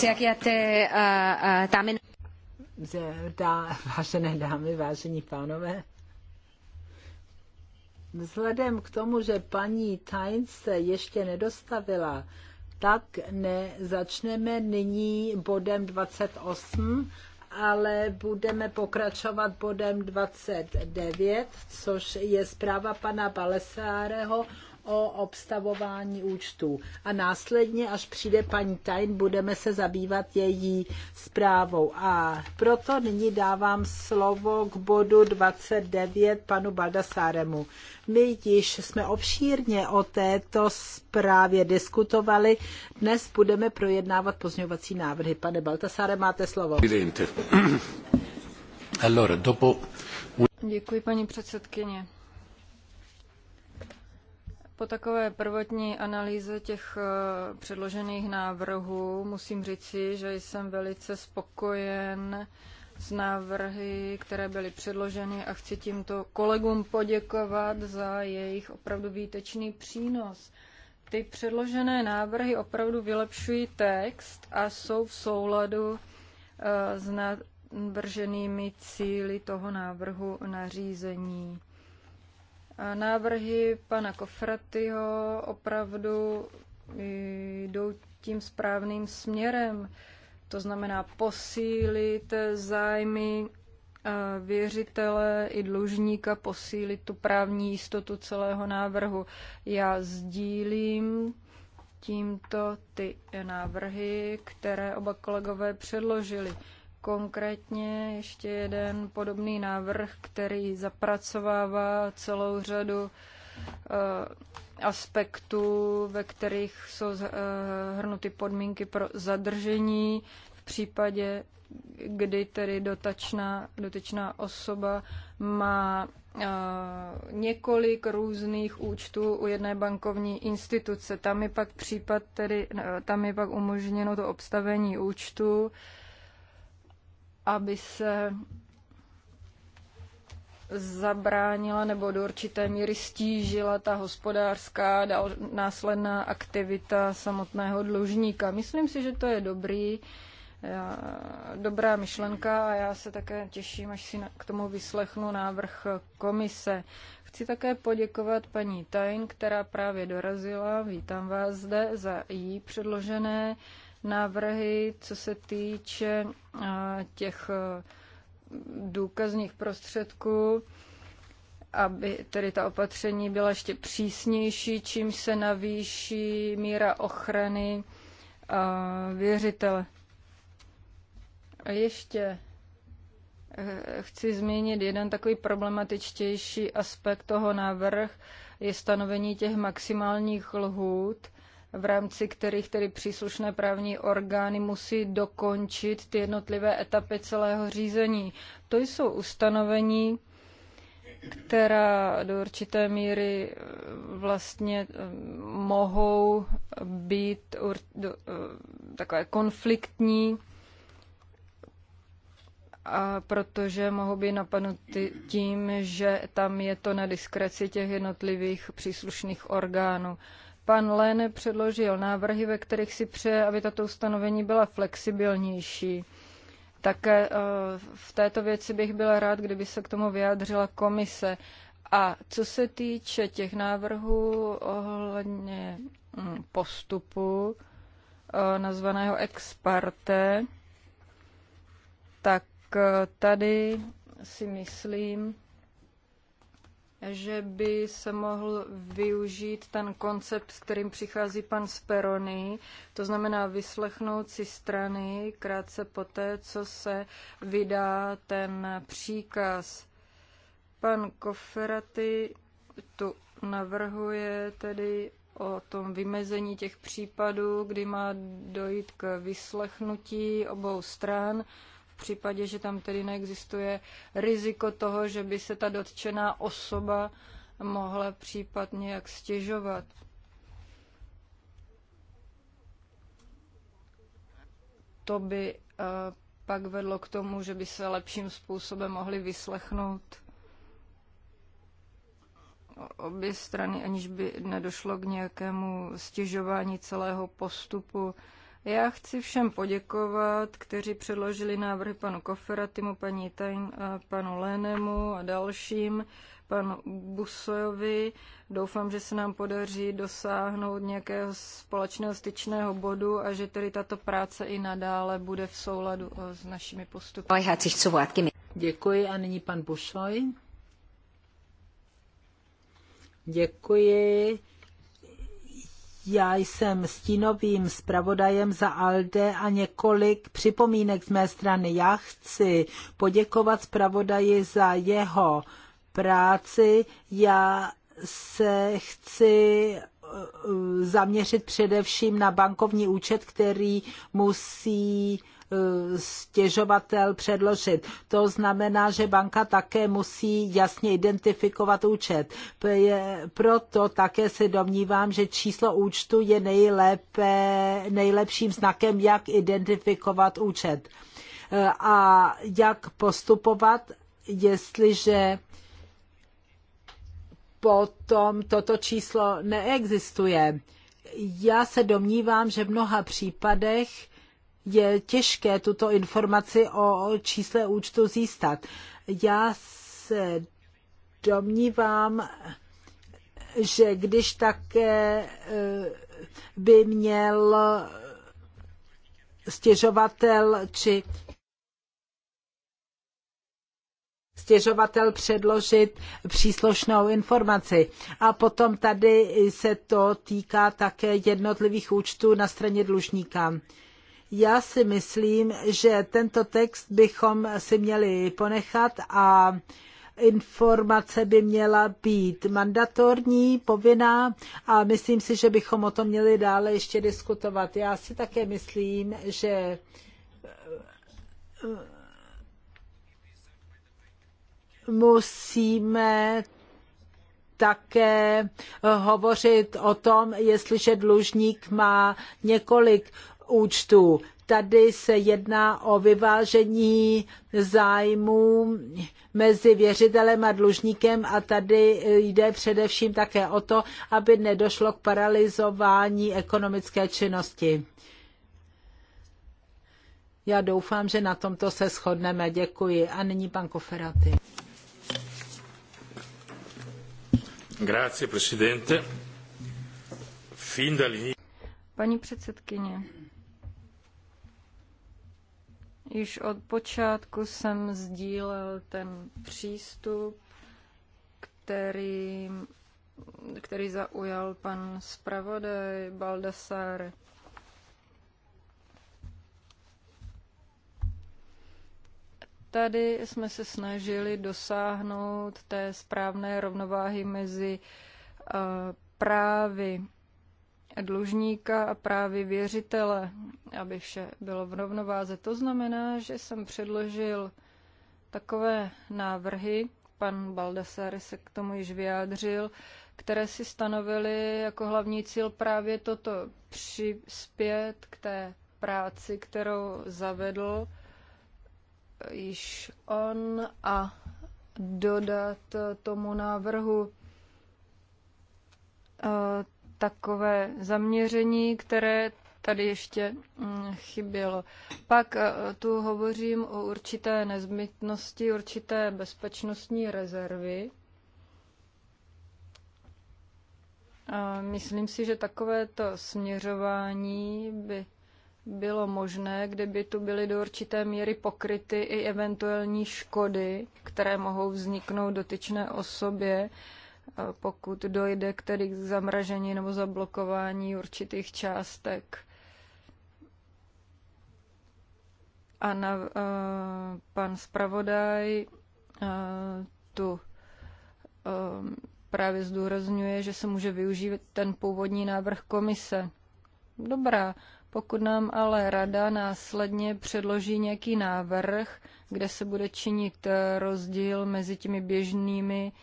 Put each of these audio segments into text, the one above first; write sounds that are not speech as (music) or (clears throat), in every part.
sehr eh, Damen vážené dámy, vážení pánové, vzhledem k tomu, že paní Tain se ještě nedostavila, tak nezačneme nyní bodem 28, ale budeme pokračovat bodem 29, což je zpráva pana Balesáreho o obstavování účtů. A následně, až přijde paní Tajn, budeme se zabývat její zprávou. A proto nyní dávám slovo k bodu 29 panu Baldasáremu. My již jsme obšírně o této zprávě diskutovali. Dnes budeme projednávat pozměňovací návrhy. Pane Baltasáre, máte slovo. (clears throat) Děkuji, paní předsedkyně. Po takové prvotní analýze těch eh, předložených návrhů musím říci, že jsem velice spokojen s návrhy, které byly předloženy a chci tímto kolegům poděkovat za jejich opravdu výtečný přínos. Ty předložené návrhy opravdu vylepšují text a jsou v souladu eh, s navrženými cíly toho návrhu nařízení. Návrhy pana Kofratyho opravdu jdou tím správným směrem. To znamená posílit zájmy věřitele i dlužníka, posílit tu právní jistotu celého návrhu. Já sdílím tímto ty návrhy, které oba kolegové předložili. Konkrétně ještě jeden podobný návrh, který zapracovává celou řadu eh, aspektů, ve kterých jsou eh, hrnuty podmínky pro zadržení v případě, kdy tedy dotačná, dotyčná osoba má eh, několik různých účtů u jedné bankovní instituce. Tam je pak případ, tedy tam je pak umožněno to obstavení účtu aby se zabránila nebo do určité míry stížila ta hospodářská dal následná aktivita samotného dlužníka. Myslím si, že to je dobrý, já, eh, dobrá myšlenka a já se také těším, až si na, k tomu vyslechnu návrh komise. Chci také poděkovat paní Tajn, která právě dorazila. Vítám vás zde za jí předložené návrhy, co se týče těch důkazních prostředků, aby tedy ta opatření byla ještě přísnější, čím se navýší míra ochrany věřitele. A ještě eh, chci zmínit jeden takový problematičtější aspekt toho návrh, je stanovení těch maximálních lhůt v rámci kterých tedy příslušné právní orgány musí dokončit ty jednotlivé etapy celého řízení. To jsou ustanovení, která do určité míry eh, vlastně eh, mohou být eh, takové konfliktní, a protože mohou být napadnuty tím, že tam je to na diskreci těch jednotlivých příslušných orgánů. Pan Lene předložil návrhy, ve kterých si přeje, aby tato ustanovení byla flexibilnější. Také eh, v této věci bych byla rád, kdyby se k tomu vyjádřila komise. A co se týče těch návrhů ohledně hm, postupu eh, nazvaného ex parte, tak eh, tady si myslím, že by se mohl využít ten koncept, s kterým přichází pan Sperony, to znamená vyslechnout si strany krátce poté, co se vydá ten příkaz. Pan Koferaty tu navrhuje tedy o tom vymezení těch případů, kdy má dojít k vyslechnutí obou stran případě, že tam tedy neexistuje riziko toho, že by se ta dotčená osoba mohla případně jak stěžovat. To by eh, pak vedlo k tomu, že by se lepším způsobem mohli vyslechnout obě strany, aniž by nedošlo k nějakému stěžování celého postupu. Já chci všem poděkovat, kteří předložili návrhy panu Koferatimu, paní Tain, panu Lénemu a dalším, panu Busojovi. Doufám, že se nám podaří dosáhnout nějakého společného styčného bodu a že tedy tato práce i nadále bude v souladu eh, s našimi postupy. Děkuji a nyní pan Busoj. Děkuji. Já jsem stínovým zpravodajem za ALDE a několik připomínek z mé strany. Já chci poděkovat zpravodaji za jeho práci. Já se chci eh, zaměřit především na bankovní účet, který musí Eh, stěžovatel předložit. To znamená, že banka také musí jasně identifikovat účet. Proto také se domnívám, že číslo účtu je nejlépe, nejlepším znakem, jak identifikovat účet eh, a jak postupovat, jestliže potom toto číslo neexistuje. Já se domnívám, že v mnoha případech je těžké tuto informaci o čísle účtu získat. Já se domnívám, že když také eh, by měl stěžovatel či stěžovatel předložit příslušnou informaci. A potom tady se to týká také jednotlivých účtů na straně dlužníka. Já si myslím, že tento text bychom si měli ponechat a informace by měla být mandatorní, povinná a myslím si, že bychom o tom měli dále ještě diskutovat. Já si také myslím, že eh, musíme také hovořit o tom, jestliže dlužník má několik účtů. Tady se jedná o vyvážení zájmů mezi věřitelem a dlužníkem a tady jde především také o to, aby nedošlo k paralizování ekonomické činnosti. Já doufám, že na tomto se shodneme. Děkuji. A nyní pan Koferaty. Grazie, presidente. Fin Paní předsedkyně, Již od počátku jsem sdílel ten přístup, který, který zaujal pan zpravodaj Baldassare. Tady jsme se snažili dosáhnout té správné rovnováhy mezi eh, právy dlužníka a právě věřitele, aby vše bylo v rovnováze. To znamená, že jsem předložil takové návrhy, pan Baldassare se k tomu již vyjádřil, které si stanovily jako hlavní cíl právě toto přispět k té práci, kterou zavedl již on a dodat tomu návrhu takové zaměření, které tady ještě mm, chybělo. Pak eh, tu hovořím o určité nezbytnosti, určité bezpečnostní rezervy. A myslím si, že takovéto směřování by bylo možné, kdyby tu byly do určité míry pokryty i eventuální škody, které mohou vzniknout dotyčné osobě, pokud dojde k tedy k zamražení nebo zablokování určitých částek. A na, uh, pan zpravodaj uh, tu um, právě zdůrazňuje, že se může využít ten původní návrh komise. Dobrá, pokud nám ale rada následně předloží nějaký návrh, kde se bude činit rozdíl mezi těmi běžnými uh,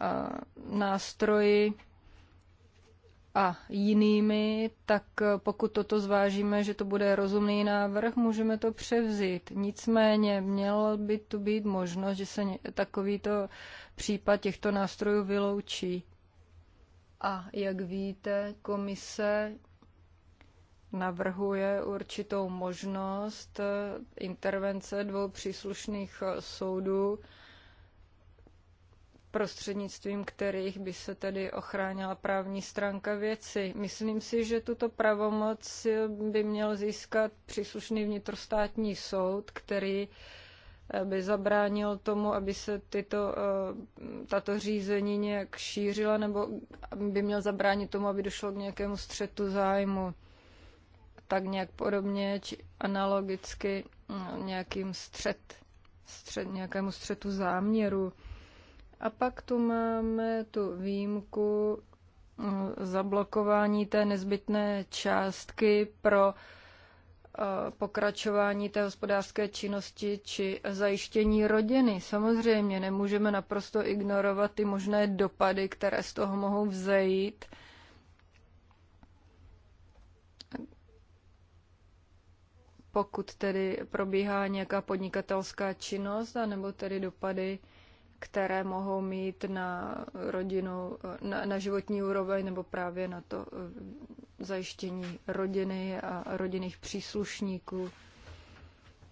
Eh, nástroji a jinými, tak pokud toto zvážíme, že to bude rozumný návrh, můžeme to převzít. Nicméně mělo by tu být možnost, že se takovýto případ těchto nástrojů vyloučí. A jak víte, komise navrhuje určitou možnost eh, intervence dvou příslušných eh, soudů, prostřednictvím kterých by se tedy ochránila právní stránka věci. Myslím si, že tuto pravomoc by měl získat příslušný vnitrostátní soud, který eh, by zabránil tomu, aby se tyto, eh, tato řízení nějak šířila, nebo by měl zabránit tomu, aby došlo k nějakému střetu zájmu. Tak nějak podobně, či analogicky mm, nějakým střet, střet nějakému střetu záměru. A pak tu máme tu výjimku mm, zablokování té nezbytné částky pro e, pokračování té hospodářské činnosti či zajištění rodiny. Samozřejmě nemůžeme naprosto ignorovat ty možné dopady, které z toho mohou vzejít. Pokud tedy probíhá nějaká podnikatelská činnost, anebo tedy dopady které mohou mít na rodinu, na, na životní úroveň nebo právě na to eh, zajištění rodiny a rodinných příslušníků.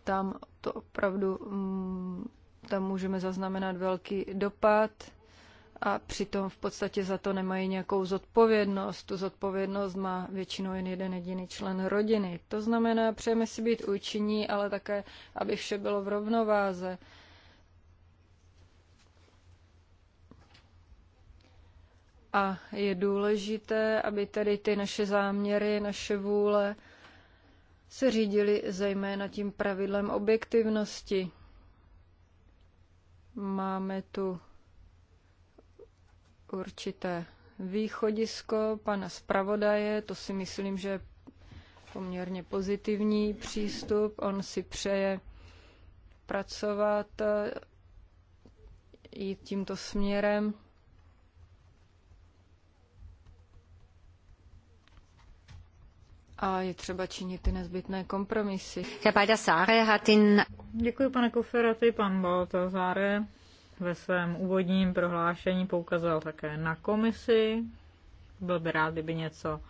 Tam to opravdu, mm, tam můžeme zaznamenat velký dopad a přitom v podstatě za to nemají nějakou zodpovědnost. Tu zodpovědnost má většinou jen jeden jediný člen rodiny. To znamená, přejeme si být účinní, ale také, aby vše bylo v rovnováze. A je důležité, aby tedy ty naše záměry, naše vůle se řídily zejména tím pravidlem objektivnosti. Máme tu určité východisko pana zpravodaje, to si myslím, že je poměrně pozitivní přístup. On si přeje pracovat, eh, i tímto směrem. a je třeba činit ty nezbytné kompromisy. Děkuji, pane Koferaty. Pan Baltazáre ve svém úvodním prohlášení poukázal také na komisi. Byl by rád, kdyby něco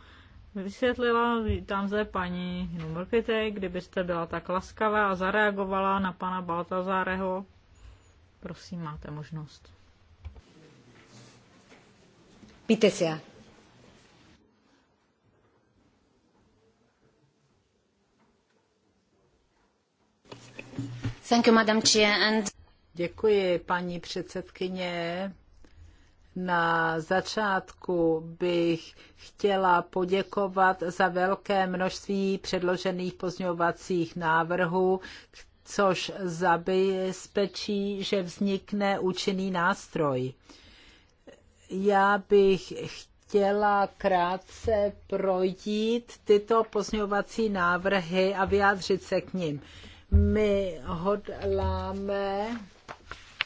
vysvětlila. Vítám zde paní Numrkite, kdybyste byla tak laskavá a zareagovala na pana Baltazáreho. Prosím, máte možnost. Píte se. Thank you, Madam Chair, and... Děkuji, paní předsedkyně. Na začátku bych chtěla poděkovat za velké množství předložených pozňovacích návrhů, což zabezpečí, že vznikne účinný nástroj. Já bych chtěla krátce projít tyto pozňovací návrhy a vyjádřit se k nim. My hodláme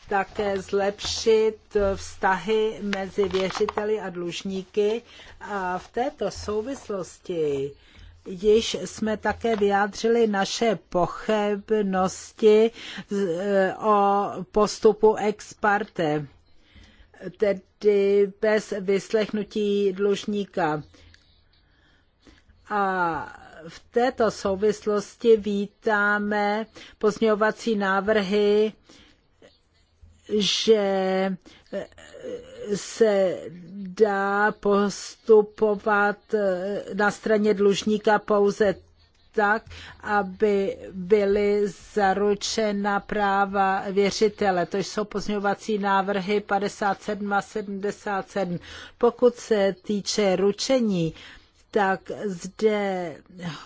také zlepšit vztahy mezi věřiteli a dlužníky a v této souvislosti již jsme také vyjádřili naše pochybnosti eh, o postupu ex parte, tedy bez vyslechnutí dlužníka. A v této souvislosti vítáme pozměňovací návrhy, že se dá postupovat na straně dlužníka pouze tak, aby byly zaručena práva věřitele. To jsou pozměňovací návrhy 57 a 77. Pokud se týče ručení, tak zde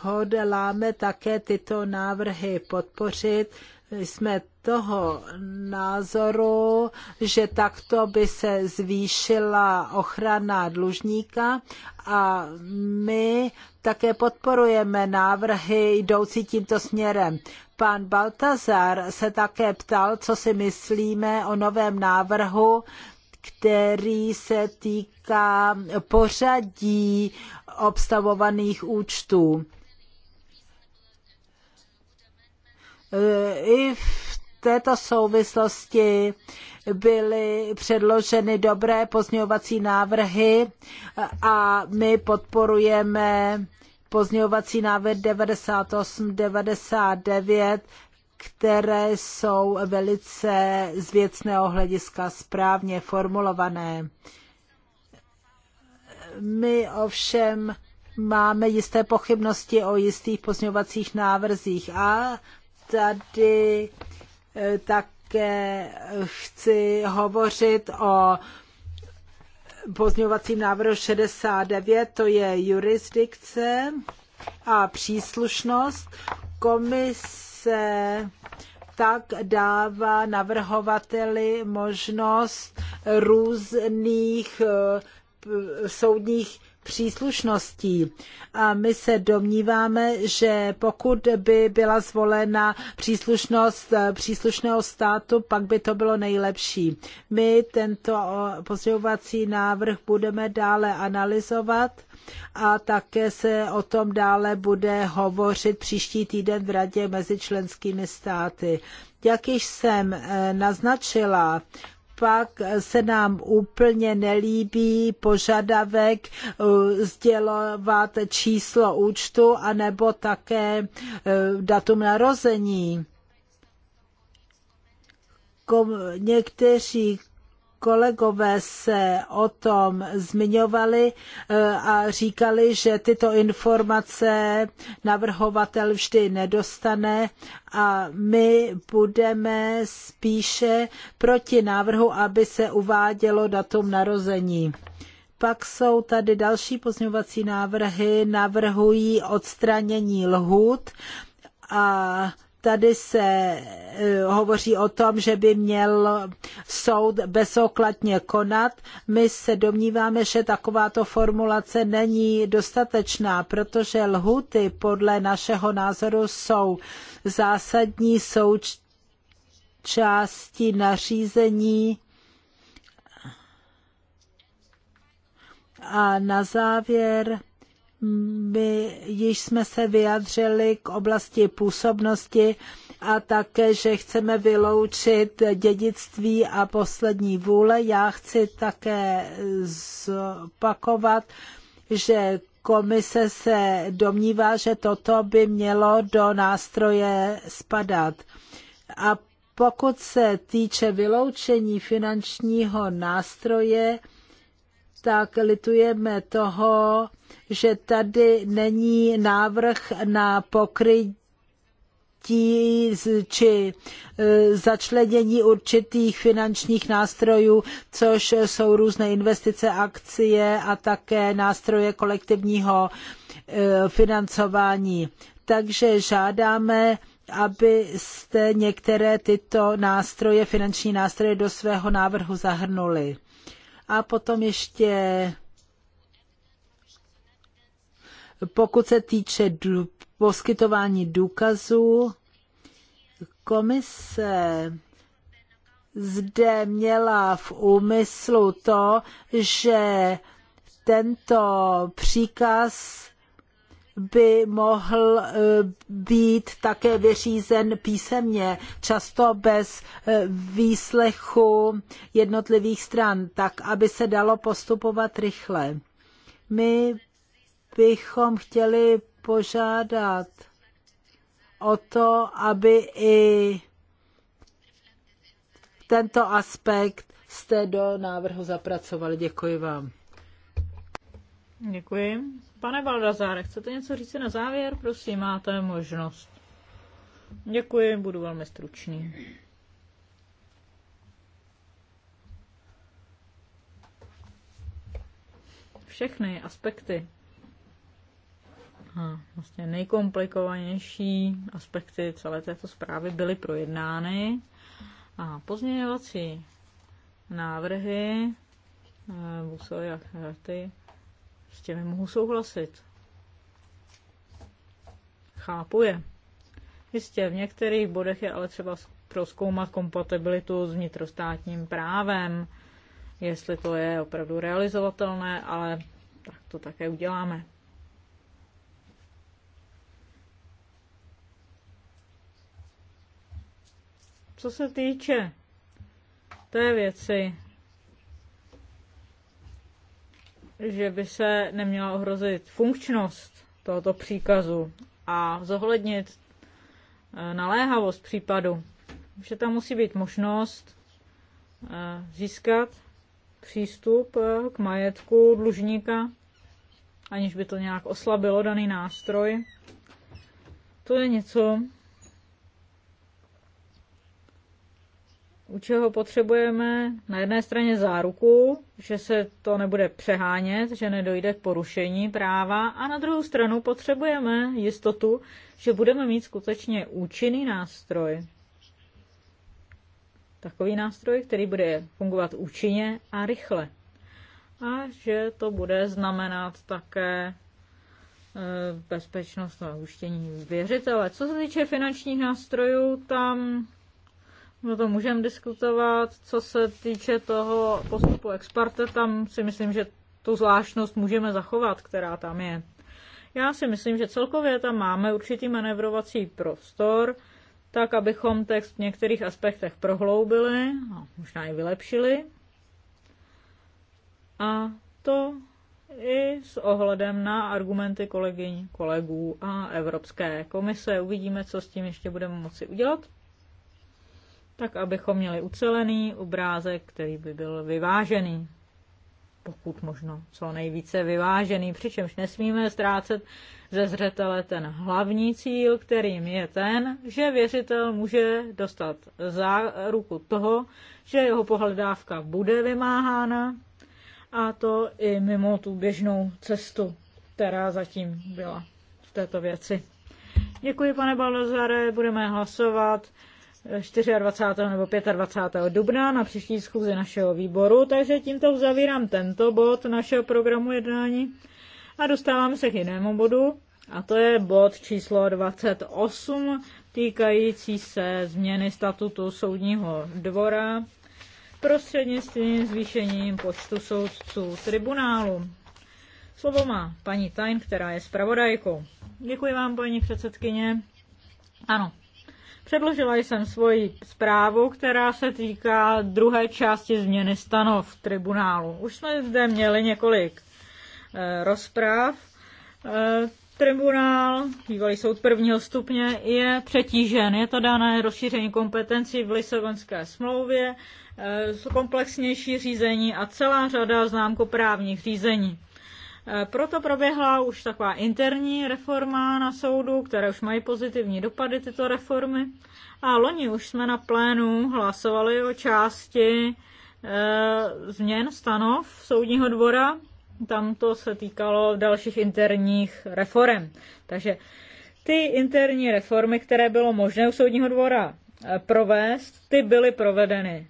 hodláme také tyto návrhy podpořit. Jsme toho názoru, že takto by se zvýšila ochrana dlužníka a my také podporujeme návrhy jdoucí tímto směrem. Pan Baltazar se také ptal, co si myslíme o novém návrhu který se týká pořadí obstavovaných účtů. E, I v této souvislosti byly předloženy dobré pozměňovací návrhy a my podporujeme pozměňovací návrh 98-99, které jsou velice z věcného hlediska správně formulované. My ovšem máme jisté pochybnosti o jistých pozměňovacích návrzích a tady eh, také chci hovořit o pozměňovacím návrhu 69, to je jurisdikce a příslušnost. Komise tak dává navrhovateli možnost různých eh, soudních příslušností. A my se domníváme, že pokud by byla zvolena příslušnost eh, příslušného státu, pak by to bylo nejlepší. My tento pozdějovací návrh budeme dále analyzovat a také se o tom dále bude hovořit příští týden v Radě mezi členskými státy. Jak již jsem eh, naznačila, pak se nám úplně nelíbí požadavek eh, sdělovat číslo účtu anebo také eh, datum narození. někteří kolegové se o tom zmiňovali eh, a říkali, že tyto informace navrhovatel vždy nedostane a my budeme spíše proti návrhu, aby se uvádělo datum narození. Pak jsou tady další pozměňovací návrhy, navrhují odstranění lhůt a Tady se eh, hovoří o tom, že by měl soud bezokladně konat. My se domníváme, že takováto formulace není dostatečná, protože lhuty podle našeho názoru jsou zásadní součástí nařízení a na závěr by již jsme se vyjadřili k oblasti působnosti a také, že chceme vyloučit dědictví a poslední vůle. Já chci také zopakovat, že komise se domnívá, že toto by mělo do nástroje spadat. A pokud se týče vyloučení finančního nástroje, tak litujeme toho, že tady není návrh na pokrytí či e, začlenění určitých finančních nástrojů, což jsou různé investice, akcie a také nástroje kolektivního e, financování. Takže žádáme, abyste některé tyto nástroje, finanční nástroje do svého návrhu zahrnuli. A potom ještě, pokud se týče poskytování důkazů, komise zde měla v úmyslu to, že tento příkaz by mohl eh, být také vyřízen písemně, často bez eh, výslechu jednotlivých stran, tak aby se dalo postupovat rychle. My bychom chtěli požádat o to, aby i tento aspekt jste do návrhu zapracovali. Děkuji vám. Děkuji. Pane Baldazáre, chcete něco říct na závěr? Prosím, máte možnost. Děkuji, budu velmi stručný. Všechny aspekty, a vlastně nejkomplikovanější aspekty celé této zprávy byly projednány a pozměňovací návrhy musel eh, jak ty s těmi mohu souhlasit. Chápu je. Jistě, v některých bodech je ale třeba proskoumat kompatibilitu s vnitrostátním právem, jestli to je opravdu realizovatelné, ale tak to také uděláme. Co se týče té věci že by se neměla ohrozit funkčnost tohoto příkazu a zohlednit eh, naléhavost případu, že tam musí být možnost eh, získat přístup eh, k majetku dlužníka, aniž by to nějak oslabilo daný nástroj. To je něco, u čeho potřebujeme na jedné straně záruku, že se to nebude přehánět, že nedojde k porušení práva a na druhou stranu potřebujeme jistotu, že budeme mít skutečně účinný nástroj. Takový nástroj, který bude fungovat účinně a rychle. A že to bude znamenat také eh, bezpečnost a uštění věřitele. Co se týče finančních nástrojů, tam No to můžeme diskutovat. Co se týče toho postupu experte, tam si myslím, že tu zvláštnost můžeme zachovat, která tam je. Já si myslím, že celkově tam máme určitý manevrovací prostor, tak abychom text v některých aspektech prohloubili a možná i vylepšili. A to i s ohledem na argumenty kolegyň, kolegů a Evropské komise. Uvidíme, co s tím ještě budeme moci udělat tak abychom měli ucelený obrázek, který by byl vyvážený. Pokud možno co nejvíce vyvážený, přičemž nesmíme ztrácet ze zřetele ten hlavní cíl, kterým je ten, že věřitel může dostat za ruku toho, že jeho pohledávka bude vymáhána a to i mimo tu běžnou cestu, která zatím byla v této věci. Děkuji, pane Baldozare, budeme hlasovat 24. nebo 25. dubna na příští schůzi našeho výboru, takže tímto uzavírám tento bod našeho programu jednání a dostávám se k jinému bodu, a to je bod číslo 28 týkající se změny statutu soudního dvora prostřednictvím zvýšením počtu soudců tribunálu. Slovo má paní Tajn, která je zpravodajkou. Děkuji vám, paní předsedkyně. Ano, Předložila jsem svoji zprávu, která se týká druhé části změny stanov tribunálu. Už jsme zde měli několik eh, rozpráv. Eh, tribunál, bývalý soud prvního stupně, je přetížen. Je to dané rozšíření kompetencí v Lisabonské smlouvě, eh, komplexnější řízení a celá řada známkoprávních řízení. Eh, proto proběhla už taková interní reforma na soudu, které už mají pozitivní dopady tyto reformy. A loni už jsme na plénu hlasovali o části eh, změn stanov soudního dvora. Tam to se týkalo dalších interních reform. Takže ty interní reformy, které bylo možné u soudního dvora eh, provést, ty byly provedeny.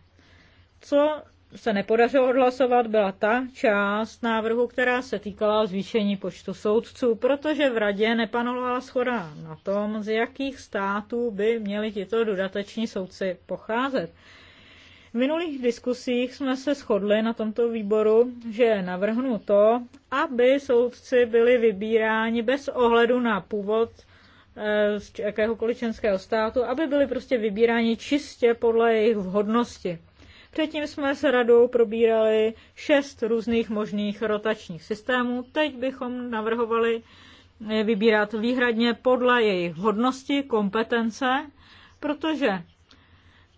Co se nepodařilo odhlasovat, byla ta část návrhu, která se týkala zvýšení počtu soudců, protože v radě nepanovala schoda na tom, z jakých států by měli tito dodateční soudci pocházet. V minulých diskusích jsme se shodli na tomto výboru, že navrhnu to, aby soudci byli vybíráni bez ohledu na původ eh, z jakéhokoliv členského státu, aby byli prostě vybíráni čistě podle jejich vhodnosti. Předtím jsme s radou probírali šest různých možných rotačních systémů. Teď bychom navrhovali eh, vybírat výhradně podle jejich hodnosti, kompetence, protože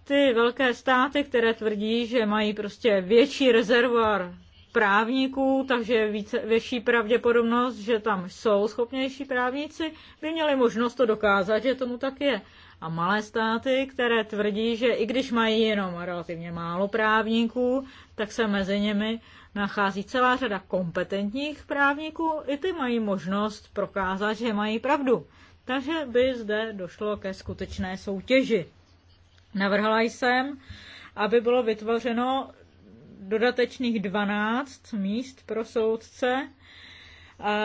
ty velké státy, které tvrdí, že mají prostě větší rezervoár právníků, takže je více, větší pravděpodobnost, že tam jsou schopnější právníci, by měli možnost to dokázat, že tomu tak je. A malé státy, které tvrdí, že i když mají jenom relativně málo právníků, tak se mezi nimi nachází celá řada kompetentních právníků, i ty mají možnost prokázat, že mají pravdu. Takže by zde došlo ke skutečné soutěži. Navrhla jsem, aby bylo vytvořeno dodatečných 12 míst pro soudce.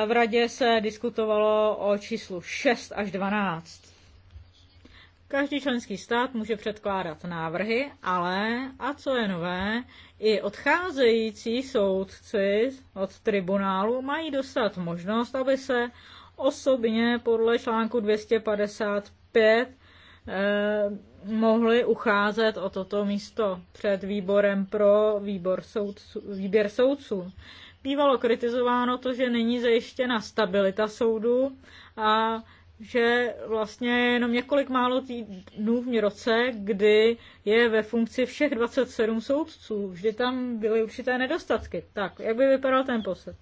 V radě se diskutovalo o číslu 6 až 12. Každý členský stát může předkládat návrhy, ale, a co je nové, i odcházející soudci od tribunálu mají dostat možnost, aby se osobně podle článku 255 eh, mohli ucházet o toto místo před výborem pro výbor soudců, výběr soudců. Bývalo kritizováno to, že není zajištěna stabilita soudu a že vlastně je jenom několik málo týdnů v roce, kdy je ve funkci všech 27 soudců. Vždy tam byly určité nedostatky. Tak, jak by vypadal ten posled?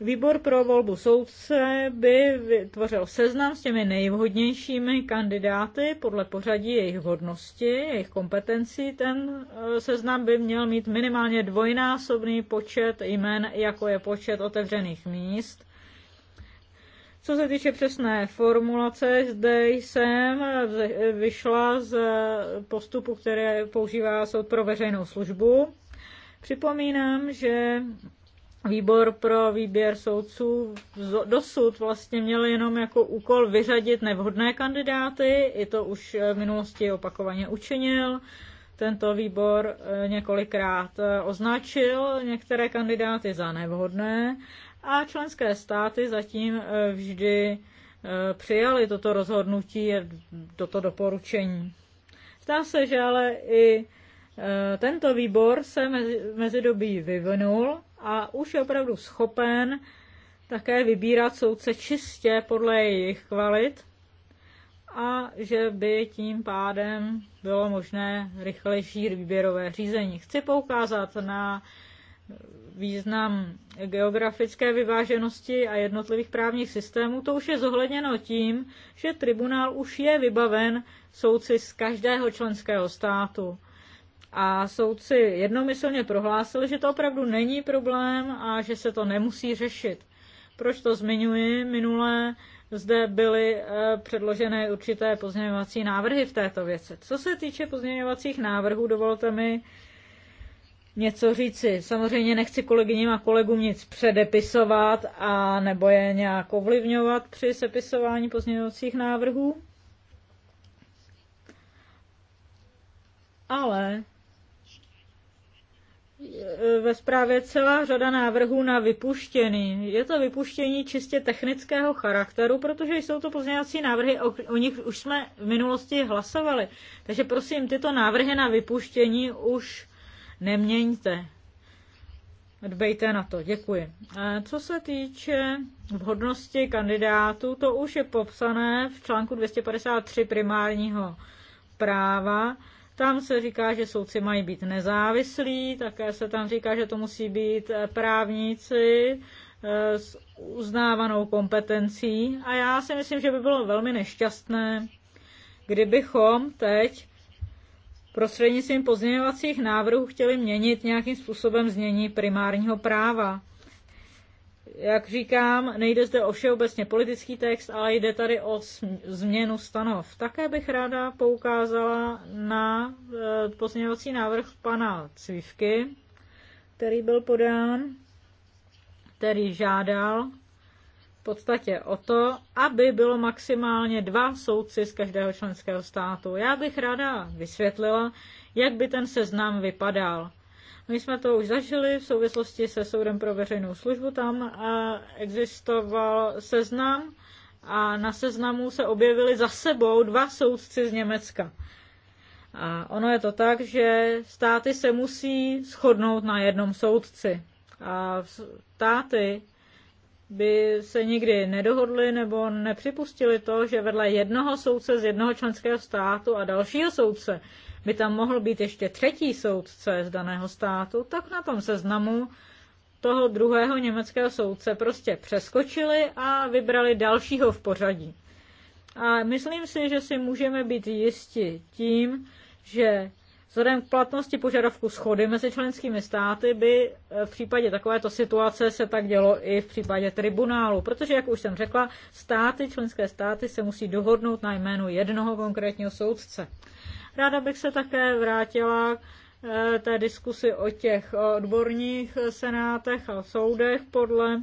Výbor pro volbu soudce by vytvořil seznam s těmi nejvhodnějšími kandidáty podle pořadí jejich hodnosti, jejich kompetencí. Ten eh, seznam by měl mít minimálně dvojnásobný počet jmen, jako je počet otevřených míst co se týče přesné formulace, zde jsem vyšla z postupu, které používá soud pro veřejnou službu. Připomínám, že výbor pro výběr soudců dosud vlastně měl jenom jako úkol vyřadit nevhodné kandidáty, i to už v minulosti opakovaně učinil. Tento výbor eh, několikrát eh, označil některé kandidáty za nevhodné a členské státy zatím eh, vždy eh, přijali toto rozhodnutí, toto doporučení. Zdá se, že ale i eh, tento výbor se mezi, mezi dobí vyvinul a už je opravdu schopen také vybírat soudce čistě podle jejich kvalit a že by tím pádem bylo možné rychlejší výběrové řízení. Chci poukázat na význam geografické vyváženosti a jednotlivých právních systémů, to už je zohledněno tím, že tribunál už je vybaven soudci z každého členského státu. A soudci jednomyslně prohlásili, že to opravdu není problém a že se to nemusí řešit. Proč to zmiňuji? Minulé zde byly eh, předložené určité pozměňovací návrhy v této věci. Co se týče pozměňovacích návrhů, dovolte mi něco říci. Samozřejmě nechci kolegyním a kolegům nic předepisovat a nebo je nějak ovlivňovat při sepisování pozměňovacích návrhů. Ale e, ve zprávě celá řada návrhů na vypuštěný. Je to vypuštění čistě technického charakteru, protože jsou to pozměňovací návrhy, o, o nich už jsme v minulosti hlasovali. Takže prosím, tyto návrhy na vypuštění už neměňte. Dbejte na to, děkuji. Co se týče vhodnosti kandidátů, to už je popsané v článku 253 primárního práva. Tam se říká, že soudci mají být nezávislí, také se tam říká, že to musí být eh, právníci eh, s uznávanou kompetencí. A já si myslím, že by bylo velmi nešťastné, kdybychom teď prostřednictvím pozměňovacích návrhů chtěli měnit nějakým způsobem změní primárního práva. Jak říkám, nejde zde o všeobecně politický text, ale jde tady o změnu stanov. Také bych ráda poukázala na e, pozměňovací návrh pana Cvivky, který byl podán, který žádal podstatě o to, aby bylo maximálně dva soudci z každého členského státu. Já bych ráda vysvětlila, jak by ten seznam vypadal. My jsme to už zažili v souvislosti se soudem pro veřejnou službu. Tam eh, existoval seznam a na seznamu se objevili za sebou dva soudci z Německa. A ono je to tak, že státy se musí shodnout na jednom soudci. A státy by se nikdy nedohodli nebo nepřipustili to, že vedle jednoho soudce z jednoho členského státu a dalšího soudce by tam mohl být ještě třetí soudce z daného státu, tak na tom seznamu toho druhého německého soudce prostě přeskočili a vybrali dalšího v pořadí. A myslím si, že si můžeme být jisti tím, že Vzhledem k platnosti požadavku schody mezi členskými státy by e, v případě takovéto situace se tak dělo i v případě tribunálu, protože, jak už jsem řekla, státy, členské státy se musí dohodnout na jménu jednoho konkrétního soudce. Ráda bych se také vrátila e, té diskusi o těch odborných senátech a soudech podle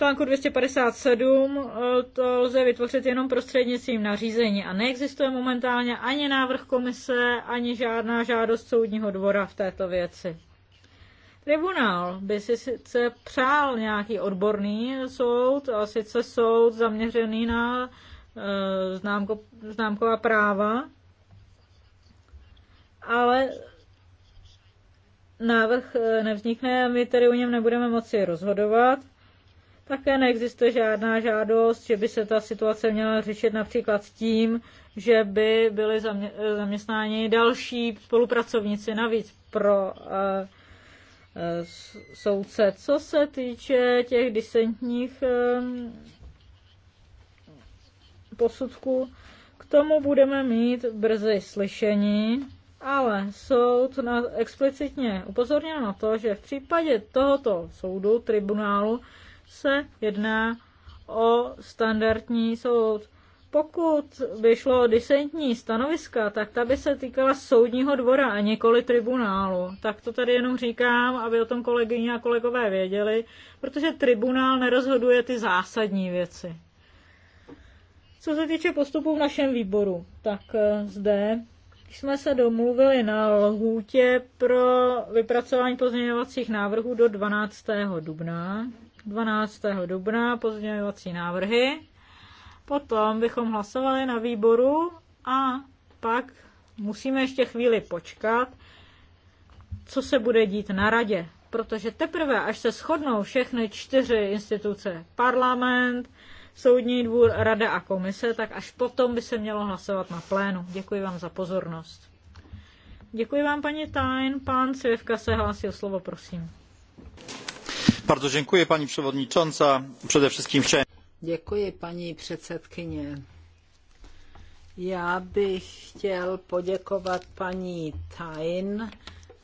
článku 257 eh, to lze vytvořit jenom prostřednictvím nařízení a neexistuje momentálně ani návrh komise, ani žádná žádost soudního dvora v této věci. Tribunál by si sice přál nějaký odborný soud, a sice soud zaměřený na eh, známko, známková práva, ale návrh eh, nevznikne a my tedy o něm nebudeme moci rozhodovat. Také neexistuje žádná žádost, že by se ta situace měla řešit například tím, že by byly zaměstnáni další spolupracovníci navíc pro eh, eh, soudce. Co se týče těch disentních eh, posudků, k tomu budeme mít brzy slyšení, ale soud na, explicitně upozornil na to, že v případě tohoto soudu, tribunálu, se jedná o standardní soud. Pokud by šlo o disentní stanoviska, tak ta by se týkala soudního dvora a nikoli tribunálu. Tak to tady jenom říkám, aby o tom kolegyně a kolegové věděli, protože tribunál nerozhoduje ty zásadní věci. Co se týče postupu v našem výboru, tak eh, zde jsme se domluvili na lhůtě pro vypracování pozměňovacích návrhů do 12. dubna 12. dubna pozměňovací návrhy. Potom bychom hlasovali na výboru a pak musíme ještě chvíli počkat, co se bude dít na radě. Protože teprve, až se shodnou všechny čtyři instituce, parlament, soudní dvůr, rada a komise, tak až potom by se mělo hlasovat na plénu. Děkuji vám za pozornost. Děkuji vám, paní Tajn. Pán Svěvka se hlásil slovo, prosím. Bardzo pani paní předsedkyně. Já bych chtěl poděkovat paní Tain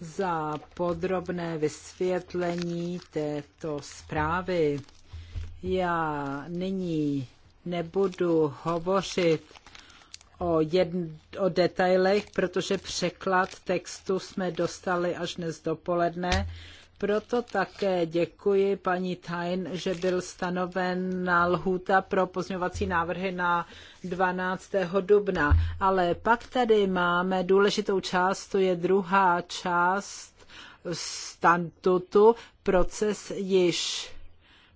za podrobné vysvětlení této zprávy. Já nyní nebudu hovořit o, jedn, o detailech, protože překlad textu jsme dostali až dnes dopoledne proto také děkuji paní Tain, že byl stanovena lhůta pro pozňovací návrhy na 12. dubna. Ale pak tady máme důležitou část, to je druhá část statutu. Proces již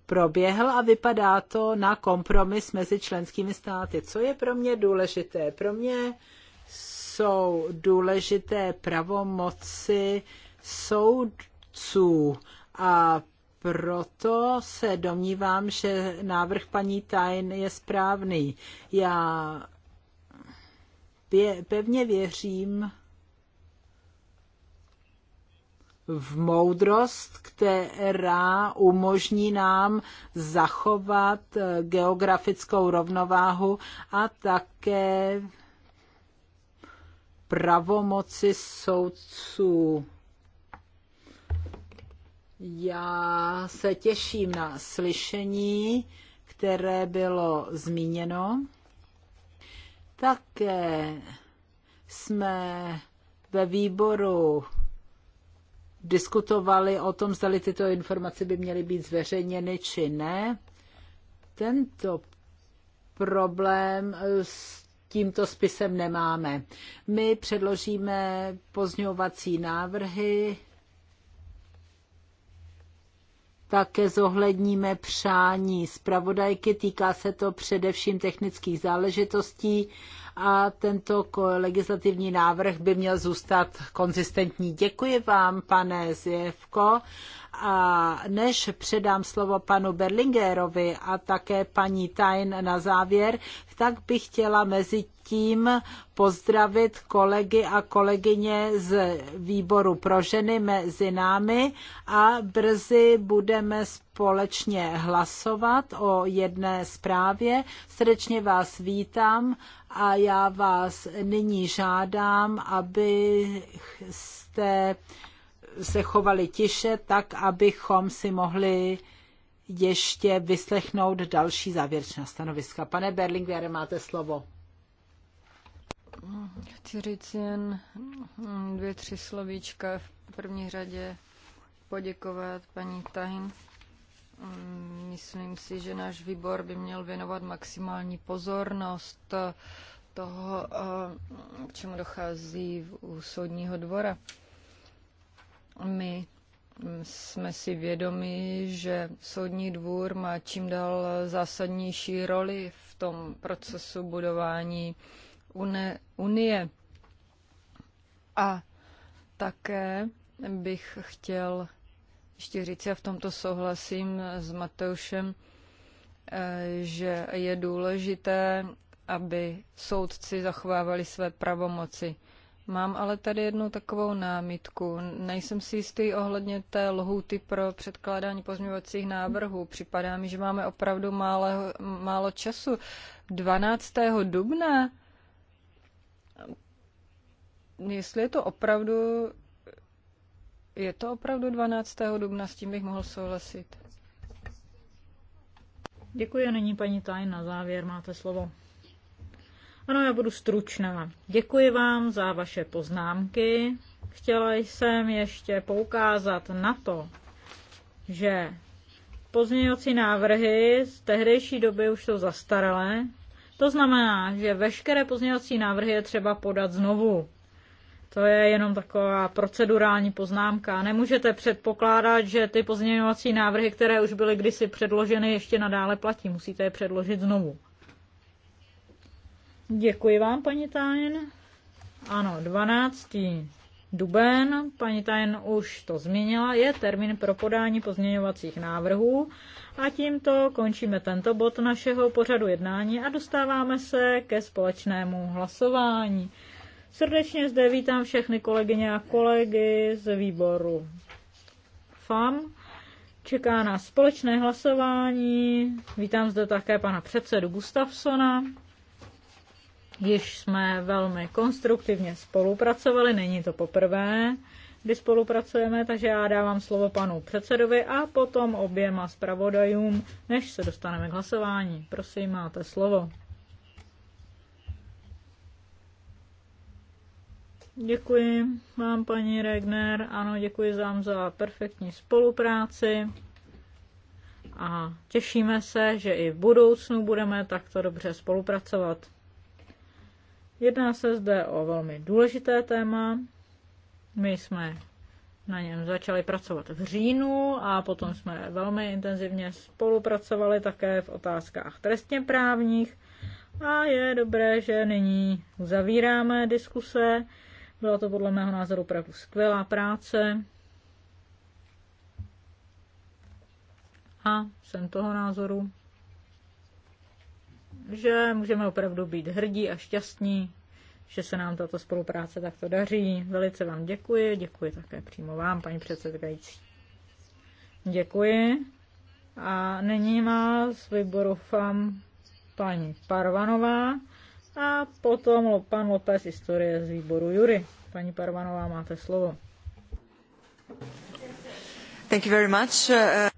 proběhl a vypadá to na kompromis mezi členskými státy. Co je pro mě důležité? Pro mě jsou důležité pravomoci soud otců a proto se domnívám, že návrh paní Tajn je správný. Já pevně věřím v moudrost, která umožní nám zachovat eh, geografickou rovnováhu a také pravomoci soudců já se těším na slyšení, které bylo zmíněno. Také jsme ve výboru diskutovali o tom, zda tyto informace by měly být zveřejněny či ne. Tento problém eh, s tímto spisem nemáme. My předložíme pozňovací návrhy také zohledníme přání zpravodajky. Týká se to především technických záležitostí a tento legislativní návrh by měl zůstat konzistentní. Děkuji vám, pane Zjevko. A než předám slovo panu Berlingerovi a také paní Tajn na závěr, tak bych chtěla mezi tím pozdravit kolegy a kolegyně z výboru pro ženy mezi námi a brzy budeme společně hlasovat o jedné zprávě. Srdečně vás vítám a já vás nyní žádám, abyste se chovali tiše, tak abychom si mohli ještě vyslechnout další závěrečná stanoviska. Pane Berlingere, máte slovo. Chci říct jen dvě, tři slovíčka. V první řadě poděkovat paní Tahin. Myslím si, že náš výbor by měl věnovat maximální pozornost toho, eh, k čemu dochází u soudního dvora. My jsme si vědomi, že Soudní dvůr má čím dál zásadnější roli v tom procesu budování Unie. A také bych chtěl ještě říct, já v tomto souhlasím s Mateušem, eh, že je důležité, aby soudci zachovávali své pravomoci. Mám ale tady jednu takovou námitku. Nejsem si jistý ohledně té lhuty pro předkládání pozměňovacích návrhů. Připadá mi, že máme opravdu málo, málo času. 12. dubna? Jestli je to opravdu... Je to opravdu 12. dubna, s tím bych mohl souhlasit. Děkuji a nyní paní Tajn na závěr, máte slovo. Ano, já budu stručná. Děkuji vám za vaše poznámky. Chtěla jsem ještě poukázat na to, že pozměňovací návrhy z tehdejší doby už jsou zastaralé. To znamená, že veškeré pozměňovací návrhy je třeba podat znovu. To je jenom taková procedurální poznámka. Nemůžete předpokládat, že ty pozměňovací návrhy, které už byly kdysi předloženy, ještě nadále platí. Musíte je předložit znovu. Děkuji vám, paní Tajn. Ano, 12. duben, paní Tajn už to změnila, je termín pro podání pozměňovacích návrhů. A tímto končíme tento bod našeho pořadu jednání a dostáváme se ke společnému hlasování. Srdečně zde vítám všechny kolegyně a kolegy z výboru FAM. Čeká nás společné hlasování. Vítám zde také pana předsedu Gustavsona. Již jsme velmi konstruktivně spolupracovali, není to poprvé, kdy spolupracujeme, takže já dávám slovo panu předsedovi a potom oběma zpravodajům, než se dostaneme k hlasování. Prosím, máte slovo. Děkuji vám, paní Regner. Ano, děkuji vám za perfektní spolupráci. A těšíme se, že i v budoucnu budeme takto dobře spolupracovat. Jedná se zde o velmi důležité téma. My jsme na něm začali pracovat v říjnu a potom jsme velmi intenzivně spolupracovali také v otázkách trestně právních. A je dobré, že nyní uzavíráme diskuse. Byla to podle mého názoru opravdu skvělá práce. A jsem toho názoru, že můžeme opravdu být hrdí a šťastní, že se nám tato spolupráce takto daří. Velice vám děkuji, děkuji také přímo vám, paní předsedající. Děkuji. A nyní má z výboru FAM paní Parvanová a potom pan López historie z výboru Jury. Paní Parvanová, máte slovo. Thank you very much. Uh...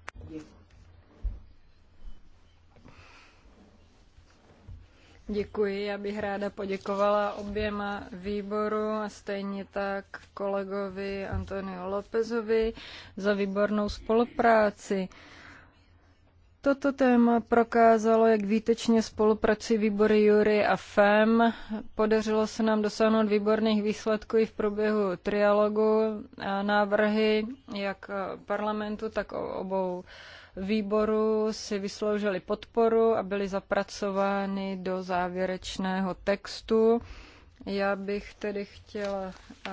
Děkuji, já bych ráda poděkovala oběma výboru a stejně tak kolegovi Antonio Lópezovi za výbornou spolupráci. Toto téma prokázalo, jak výtečně spolupracují výbory Jury a FEM. Podařilo se nám dosáhnout výborných výsledků i v průběhu trialogu návrhy jak parlamentu, tak obou výboru si vysloužili podporu a byly zapracovány do závěrečného textu. Já bych tedy chtěla eh,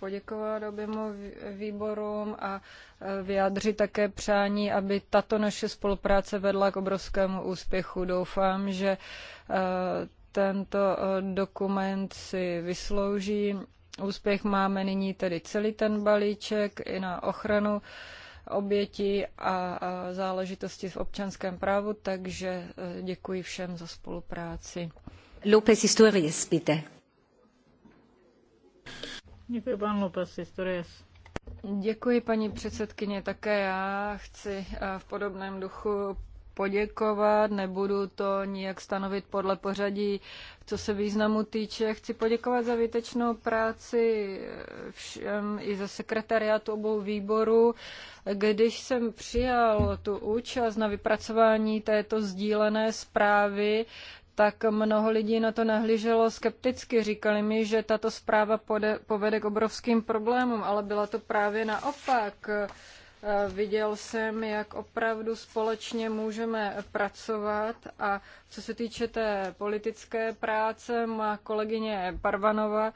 poděkovat oběma výborům a eh, vyjádřit také přání, aby tato naše spolupráce vedla k obrovskému úspěchu. Doufám, že eh, tento dokument si vyslouží úspěch. Máme nyní tedy celý ten balíček i na ochranu oběti a záležitosti v občanském právu, takže e, děkuji všem za spolupráci. López Historias, bitte. Děkuji, pan López Historias. Děkuji, paní předsedkyně. Také já chci e, v podobném duchu poděkovat, nebudu to nijak stanovit podle pořadí, co se významu týče. Chci poděkovat za výtečnou práci všem i za sekretariátu obou výborů. Když jsem přijal tu účast na vypracování této sdílené zprávy, tak mnoho lidí na to nahlíželo skepticky. Říkali mi, že tato zpráva povede k obrovským problémům, ale byla to právě naopak. Viděl jsem, jak opravdu společně můžeme pracovat a co se týče té politické práce, má kolegyně Parvanova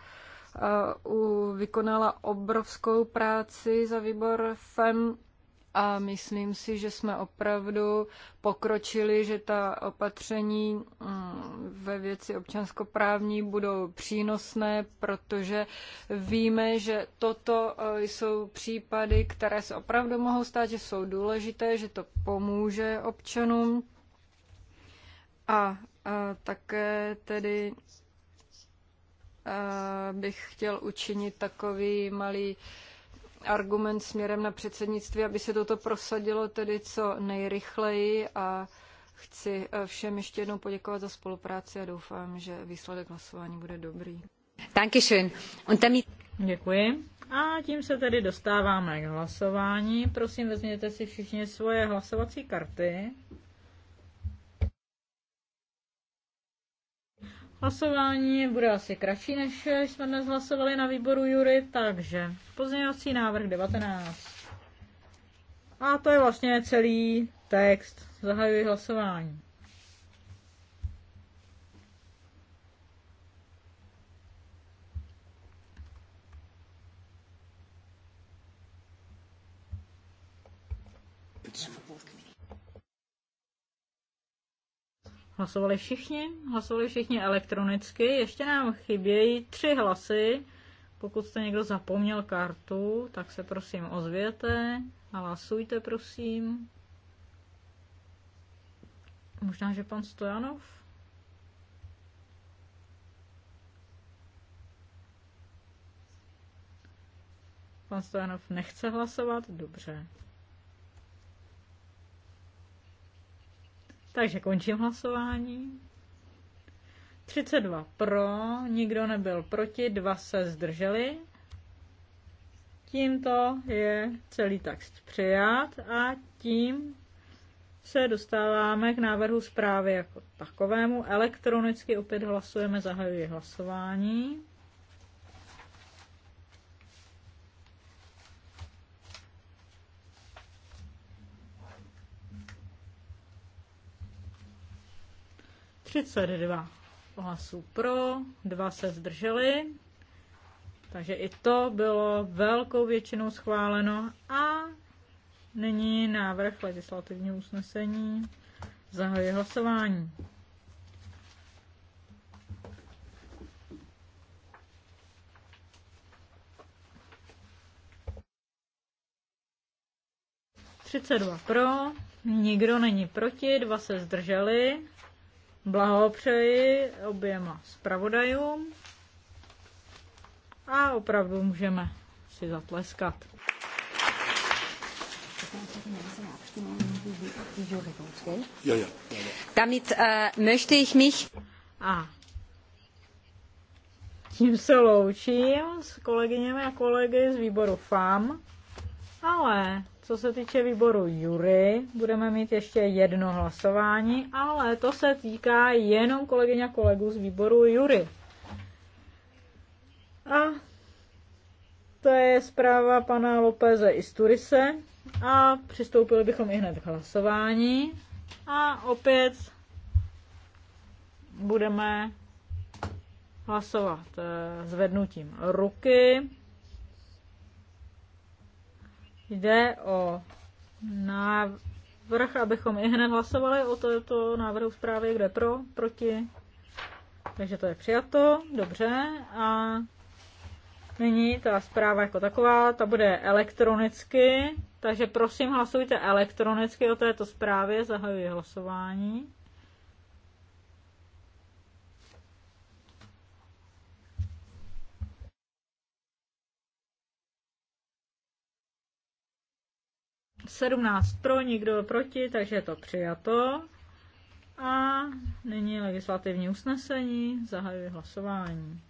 vykonala obrovskou práci za výbor FEM a myslím si, že jsme opravdu pokročili, že ta opatření mm, ve věci občanskoprávní budou přínosné, protože víme, že toto eh, jsou případy, které se opravdu mohou stát, že jsou důležité, že to pomůže občanům. A, a eh, také tedy a eh, bych chtěl učinit takový malý argument směrem na předsednictví, aby se toto prosadilo tedy co nejrychleji a chci eh, všem ještě jednou poděkovat za spolupráci a doufám, že výsledek hlasování bude dobrý. Děkuji. A tím se tedy dostáváme k hlasování. Prosím, vezměte si všichni svoje hlasovací karty. Hlasování bude asi kratší, než jsme dnes hlasovali na výboru Jury, takže pozměňovací návrh 19. A to je vlastně celý text. Zahajuji hlasování. Hlasovali všichni? Hlasovali všichni elektronicky. Ještě nám chybějí tři hlasy. Pokud jste někdo zapomněl kartu, tak se prosím ozvěte a hlasujte prosím. Možná, že pan Stojanov? Pan Stojanov nechce hlasovat? Dobře. Takže končím hlasování. 32 pro, nikdo nebyl proti, dva se zdrželi. Tímto je celý text přijat a tím se dostáváme k návrhu zprávy jako takovému. Elektronicky opět hlasujeme, zahajuji hlasování. 32 hlasů pro, dva se zdrželi, takže i to bylo velkou většinou schváleno a nyní návrh legislativního usnesení. zahajuje hlasování. Třicet dva pro, nikdo není proti, dva se zdrželi. Blahopřeji oběma zpravodajům a opravdu můžeme si zatleskat. Damit uh, möchte ich mich... A tím se loučím s kolegyněmi a kolegy z výboru FAM, ale co se týče výboru jury, budeme mít ještě jedno hlasování, ale to se týká jenom kolegyně a kolegů z výboru jury. A to je zpráva pana Lopeze Isturise a přistoupili bychom i hned k hlasování. A opět budeme hlasovat eh, zvednutím ruky. Jde o návrh, abychom i hned hlasovali o této návrhu zprávy, kde pro, proti. Takže to je přijato, dobře. A nyní ta zpráva jako taková, ta bude elektronicky, takže prosím hlasujte elektronicky o této zprávě, zahajuji hlasování. 17 pro, nikdo proti, takže je to přijato. A nyní legislativní usnesení, zahajuji hlasování.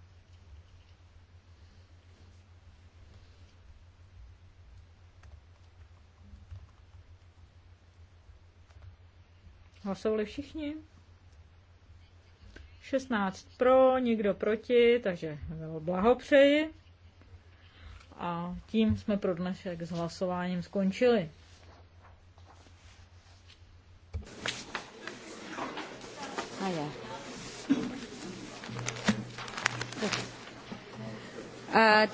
Hlasovali všichni? 16 pro, nikdo proti, takže blahopřeji. A tím jsme pro dnešek s hlasováním skončili. Eh,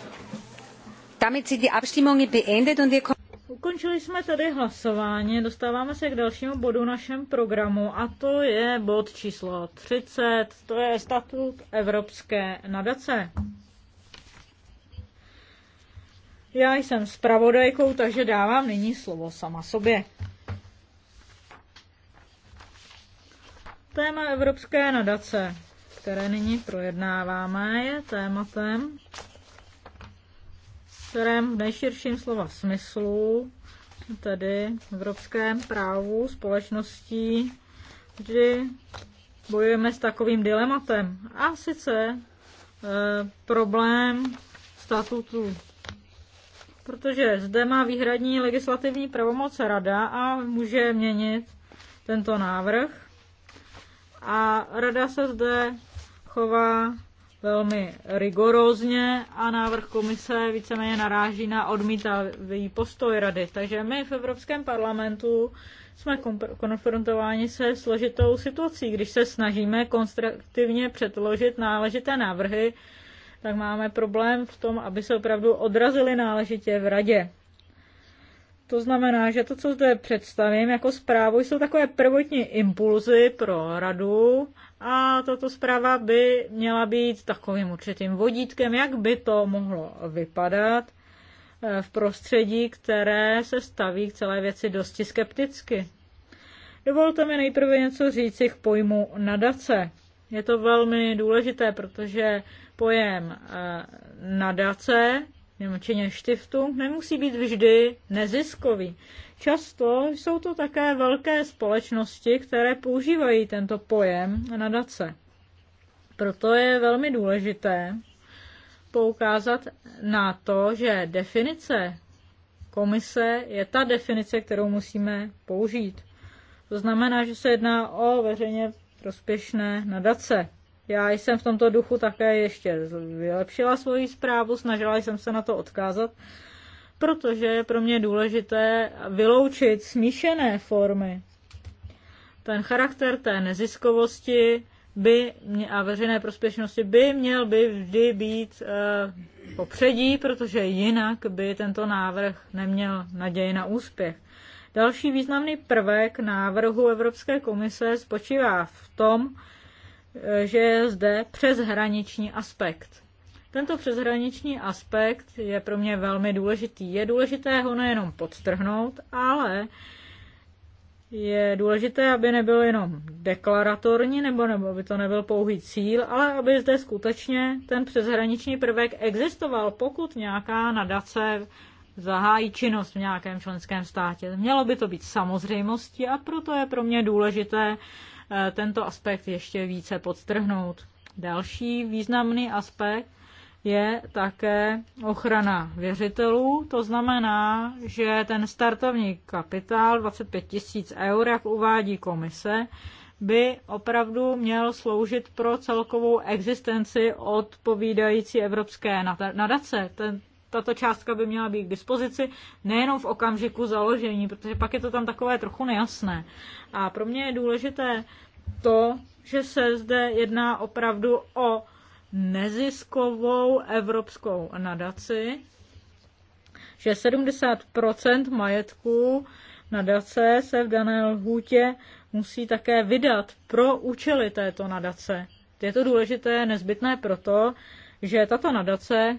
Ukončili jsme tedy hlasování, dostáváme se k dalšímu bodu našem programu a to je bod číslo 30, to je statut Evropské nadace. Já jsem zpravodajkou, takže dávám nyní slovo sama sobě. Téma Evropské nadace, které nyní projednáváme, je tématem, kterém v nejširším slova smyslu, tedy v evropském právu společností, kdy bojujeme s takovým dilematem. A sice e, problém statutu. Protože zde má výhradní legislativní pravomoc rada a může měnit tento návrh a rada se zde chová velmi rigorózně a návrh komise víceméně naráží na odmítavý postoj rady. Takže my v Evropském parlamentu jsme konfrontováni se složitou situací. Když se snažíme konstruktivně předložit náležité návrhy, tak máme problém v tom, aby se opravdu odrazily náležitě v radě. To znamená, že to, co zde představím jako zprávu, jsou takové prvotní impulzy pro radu a tato zpráva by měla být takovým určitým vodítkem, jak by to mohlo vypadat eh, v prostředí, které se staví k celé věci dosti skepticky. Dovolte mi nejprve něco říci k pojmu nadace. Je to velmi důležité, protože pojem eh, nadace Němčině štiftu, nemusí být vždy neziskový. Často jsou to také velké společnosti, které používají tento pojem nadace. Proto je velmi důležité poukázat na to, že definice komise je ta definice, kterou musíme použít. To znamená, že se jedná o veřejně prospěšné nadace. Já jsem v tomto duchu také ještě vylepšila svoji zprávu, snažila jsem se na to odkázat, protože je pro mě důležité vyloučit smíšené formy. Ten charakter té neziskovosti by a veřejné prospěšnosti by měl by vždy být e, popředí, protože jinak by tento návrh neměl naději na úspěch. Další významný prvek návrhu Evropské komise spočívá v tom, že je zde přeshraniční aspekt. Tento přeshraniční aspekt je pro mě velmi důležitý. Je důležité ho nejenom podstrhnout, ale je důležité, aby nebyl jenom deklaratorní, nebo, nebo aby to nebyl pouhý cíl, ale aby zde skutečně ten přeshraniční prvek existoval, pokud nějaká nadace zahájí činnost v nějakém členském státě. Mělo by to být samozřejmostí a proto je pro mě důležité Eh, tento aspekt ještě více podtrhnout. Další významný aspekt je také ochrana věřitelů. To znamená, že ten startovní kapitál 25 000 eur, jak uvádí komise, by opravdu měl sloužit pro celkovou existenci odpovídající evropské nadace. Ten, tato částka by měla být k dispozici nejenom v okamžiku založení, protože pak je to tam takové trochu nejasné. A pro mě je důležité to, že se zde jedná opravdu o neziskovou evropskou nadaci, že 70% majetku nadace se v dané lhůtě musí také vydat pro účely této nadace. Je to důležité, nezbytné proto, že tato nadace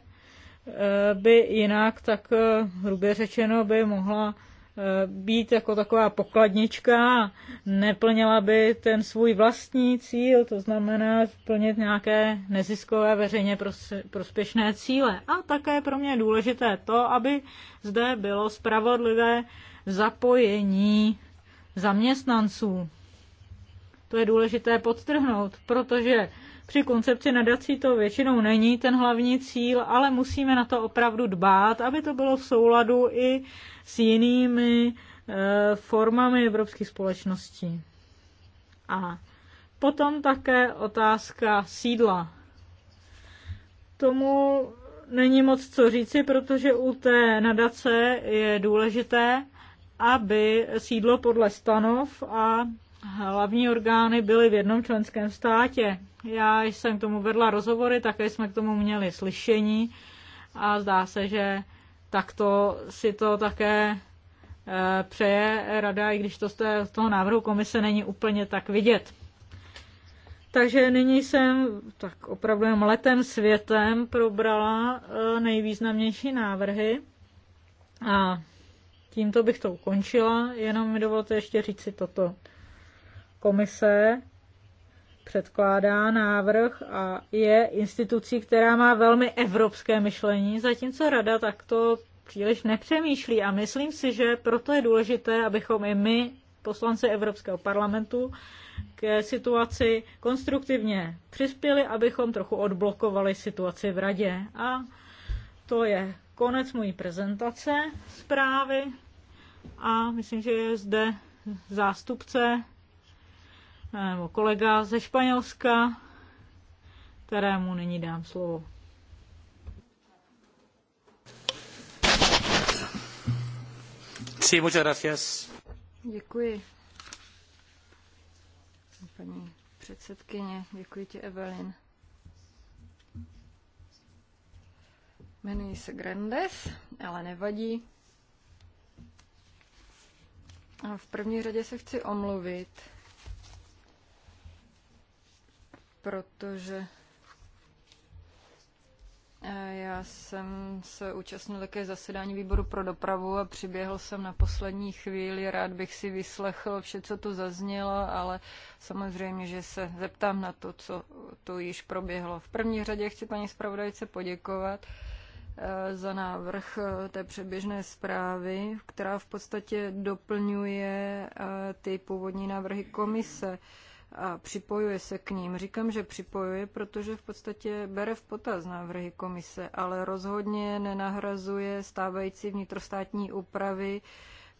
Eh, by jinak, tak eh, hrubě řečeno, by mohla eh, být jako taková pokladnička, neplnila by ten svůj vlastní cíl, to znamená plnit nějaké neziskové veřejně prospěšné cíle. A také pro mě je důležité to, aby zde bylo spravodlivé zapojení zaměstnanců. To je důležité podtrhnout, protože při koncepci nadací to většinou není ten hlavní cíl, ale musíme na to opravdu dbát, aby to bylo v souladu i s jinými eh, formami evropských společností. A potom také otázka sídla. Tomu není moc co říci, protože u té nadace je důležité, aby sídlo podle stanov a hlavní orgány byly v jednom členském státě. Já jsem k tomu vedla rozhovory, také jsme k tomu měli slyšení a zdá se, že takto si to také eh, přeje rada, i když to z toho návrhu komise není úplně tak vidět. Takže nyní jsem tak opravdu letem světem probrala eh, nejvýznamnější návrhy a tímto bych to ukončila, jenom mi dovolte ještě říct si toto. Komise předkládá návrh a je institucí, která má velmi evropské myšlení, zatímco rada takto příliš nepřemýšlí. A myslím si, že proto je důležité, abychom i my, poslanci Evropského parlamentu, k situaci konstruktivně přispěli, abychom trochu odblokovali situaci v radě. A to je konec mojí prezentace zprávy a myslím, že je zde zástupce Eh, nebo kolega ze Španělska, kterému nyní dám slovo. Sí, muchas gracias. Děkuji. Paní předsedkyně, děkuji ti, Evelyn. Jmenuji se Grandes, ale nevadí. A v první řadě se chci omluvit protože eh, já jsem se účastnil také zasedání výboru pro dopravu a přiběhl jsem na poslední chvíli. Rád bych si vyslechl vše, co tu zaznělo, ale samozřejmě, že se zeptám na to, co tu již proběhlo. V první řadě chci paní zpravodajce poděkovat eh, za návrh eh, té předběžné zprávy, která v podstatě doplňuje ty původní návrhy komise a připojuje se k ním. Říkám, že připojuje, protože v podstatě bere v potaz návrhy komise, ale rozhodně nenahrazuje stávající vnitrostátní úpravy,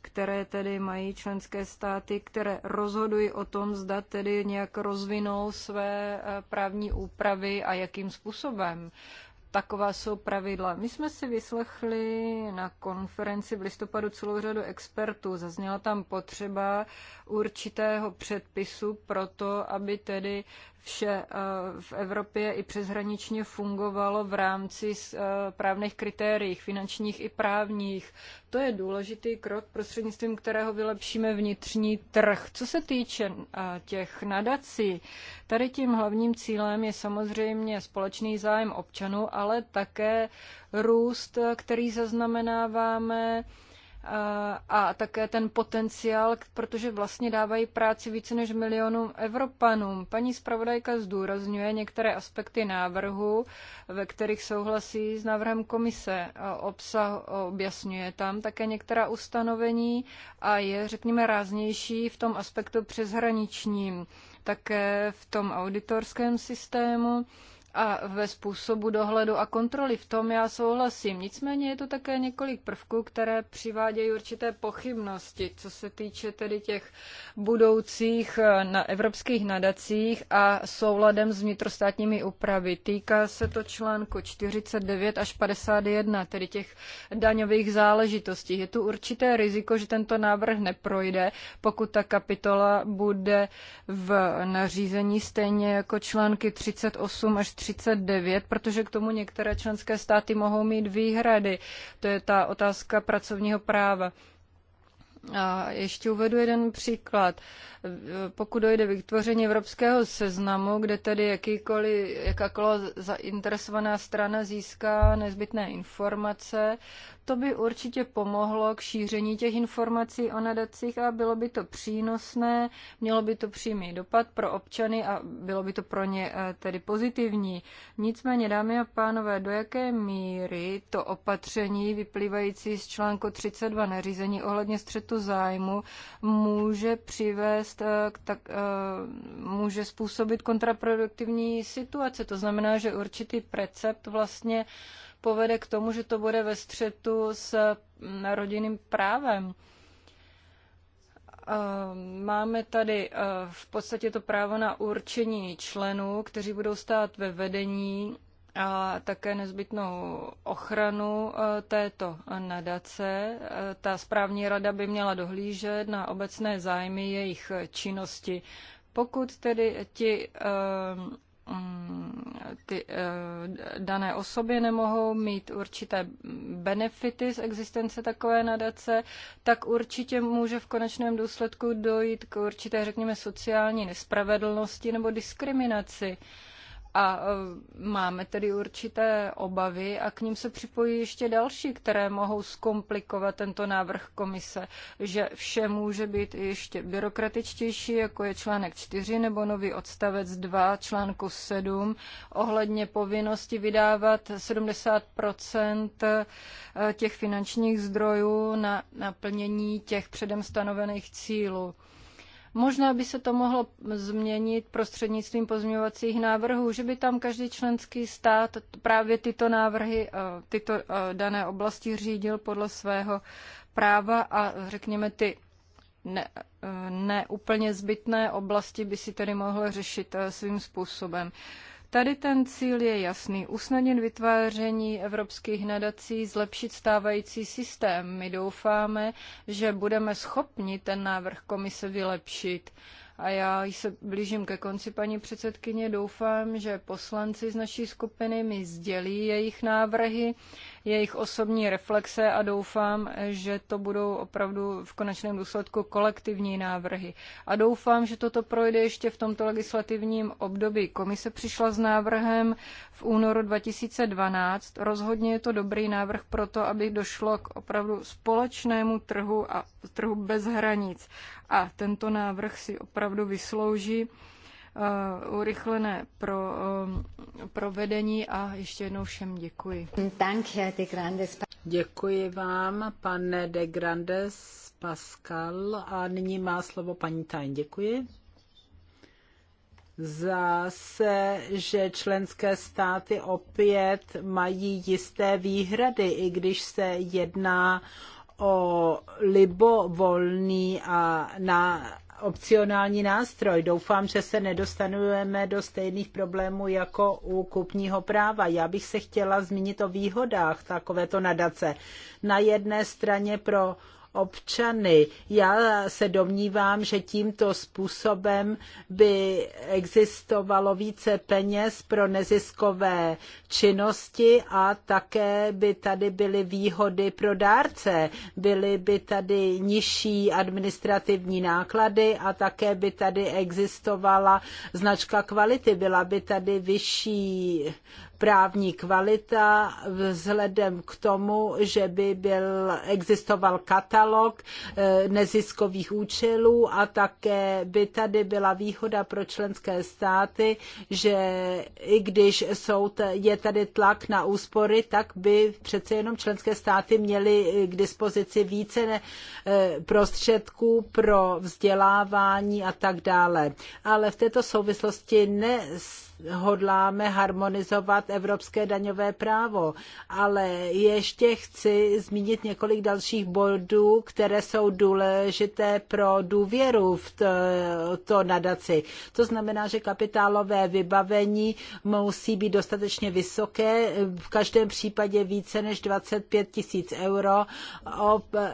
které tedy mají členské státy, které rozhodují o tom, zda tedy nějak rozvinou své eh, právní úpravy a jakým způsobem. Taková jsou pravidla. My jsme si vyslechli na konferenci v listopadu celou řadu expertů. Zazněla tam potřeba určitého předpisu pro to, aby tedy vše eh, v Evropě i přeshraničně fungovalo v rámci eh, právních kritérií, finančních i právních. To je důležitý krok, prostřednictvím kterého vylepšíme vnitřní trh. Co se týče eh, těch nadací, tady tím hlavním cílem je samozřejmě společný zájem občanů, ale také růst, který zaznamenáváme a také ten potenciál, protože vlastně dávají práci více než milionům Evropanům. Paní zpravodajka zdůrazňuje některé aspekty návrhu, ve kterých souhlasí s návrhem komise. Obsah objasňuje tam také některá ustanovení a je, řekněme, ráznější v tom aspektu přeshraničním, také v tom auditorském systému a ve způsobu dohledu a kontroly. V tom já souhlasím. Nicméně je to také několik prvků, které přivádějí určité pochybnosti, co se týče tedy těch budoucích eh, na evropských nadacích a souladem s vnitrostátními úpravy. Týká se to článku 49 až 51, tedy těch daňových záležitostí. Je tu určité riziko, že tento návrh neprojde, pokud ta kapitola bude v nařízení stejně jako články 38 až 30 39, protože k tomu některé členské státy mohou mít výhrady. To je ta otázka pracovního práva. A ještě uvedu jeden příklad. Pokud dojde k vytvoření evropského seznamu, kde tedy jakýkoliv, jakákoliv zainteresovaná strana získá nezbytné informace, to by určitě pomohlo k šíření těch informací o nadacích a bylo by to přínosné, mělo by to přímý dopad pro občany a bylo by to pro ně eh, tedy pozitivní. Nicméně, dámy a pánové, do jaké míry to opatření vyplývající z článku 32 nařízení ohledně střetu zájmu může přivést, eh, tak, eh, může způsobit kontraproduktivní situace. To znamená, že určitý precept vlastně povede k tomu, že to bude ve střetu s mm, rodinným právem eh, máme tady v podstatě to právo na určení členů, kteří budou stát ve vedení a také nezbytnou ochranu e, této nadace. E, ta správní rada by měla dohlížet na obecné zájmy jejich činnosti. Pokud tedy ti e, mm, ty dané osoby nemohou mít určité benefity z existence takové nadace, tak určitě může v konečném důsledku dojít k určité, řekněme, sociální nespravedlnosti nebo diskriminaci. A e, máme tedy určité obavy a k ním se připojí ještě další, které mohou zkomplikovat tento návrh komise, že vše může být ještě byrokratičtější, jako je článek 4 nebo nový odstavec 2 článku 7 ohledně povinnosti vydávat 70 e, těch finančních zdrojů na naplnění těch předem stanovených cílů. Možná by se to mohlo změnit prostřednictvím pozměňovacích návrhů, že by tam každý členský stát právě tyto návrhy, eh, tyto eh, dané oblasti řídil podle svého práva a řekněme ty eh, neúplně ne zbytné oblasti by si tedy mohl řešit svým způsobem. Tady ten cíl je jasný. Usnadnit vytváření evropských nadací, zlepšit stávající systém. My doufáme, že budeme schopni ten návrh komise vylepšit. A já se blížím ke konci, paní předsedkyně. Doufám, že poslanci z naší skupiny mi sdělí jejich návrhy jejich osobní reflexe a doufám, že to budou opravdu v konečném důsledku kolektivní návrhy. A doufám, že toto projde ještě v tomto legislativním období. Komise přišla s návrhem v únoru 2012. Rozhodně je to dobrý návrh pro to, aby došlo k opravdu společnému trhu a trhu bez hranic. A tento návrh si opravdu vyslouží eh, urychlené pro eh, provedení a ještě jednou všem děkuji. Děkuji vám, pane de Grandes Pascal. A nyní má slovo paní Tajn. Děkuji. Zase, že členské státy opět mají jisté výhrady, i když se jedná o libovolný a na opcionální nástroj. Doufám, že se nedostaneme do stejných problémů jako u kupního práva. Já bych se chtěla zmínit o výhodách takovéto nadace. Na jedné straně pro občany. Já se domnívám, že tímto způsobem by existovalo více peněz pro neziskové činnosti a také by tady byly výhody pro dárce. Byly by tady nižší administrativní náklady a také by tady existovala značka kvality. Byla by tady vyšší právní kvalita vzhledem k tomu, že by byl, existoval katalog eh, neziskových účelů a také by tady byla výhoda pro členské státy, že i když jsou, je tady tlak na úspory, tak by přece jenom členské státy měly k dispozici více eh, prostředků pro vzdělávání a tak dále. Ale v této souvislosti nes hodláme harmonizovat evropské daňové právo, ale ještě chci zmínit několik dalších bodů, které jsou důležité pro důvěru v to, to nadaci. To znamená, že kapitálové vybavení musí být dostatečně vysoké, v každém případě více než 25 tisíc euro.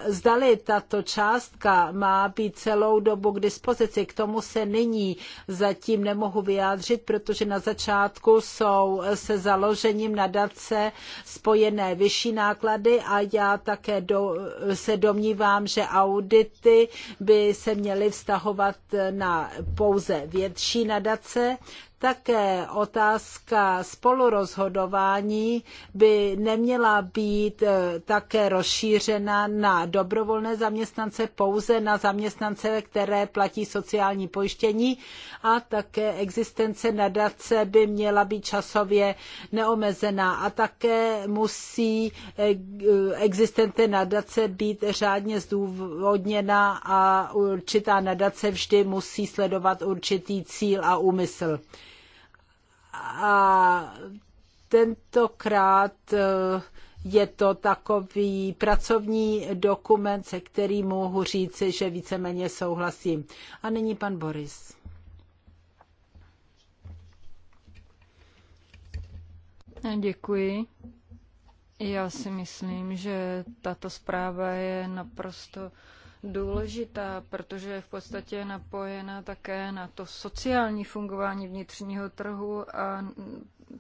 Zdali tato částka má být celou dobu k dispozici, k tomu se nyní zatím nemohu vyjádřit, protože na začátku jsou se založením nadace spojené vyšší náklady a já také do, se domnívám, že audity by se měly vztahovat na pouze větší nadace, také otázka spolurozhodování by neměla být eh, také rozšířena na dobrovolné zaměstnance, pouze na zaměstnance, které platí sociální pojištění a také existence nadace by měla být časově neomezená a také musí eh, existence nadace být řádně zdůvodněna a určitá nadace vždy musí sledovat určitý cíl a úmysl. A tentokrát eh, je to takový pracovní dokument, se kterým mohu říct, že víceméně souhlasím. A nyní pan Boris. Děkuji. Já si myslím, že tato zpráva je naprosto důležitá, protože je v podstatě napojena také na to sociální fungování vnitřního trhu a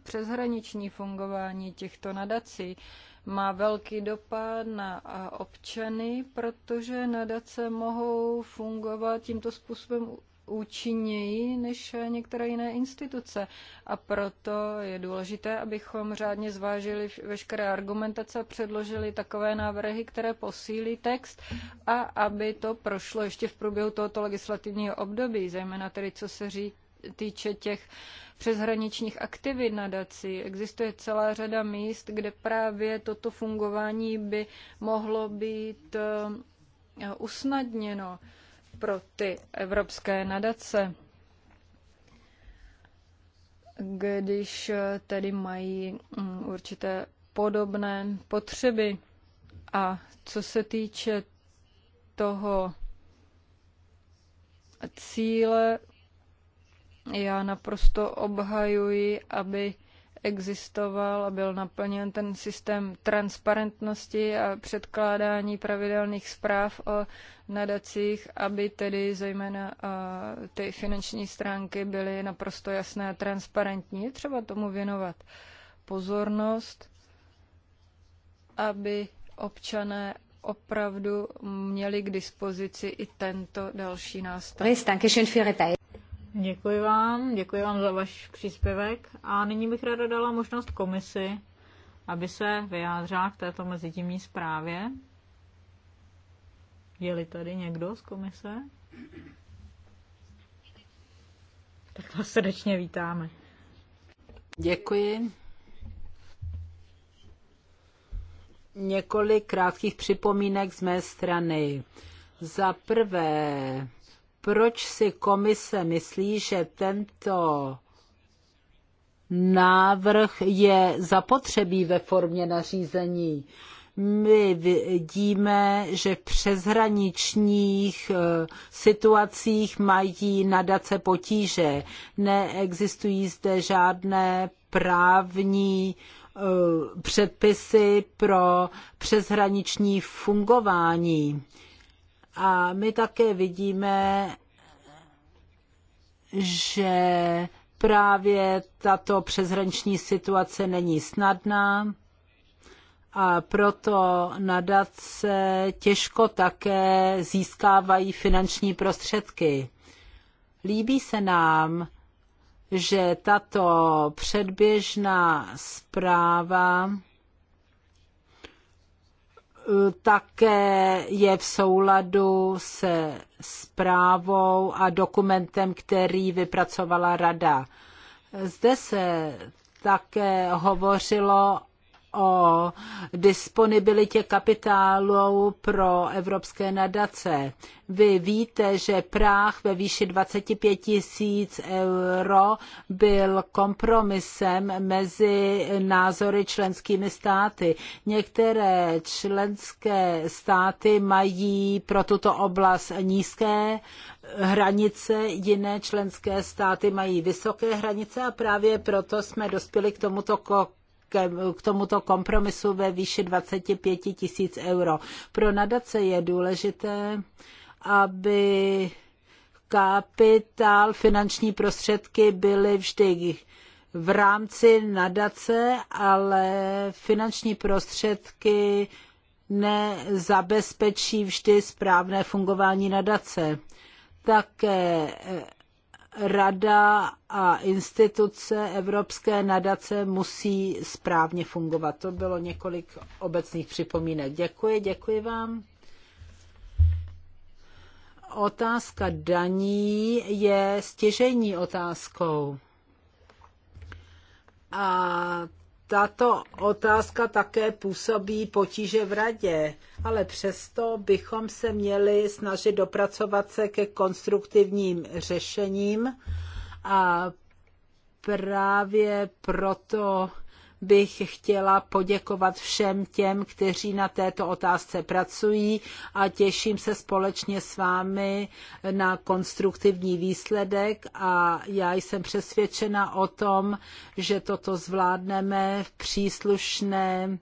přeshraniční fungování těchto nadací. Má velký dopad na občany, protože nadace mohou fungovat tímto způsobem účinněji než některé jiné instituce. A proto je důležité, abychom řádně zvážili veškeré argumentace a předložili takové návrhy, které posílí text a aby to prošlo ještě v průběhu tohoto legislativního období, zejména tedy co se říká týče těch přeshraničních aktivit nadací. Existuje celá řada míst, kde právě toto fungování by mohlo být eh, usnadněno pro ty evropské nadace, když tedy mají mm, určité podobné potřeby. A co se týče toho cíle, já naprosto obhajuji, aby existoval a byl naplněn ten systém transparentnosti a předkládání pravidelných zpráv o nadacích, aby tedy zejména ty finanční stránky byly naprosto jasné a transparentní. Je třeba tomu věnovat pozornost, aby občané opravdu měli k dispozici i tento další nástroj. Děkuji vám, děkuji vám za váš příspěvek a nyní bych ráda dala možnost komisi, aby se vyjádřila k této mezitímní zprávě. Je-li tady někdo z komise? Tak vás srdečně vítáme. Děkuji. Několik krátkých připomínek z mé strany. Za prvé, proč si komise myslí, že tento návrh je zapotřebí ve formě nařízení. My vidíme, že v přeshraničních eh, situacích mají nadace potíže. Neexistují zde žádné právní eh, předpisy pro přeshraniční fungování. A my také vidíme, že právě tato přeshraniční situace není snadná a proto nadace těžko také získávají finanční prostředky. Líbí se nám, že tato předběžná zpráva také je v souladu se zprávou a dokumentem, který vypracovala rada. Zde se také hovořilo o disponibilitě kapitálu pro evropské nadace. Vy víte, že práh ve výši 25 tisíc euro byl kompromisem mezi názory členskými státy. Některé členské státy mají pro tuto oblast nízké hranice, jiné členské státy mají vysoké hranice a právě proto jsme dospěli k tomuto k, tomuto kompromisu ve výši 25 tisíc euro. Pro nadace je důležité, aby kapitál, finanční prostředky byly vždy v rámci nadace, ale finanční prostředky nezabezpečí vždy správné fungování nadace. Také rada a instituce Evropské nadace musí správně fungovat. To bylo několik obecných připomínek. Děkuji, děkuji vám. Otázka daní je stěžejní otázkou. A tato otázka také působí potíže v radě, ale přesto bychom se měli snažit dopracovat se ke konstruktivním řešením a právě proto bych chtěla poděkovat všem těm, kteří na této otázce pracují a těším se společně s vámi na konstruktivní výsledek a já jsem přesvědčena o tom, že toto zvládneme v příslušné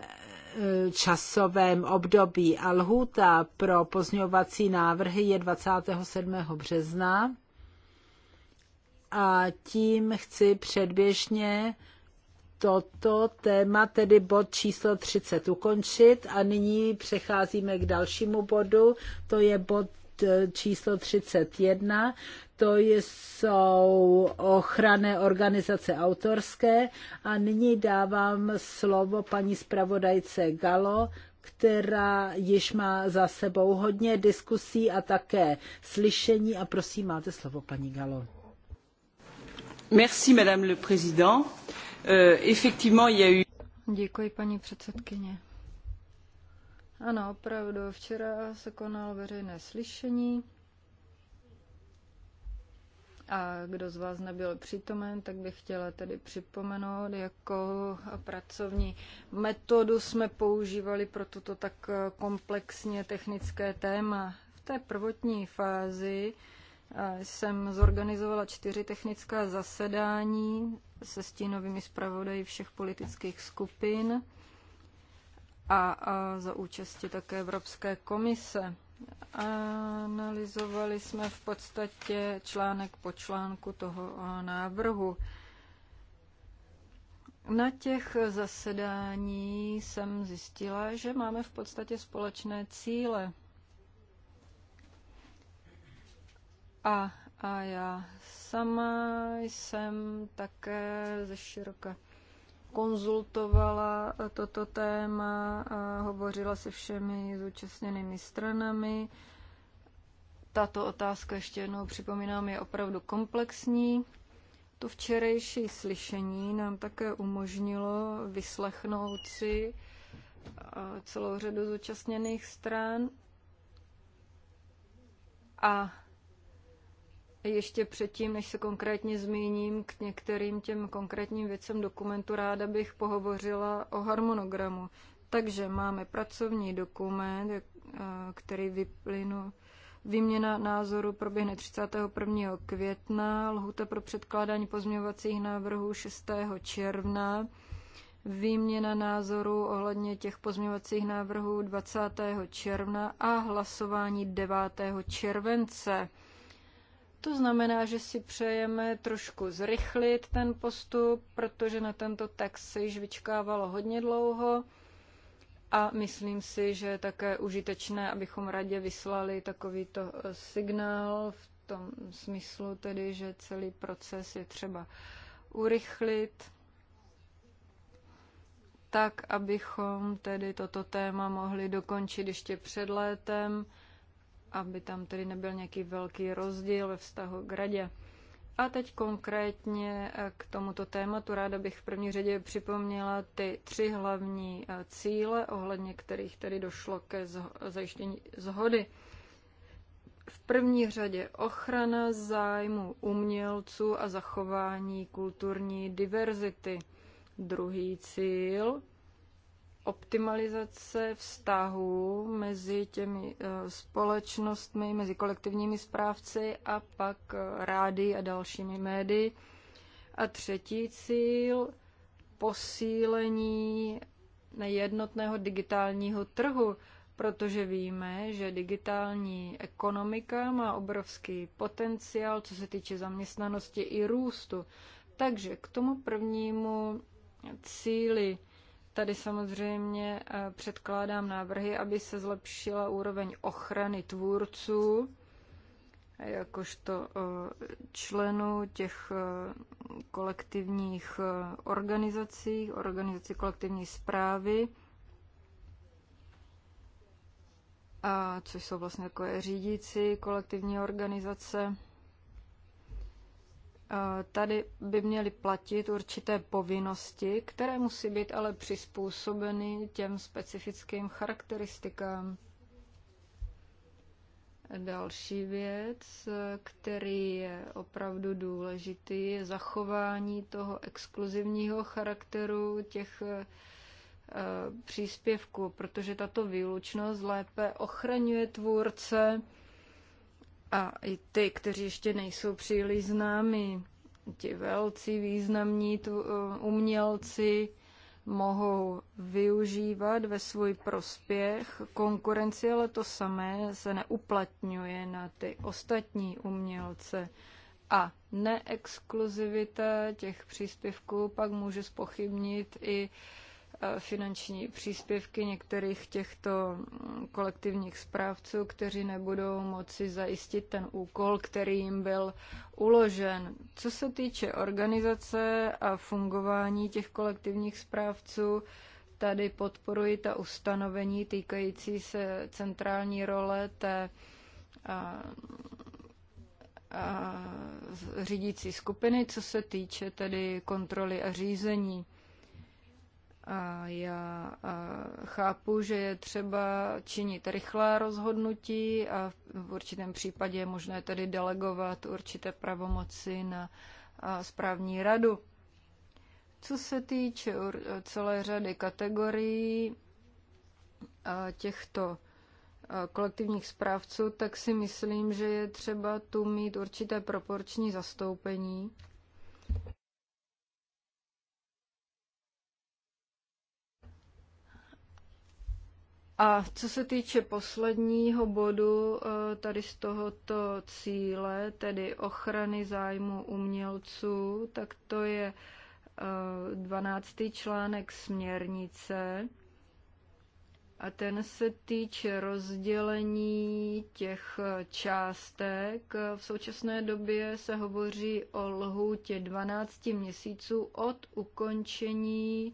eh, časovém období a lhůta pro pozňovací návrhy je 27. března a tím chci předběžně toto téma, tedy bod číslo 30, ukončit a nyní přecházíme k dalšímu bodu, to je bod e, číslo 31, to jsou ochranné organizace autorské a nyní dávám slovo paní zpravodajce Galo, která již má za sebou hodně diskusí a také slyšení a prosím, máte slovo paní Galo. Merci, madame le président. Euh, Děkuji, paní předsedkyně. Ano, opravdu. Včera se konalo veřejné slyšení. A kdo z vás nebyl přítomen, tak bych chtěla tedy připomenout, jakou pracovní metodu jsme používali pro toto tak komplexně technické téma. V té prvotní fázi eh, jsem zorganizovala čtyři technická zasedání se stínovými zpravodaji všech politických skupin a, a za účasti také Evropské komise. Analyzovali jsme v podstatě článek po článku toho návrhu. Na těch zasedání jsem zjistila, že máme v podstatě společné cíle. A a já sama jsem také ze široka konzultovala toto téma, a hovořila se všemi zúčastněnými stranami. Tato otázka, ještě jednou připomínám, je opravdu komplexní. To včerejší slyšení nám také umožnilo vyslechnout si celou řadu zúčastněných stran a ještě předtím, než se konkrétně zmíním k některým těm konkrétním věcem dokumentu, ráda bych pohovořila o harmonogramu. Takže máme pracovní dokument, eh, který vyplynul. Výměna názoru proběhne 31. května, lhuta pro předkládání pozměňovacích návrhů 6. června, výměna názoru ohledně těch pozměňovacích návrhů 20. června a hlasování 9. července. To znamená, že si přejeme trošku zrychlit ten postup, protože na tento text se již vyčkávalo hodně dlouho a myslím si, že je také užitečné, abychom radě vyslali takovýto eh, signál v tom smyslu tedy, že celý proces je třeba urychlit tak, abychom tedy toto téma mohli dokončit ještě před létem aby tam tedy nebyl nějaký velký rozdíl ve vztahu k radě. A teď konkrétně eh, k tomuto tématu ráda bych v první řadě připomněla ty tři hlavní eh, cíle, ohledně kterých tedy došlo ke zajištění zhody. V první řadě ochrana zájmu umělců a zachování kulturní diverzity. Druhý cíl optimalizace vztahů mezi těmi eh, společnostmi, mezi kolektivními správci a pak eh, rády a dalšími médii. A třetí cíl posílení nejednotného digitálního trhu, protože víme, že digitální ekonomika má obrovský potenciál, co se týče zaměstnanosti i růstu. Takže k tomu prvnímu cíli Tady samozřejmě eh, předkládám návrhy, aby se zlepšila úroveň ochrany tvůrců, jakožto eh, členů těch eh, kolektivních organizací, organizací kolektivní zprávy, a což jsou vlastně jako řídící kolektivní organizace. Tady by měly platit určité povinnosti, které musí být ale přizpůsobeny těm specifickým charakteristikám. Další věc, který je opravdu důležitý, je zachování toho exkluzivního charakteru těch eh, příspěvků, protože tato výlučnost lépe ochraňuje tvůrce a i ty, kteří ještě nejsou příliš známi. Ti velcí, významní tu, uh, umělci mohou využívat ve svůj prospěch konkurenci, ale to samé se neuplatňuje na ty ostatní umělce. A neexkluzivita těch příspěvků pak může spochybnit i uh, finanční příspěvky některých těchto mm, kolektivních správců, kteří nebudou moci zajistit ten úkol, který jim byl uložen. Co se týče organizace a fungování těch kolektivních správců, tady podporuji ta ustanovení týkající se centrální role té a, a řídící skupiny, co se týče tedy kontroly a řízení. A já chápu, že je třeba činit rychlá rozhodnutí a v určitém případě je možné tedy delegovat určité pravomoci na správní radu. Co se týče celé řady kategorií těchto kolektivních správců, tak si myslím, že je třeba tu mít určité proporční zastoupení A co se týče posledního bodu eh, tady z tohoto cíle, tedy ochrany zájmu umělců, tak to je 12. Eh, článek směrnice. A ten se týče rozdělení těch částek. V současné době se hovoří o lhůtě 12 měsíců od ukončení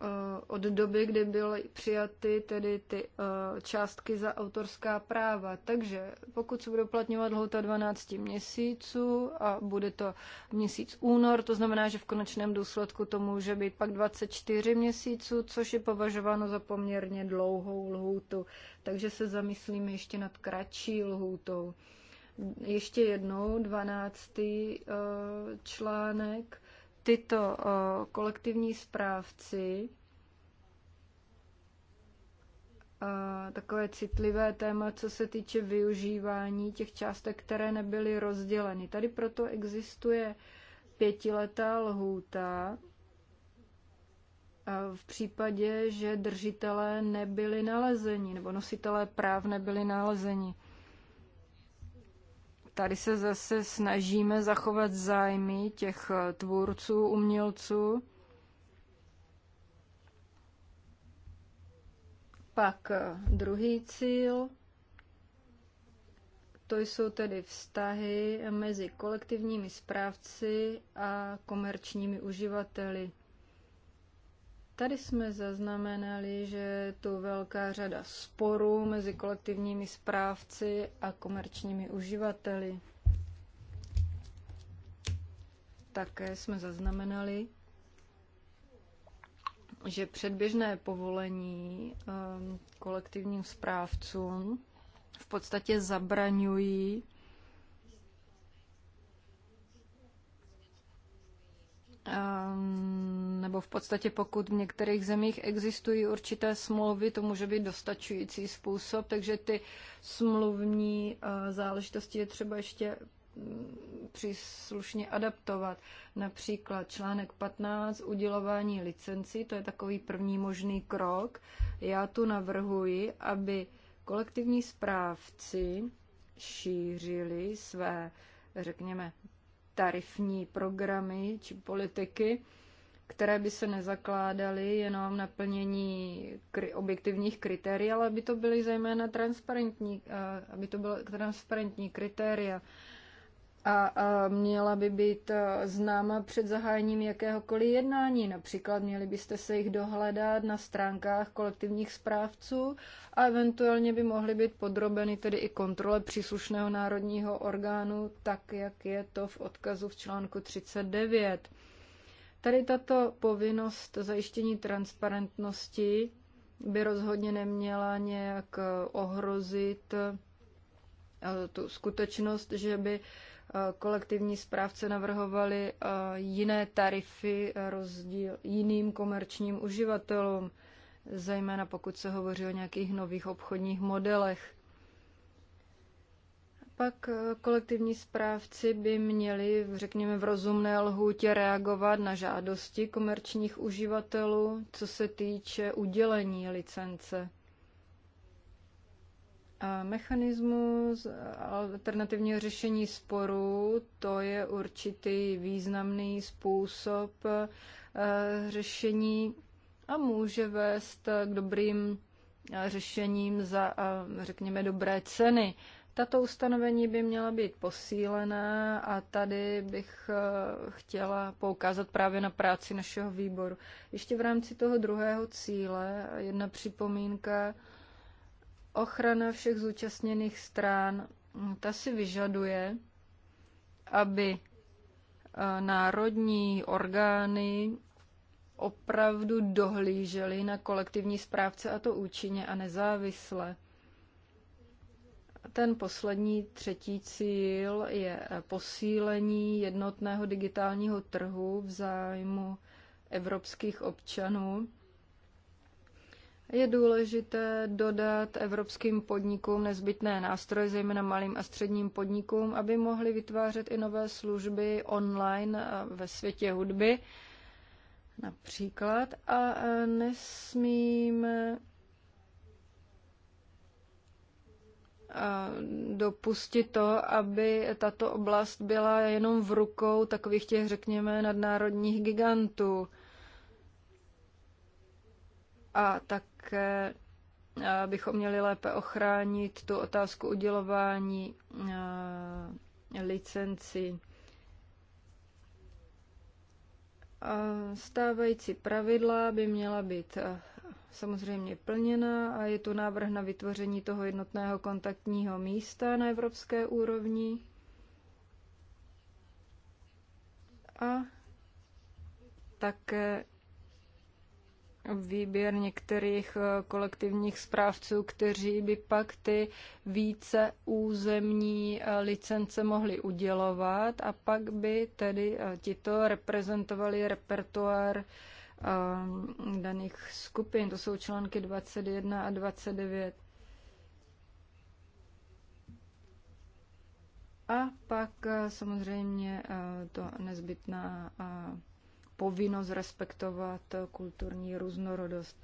Eh, od doby, kdy byly přijaty tedy ty eh, částky za autorská práva. Takže pokud se bude uplatňovat lhouta 12 měsíců a bude to měsíc únor, to znamená, že v konečném důsledku to může být pak 24 měsíců, což je považováno za poměrně dlouhou lhůtu. Takže se zamyslíme ještě nad kratší lhůtou. Ještě jednou, 12. Eh, článek tyto eh, kolektivní správci eh, takové citlivé téma, co se týče využívání těch částek, které nebyly rozděleny. Tady proto existuje pětiletá lhůta v případě, že držitelé nebyli nalezeni nebo nositelé práv nebyli nalezeni. Tady se zase snažíme zachovat zájmy těch eh, tvůrců, umělců. Pak eh, druhý cíl, to jsou tedy vztahy mezi kolektivními správci a komerčními uživateli. Tady jsme zaznamenali, že je tu velká řada sporů mezi kolektivními správci a komerčními uživateli. Také jsme zaznamenali, že předběžné povolení ehm, kolektivním správcům v podstatě zabraňují Ehm, nebo v podstatě pokud v některých zemích existují určité smlouvy, to může být dostačující způsob, takže ty smluvní eh, záležitosti je třeba ještě mm, příslušně adaptovat. Například článek 15, udělování licenci, to je takový první možný krok. Já tu navrhuji, aby kolektivní správci šířili své, řekněme, tarifní programy či politiky, které by se nezakládaly jenom na plnění kri- objektivních kritérií, ale aby to byly zejména transparentní, eh, aby to byly transparentní kritéria a měla by být e, známa před zahájením jakéhokoliv jednání. Například měli byste se jich dohledat na stránkách kolektivních správců a eventuálně by mohly být podrobeny tedy i kontrole příslušného národního orgánu, tak jak je to v odkazu v článku 39. Tady tato povinnost zajištění transparentnosti by rozhodně neměla nějak ohrozit e, tu skutečnost, že by kolektivní správce navrhovali eh, jiné tarify eh, rozdíl jiným komerčním uživatelům, zejména pokud se hovoří o nějakých nových obchodních modelech. Pak eh, kolektivní správci by měli, řekněme, v rozumné lhůtě reagovat na žádosti komerčních uživatelů, co se týče udělení licence. Mechanismus alternativního řešení sporů, to je určitý významný způsob eh, řešení a může vést k dobrým eh, řešením za, eh, řekněme, dobré ceny. Tato ustanovení by měla být posílená a tady bych chtěla poukázat právě na práci našeho výboru. Ještě v rámci toho druhého cíle jedna připomínka Ochrana všech zúčastněných strán, mm, ta si vyžaduje, aby e, národní orgány opravdu dohlížely na kolektivní správce a to účinně a nezávisle. Ten poslední třetí cíl je e, posílení jednotného digitálního trhu v zájmu evropských občanů je důležité dodat evropským podnikům nezbytné nástroje, zejména malým a středním podnikům, aby mohli vytvářet i nové služby online ve světě hudby například. A nesmíme dopustit to, aby tato oblast byla jenom v rukou takových těch, řekněme, nadnárodních gigantů a také eh, bychom měli lépe ochránit tu otázku udělování eh, licenci. Stávající pravidla by měla být eh, samozřejmě plněna a je tu návrh na vytvoření toho jednotného kontaktního místa na evropské úrovni. A také výběr některých eh, kolektivních správců, kteří by pak ty více územní eh, licence mohli udělovat a pak by tedy eh, tito reprezentovali repertoár daných skupin. To jsou články 21 a 29. A pak samozřejmě to nezbytná povinnost respektovat kulturní různorodost.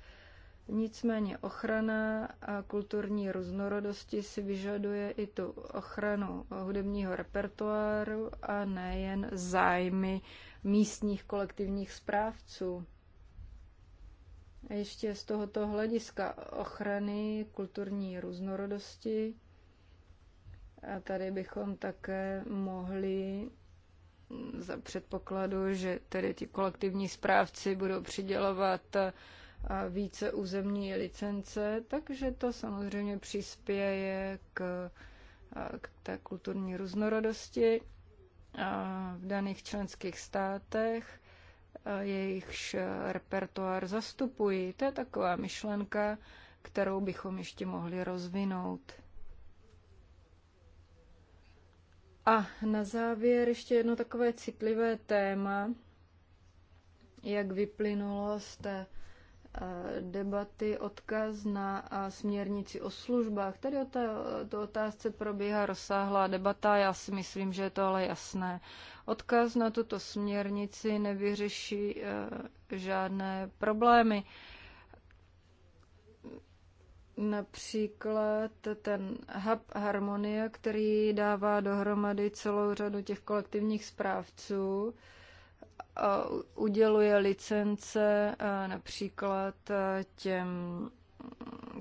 Nicméně ochrana a kulturní různorodosti si vyžaduje i tu ochranu hudebního repertoáru a nejen zájmy místních kolektivních správců. A ještě z tohoto hlediska ochrany kulturní různorodosti a tady bychom také mohli za předpokladu, že tedy ti kolektivní správci budou přidělovat eh, více územní licence, takže to samozřejmě přispěje k, eh, k té kulturní různorodosti eh, v daných členských státech, jejichž repertoár zastupují. To je taková myšlenka, kterou bychom ještě mohli rozvinout. A na závěr ještě jedno takové citlivé téma, jak vyplynulo z té eh, debaty odkaz na eh, směrnici o službách. Tady o té otázce probíhá rozsáhlá debata, já si myslím, že je to ale jasné. Odkaz na tuto směrnici nevyřeší eh, žádné problémy. Například ten hub Harmonia, který dává dohromady celou řadu těch kolektivních správců, uděluje licence například těm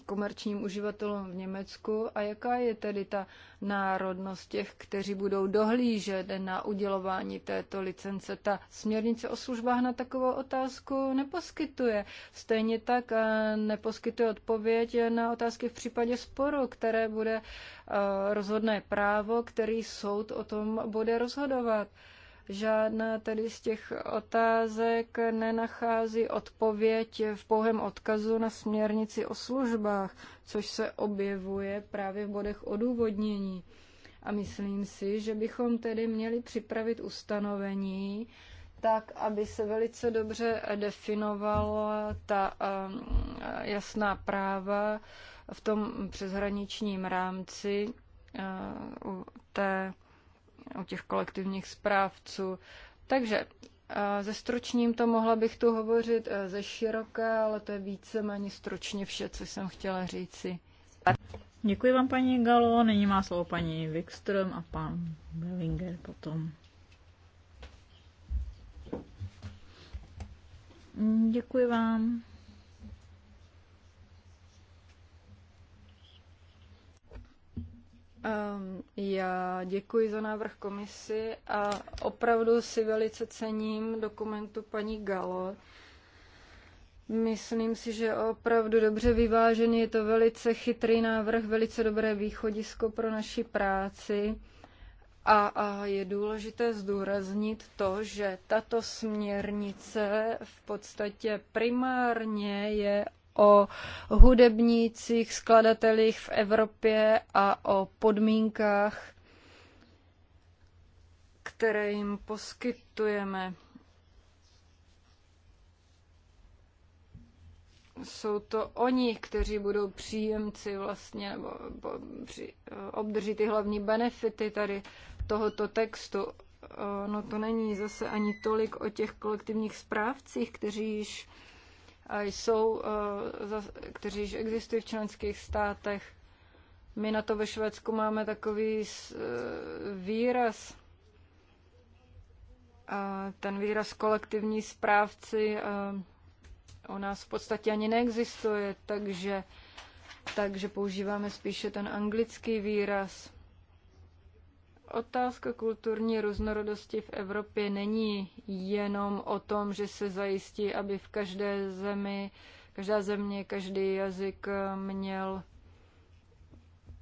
komerčním uživatelům v Německu a jaká je tedy ta národnost těch, kteří budou dohlížet na udělování této licence. Ta směrnice o službách na takovou otázku neposkytuje. Stejně tak eh, neposkytuje odpověď na otázky v případě sporu, které bude eh, rozhodné právo, který soud o tom bude rozhodovat. Žádná tedy z těch otázek nenachází odpověď v pouhém odkazu na směrnici o službách, což se objevuje právě v bodech odůvodnění. A myslím si, že bychom tedy měli připravit ustanovení, tak, aby se velice dobře definovala ta um, jasná práva v tom přeshraničním rámci uh, té o těch kolektivních zprávců. Takže ze eh, stročním to mohla bych tu hovořit eh, ze široké, ale to je víceméně stročně vše, co jsem chtěla říci. Děkuji vám, paní Galo. Nyní má slovo paní Wikström a pan Bellinger potom. Děkuji vám. Ehm, já děkuji za návrh komisi a opravdu si velice cením dokumentu paní Galo. Myslím si, že opravdu dobře vyvážený, je to velice chytrý návrh, velice dobré východisko pro naši práci. A, a je důležité zdůraznit to, že tato směrnice v podstatě primárně je o hudebnících, skladatelích v Evropě a o podmínkách, které jim poskytujeme. Jsou to oni, kteří budou příjemci vlastně, nebo, nebo při, obdrží ty hlavní benefity tady tohoto textu. No to není zase ani tolik o těch kolektivních správcích, kteří již uh, jsou, eh, kteří již existují v členských státech. My na to ve Švédsku máme takový eh, výraz, ten výraz kolektivní správci eh, u nás v podstatě ani neexistuje, takže, takže používáme spíše ten anglický výraz. Otázka kulturní různorodosti v Evropě není jenom o tom, že se zajistí, aby v každé zemi, každá země, každý jazyk měl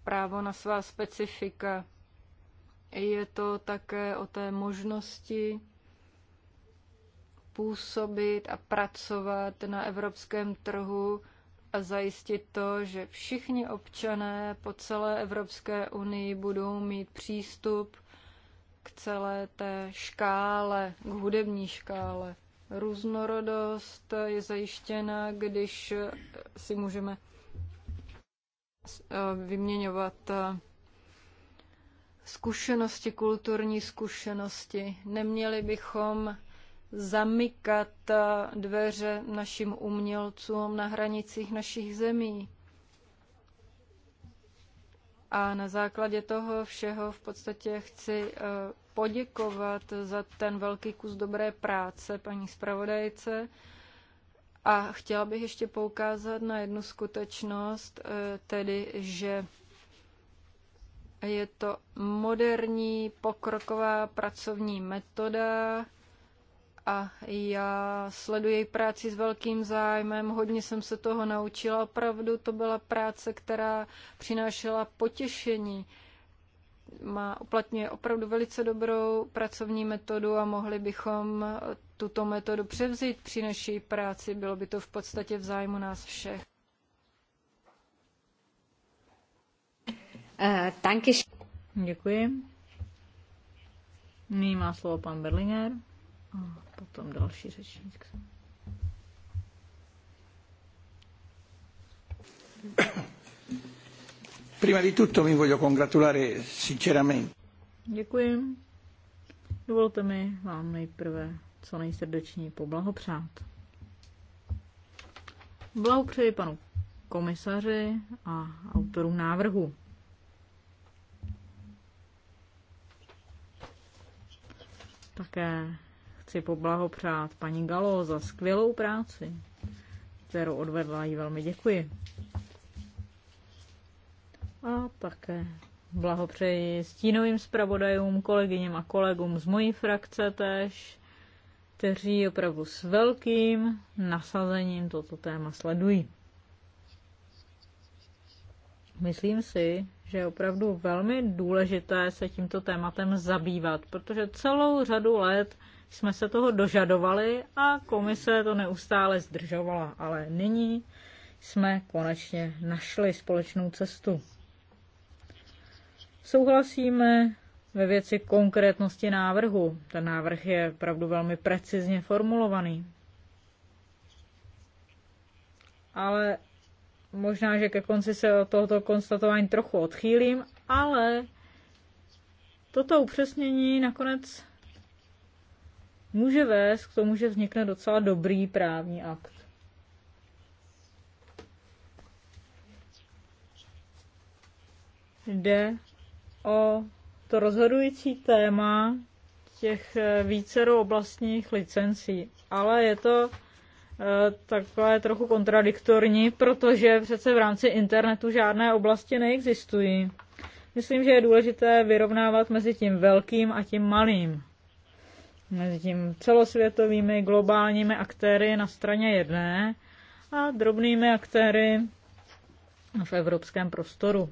právo na svá specifika. Je to také o té možnosti působit a pracovat na evropském trhu a zajistit to, že všichni občané po celé Evropské unii budou mít přístup k celé té škále, k hudební škále. Různorodost je zajištěna, když si můžeme eh, vyměňovat eh, zkušenosti, kulturní zkušenosti. Neměli bychom zamykat eh, dveře našim umělcům na hranicích našich zemí. A na základě toho všeho v podstatě chci eh, poděkovat za ten velký kus dobré práce paní zpravodajce. A chtěla bych ještě poukázat na jednu skutečnost, eh, tedy, že je to moderní pokroková pracovní metoda, a já sleduji její práci s velkým zájmem, hodně jsem se toho naučila, opravdu to byla práce, která přinášela potěšení. Má, uplatňuje opravdu velice dobrou pracovní metodu a mohli bychom tuto metodu převzít při naší práci. Bylo by to v podstatě v zájmu nás všech. Eh, Děkuji. Nyní má slovo pan Berlinger. A potom další řečník. Prima di tutto mi voglio congratulare sinceramente. Děkuji. Dovolte mi vám nejprve co nejsrdečněji poblahopřát. Blahopřeji panu komisaři a autorům návrhu. Také chci poblahopřát paní Galo za skvělou práci, kterou odvedla jí velmi děkuji. A také blahopřeji stínovým zpravodajům, kolegyněm a kolegům z mojí frakce tež, kteří opravdu s velkým nasazením toto téma sledují. Myslím si, že je opravdu velmi důležité se tímto tématem zabývat, protože celou řadu let jsme se toho dožadovali a komise to neustále zdržovala, ale nyní jsme konečně našli společnou cestu. Souhlasíme ve věci konkrétnosti návrhu. Ten návrh je opravdu velmi precizně formulovaný. Ale možná, že ke konci se od tohoto konstatování trochu odchýlím, ale toto upřesnění nakonec může vést k tomu, že vznikne docela dobrý právní akt. Jde o to rozhodující téma těch eh, vícero oblastních licencí, ale je to eh, takové trochu kontradiktorní, protože přece v rámci internetu žádné oblasti neexistují. Myslím, že je důležité vyrovnávat mezi tím velkým a tím malým mezi tím celosvětovými globálními aktéry na straně jedné a drobnými aktéry v evropském prostoru.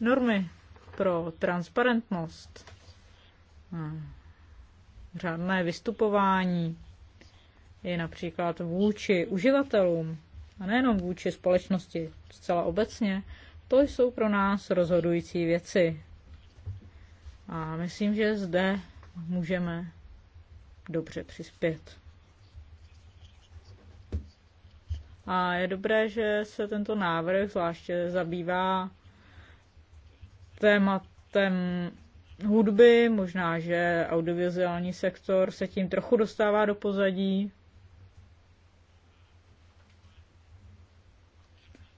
Normy pro transparentnost, hm, řádné vystupování je například vůči uživatelům a nejenom vůči společnosti zcela obecně, to jsou pro nás rozhodující věci. A myslím, že zde můžeme dobře přispět. A je dobré, že se tento návrh zvláště zabývá tématem hudby, možná, že audiovizuální sektor se tím trochu dostává do pozadí.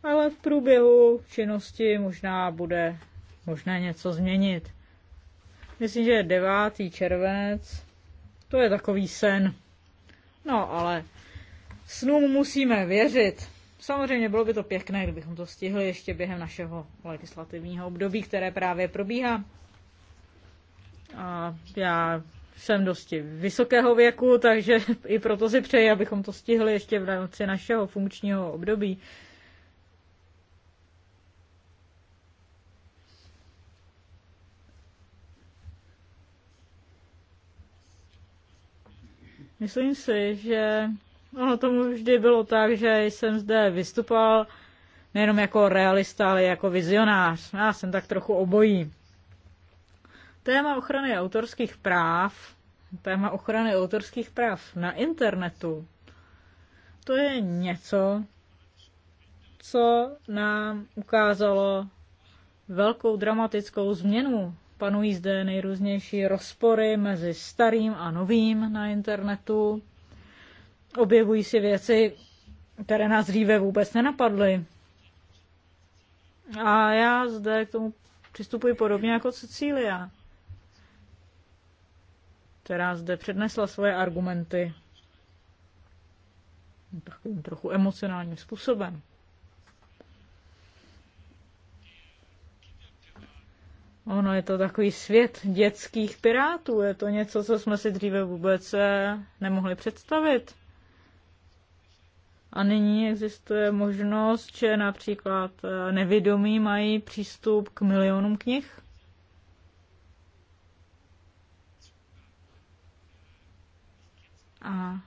Ale v průběhu činnosti možná bude možné něco změnit. Myslím, že je 9. červenec. To je takový sen. No, ale snům musíme věřit. Samozřejmě bylo by to pěkné, kdybychom to stihli ještě během našeho legislativního období, které právě probíhá. A já jsem dosti vysokého věku, takže (laughs) i proto si přeji, abychom to stihli ještě v rámci našeho funkčního období. Myslím si, že ono tomu vždy bylo tak, že jsem zde vystupoval nejenom jako realista, ale jako vizionář. Já jsem tak trochu obojí. Téma ochrany autorských práv, téma ochrany autorských práv na internetu, to je něco, co nám ukázalo velkou dramatickou změnu Panují zde nejrůznější rozpory mezi starým a novým na internetu. Objevují si věci, které nás dříve vůbec nenapadly. A já zde k tomu přistupuji podobně jako Cecília, která zde přednesla svoje argumenty takovým trochu emocionálním způsobem. Ono je to takový svět dětských pirátů. Je to něco, co jsme si dříve vůbec eh, nemohli představit. A nyní existuje možnost, že například eh, nevědomí mají přístup k milionům knih. A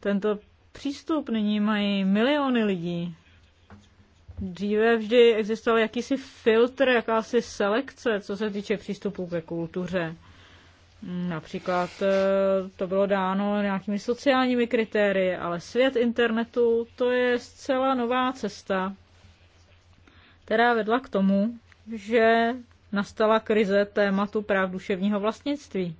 tento přístup nyní mají miliony lidí. Dříve vždy existoval jakýsi filtr, jakási selekce, co se týče přístupu ke kultuře. Například eh, to bylo dáno nějakými sociálními kritérii, ale svět internetu to je zcela nová cesta, která vedla k tomu, že nastala krize tématu práv duševního vlastnictví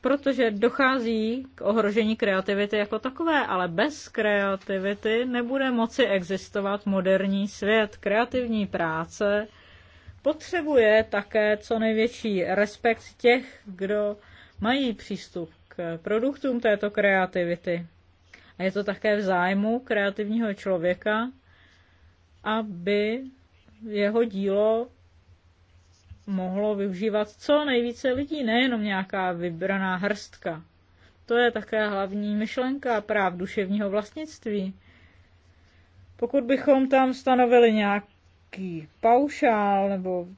protože dochází k ohrožení kreativity jako takové, ale bez kreativity nebude moci existovat moderní svět. Kreativní práce potřebuje také co největší respekt těch, kdo mají přístup k produktům této kreativity. A je to také v zájmu kreativního člověka, aby jeho dílo mohlo využívat co nejvíce lidí, nejenom nějaká vybraná hrstka. To je také hlavní myšlenka práv duševního vlastnictví. Pokud bychom tam stanovili nějaký paušál nebo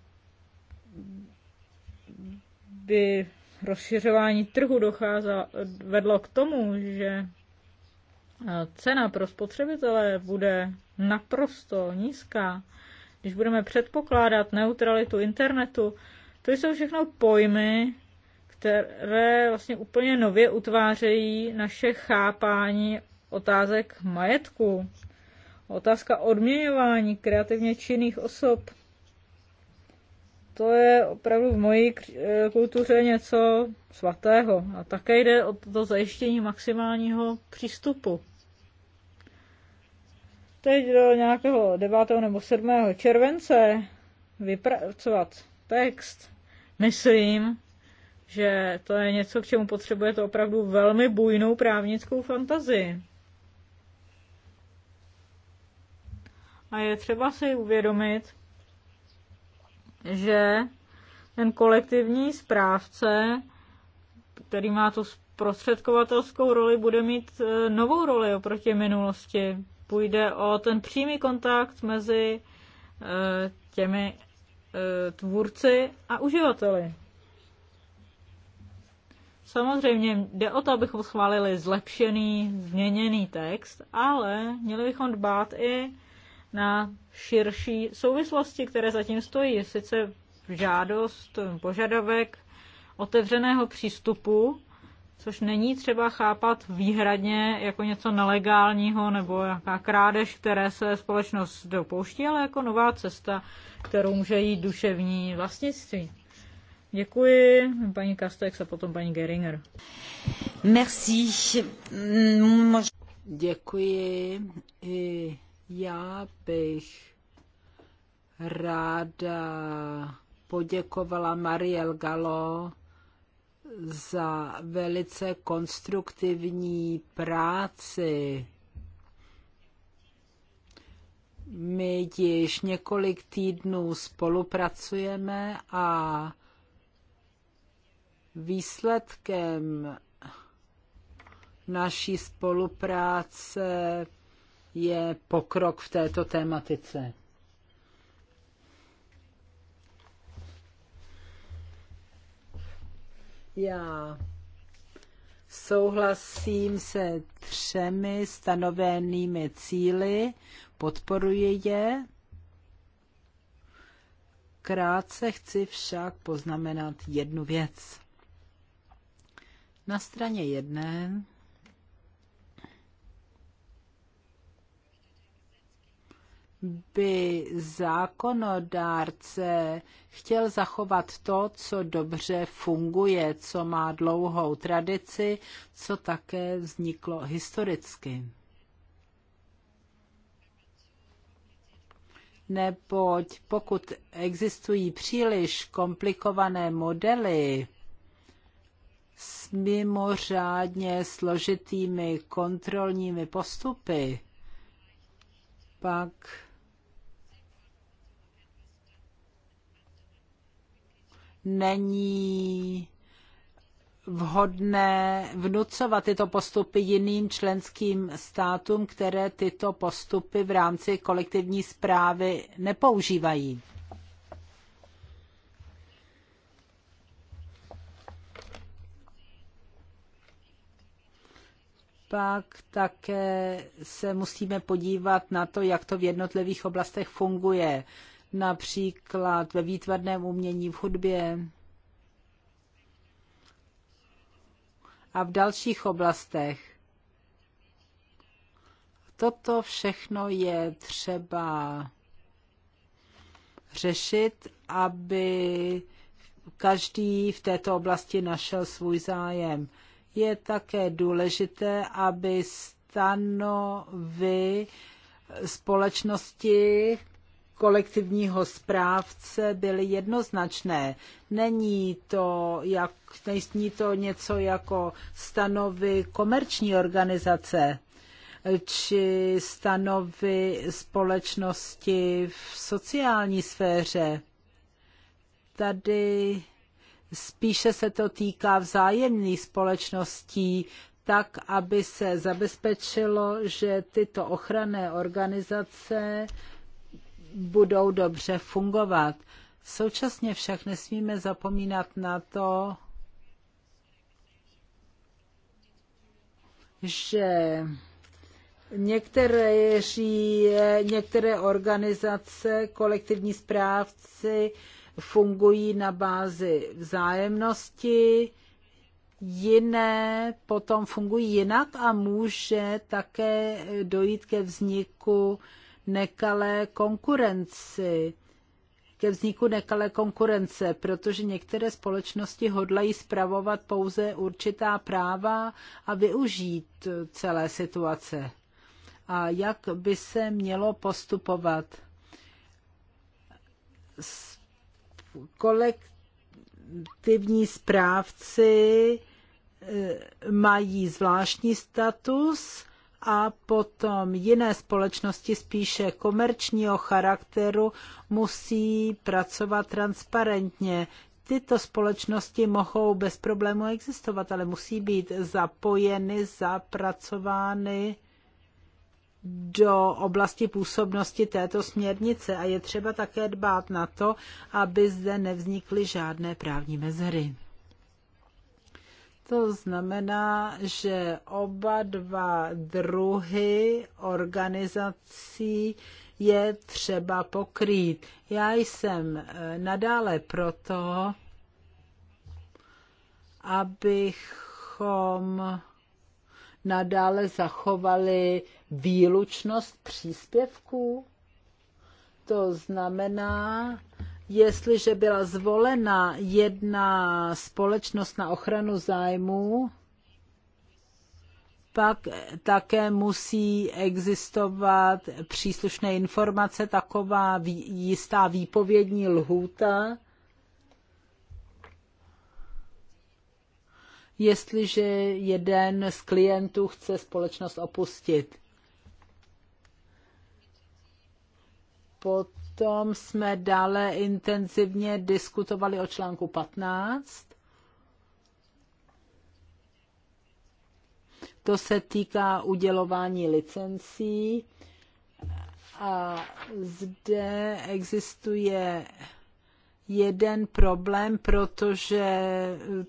by rozšiřování trhu docházelo, vedlo k tomu, že eh, cena pro spotřebitele bude naprosto nízká, když budeme předpokládat neutralitu internetu, to jsou všechno pojmy, které vlastně úplně nově utvářejí naše chápání otázek majetku. Otázka odměňování kreativně činných osob. To je opravdu v mojí eh, kultuře něco svatého. A také jde o to zajištění maximálního přístupu teď do nějakého 9. nebo 7. července vypracovat text, myslím, že to je něco, k čemu potřebuje to opravdu velmi bujnou právnickou fantazii. A je třeba si uvědomit, že ten kolektivní správce, který má tu prostředkovatelskou roli, bude mít eh, novou roli oproti minulosti půjde o ten přímý kontakt mezi eh, těmi eh, tvůrci a uživateli. Samozřejmě jde o to, abychom schválili zlepšený, změněný text, ale měli bychom dbát i na širší souvislosti, které zatím stojí. Sice žádost, požadavek otevřeného přístupu což není třeba chápat výhradně jako něco nelegálního nebo jaká krádež, které se společnost dopouští, ale jako nová cesta, kterou může jít duševní vlastnictví. Děkuji, paní Kastex a potom paní Geringer. Merci. Děkuji. I já bych ráda poděkovala Mariel Galo za velice konstruktivní práci. My již několik týdnů spolupracujeme a výsledkem naší spolupráce je pokrok v této tématice. Já souhlasím se třemi stanovenými cíly, podporuji je. Krátce chci však poznamenat jednu věc. Na straně jedné by zákonodárce chtěl zachovat to, co dobře funguje, co má dlouhou tradici, co také vzniklo historicky. Neboť pokud existují příliš komplikované modely, s mimořádně složitými kontrolními postupy, pak není vhodné vnucovat tyto postupy jiným členským státům, které tyto postupy v rámci kolektivní zprávy nepoužívají. pak také se musíme podívat na to, jak to v jednotlivých oblastech funguje například ve výtvarném umění, v hudbě a v dalších oblastech. Toto všechno je třeba řešit, aby každý v této oblasti našel svůj zájem. Je také důležité, aby stanovy společnosti kolektivního správce byly jednoznačné. Není to, jak, není to něco jako stanovy komerční organizace či stanovy společnosti v sociální sféře. Tady spíše se to týká vzájemných společností, tak, aby se zabezpečilo, že tyto ochranné organizace budou dobře fungovat. Současně však nesmíme zapomínat na to, že některé, některé organizace, kolektivní správci fungují na bázi vzájemnosti, jiné potom fungují jinak a může také dojít ke vzniku nekalé konkurenci, ke vzniku nekalé konkurence, protože některé společnosti hodlají spravovat pouze určitá práva a využít celé situace. A jak by se mělo postupovat? Kolektivní správci eh, mají zvláštní status a potom jiné společnosti spíše komerčního charakteru musí pracovat transparentně. Tyto společnosti mohou bez problému existovat, ale musí být zapojeny, zapracovány do oblasti působnosti této směrnice a je třeba také dbát na to, aby zde nevznikly žádné právní mezery. To znamená, že oba dva druhy organizací je třeba pokrýt. Já jsem eh, nadále proto, abychom nadále zachovali výlučnost příspěvků. To znamená, jestliže byla zvolena jedna společnost na ochranu zájmů, pak také musí existovat příslušné informace, taková jistá výpovědní lhůta, jestliže jeden z klientů chce společnost opustit. Pot Potom jsme dále intenzivně diskutovali o článku 15. To se týká udělování licencí a zde existuje jeden problém, protože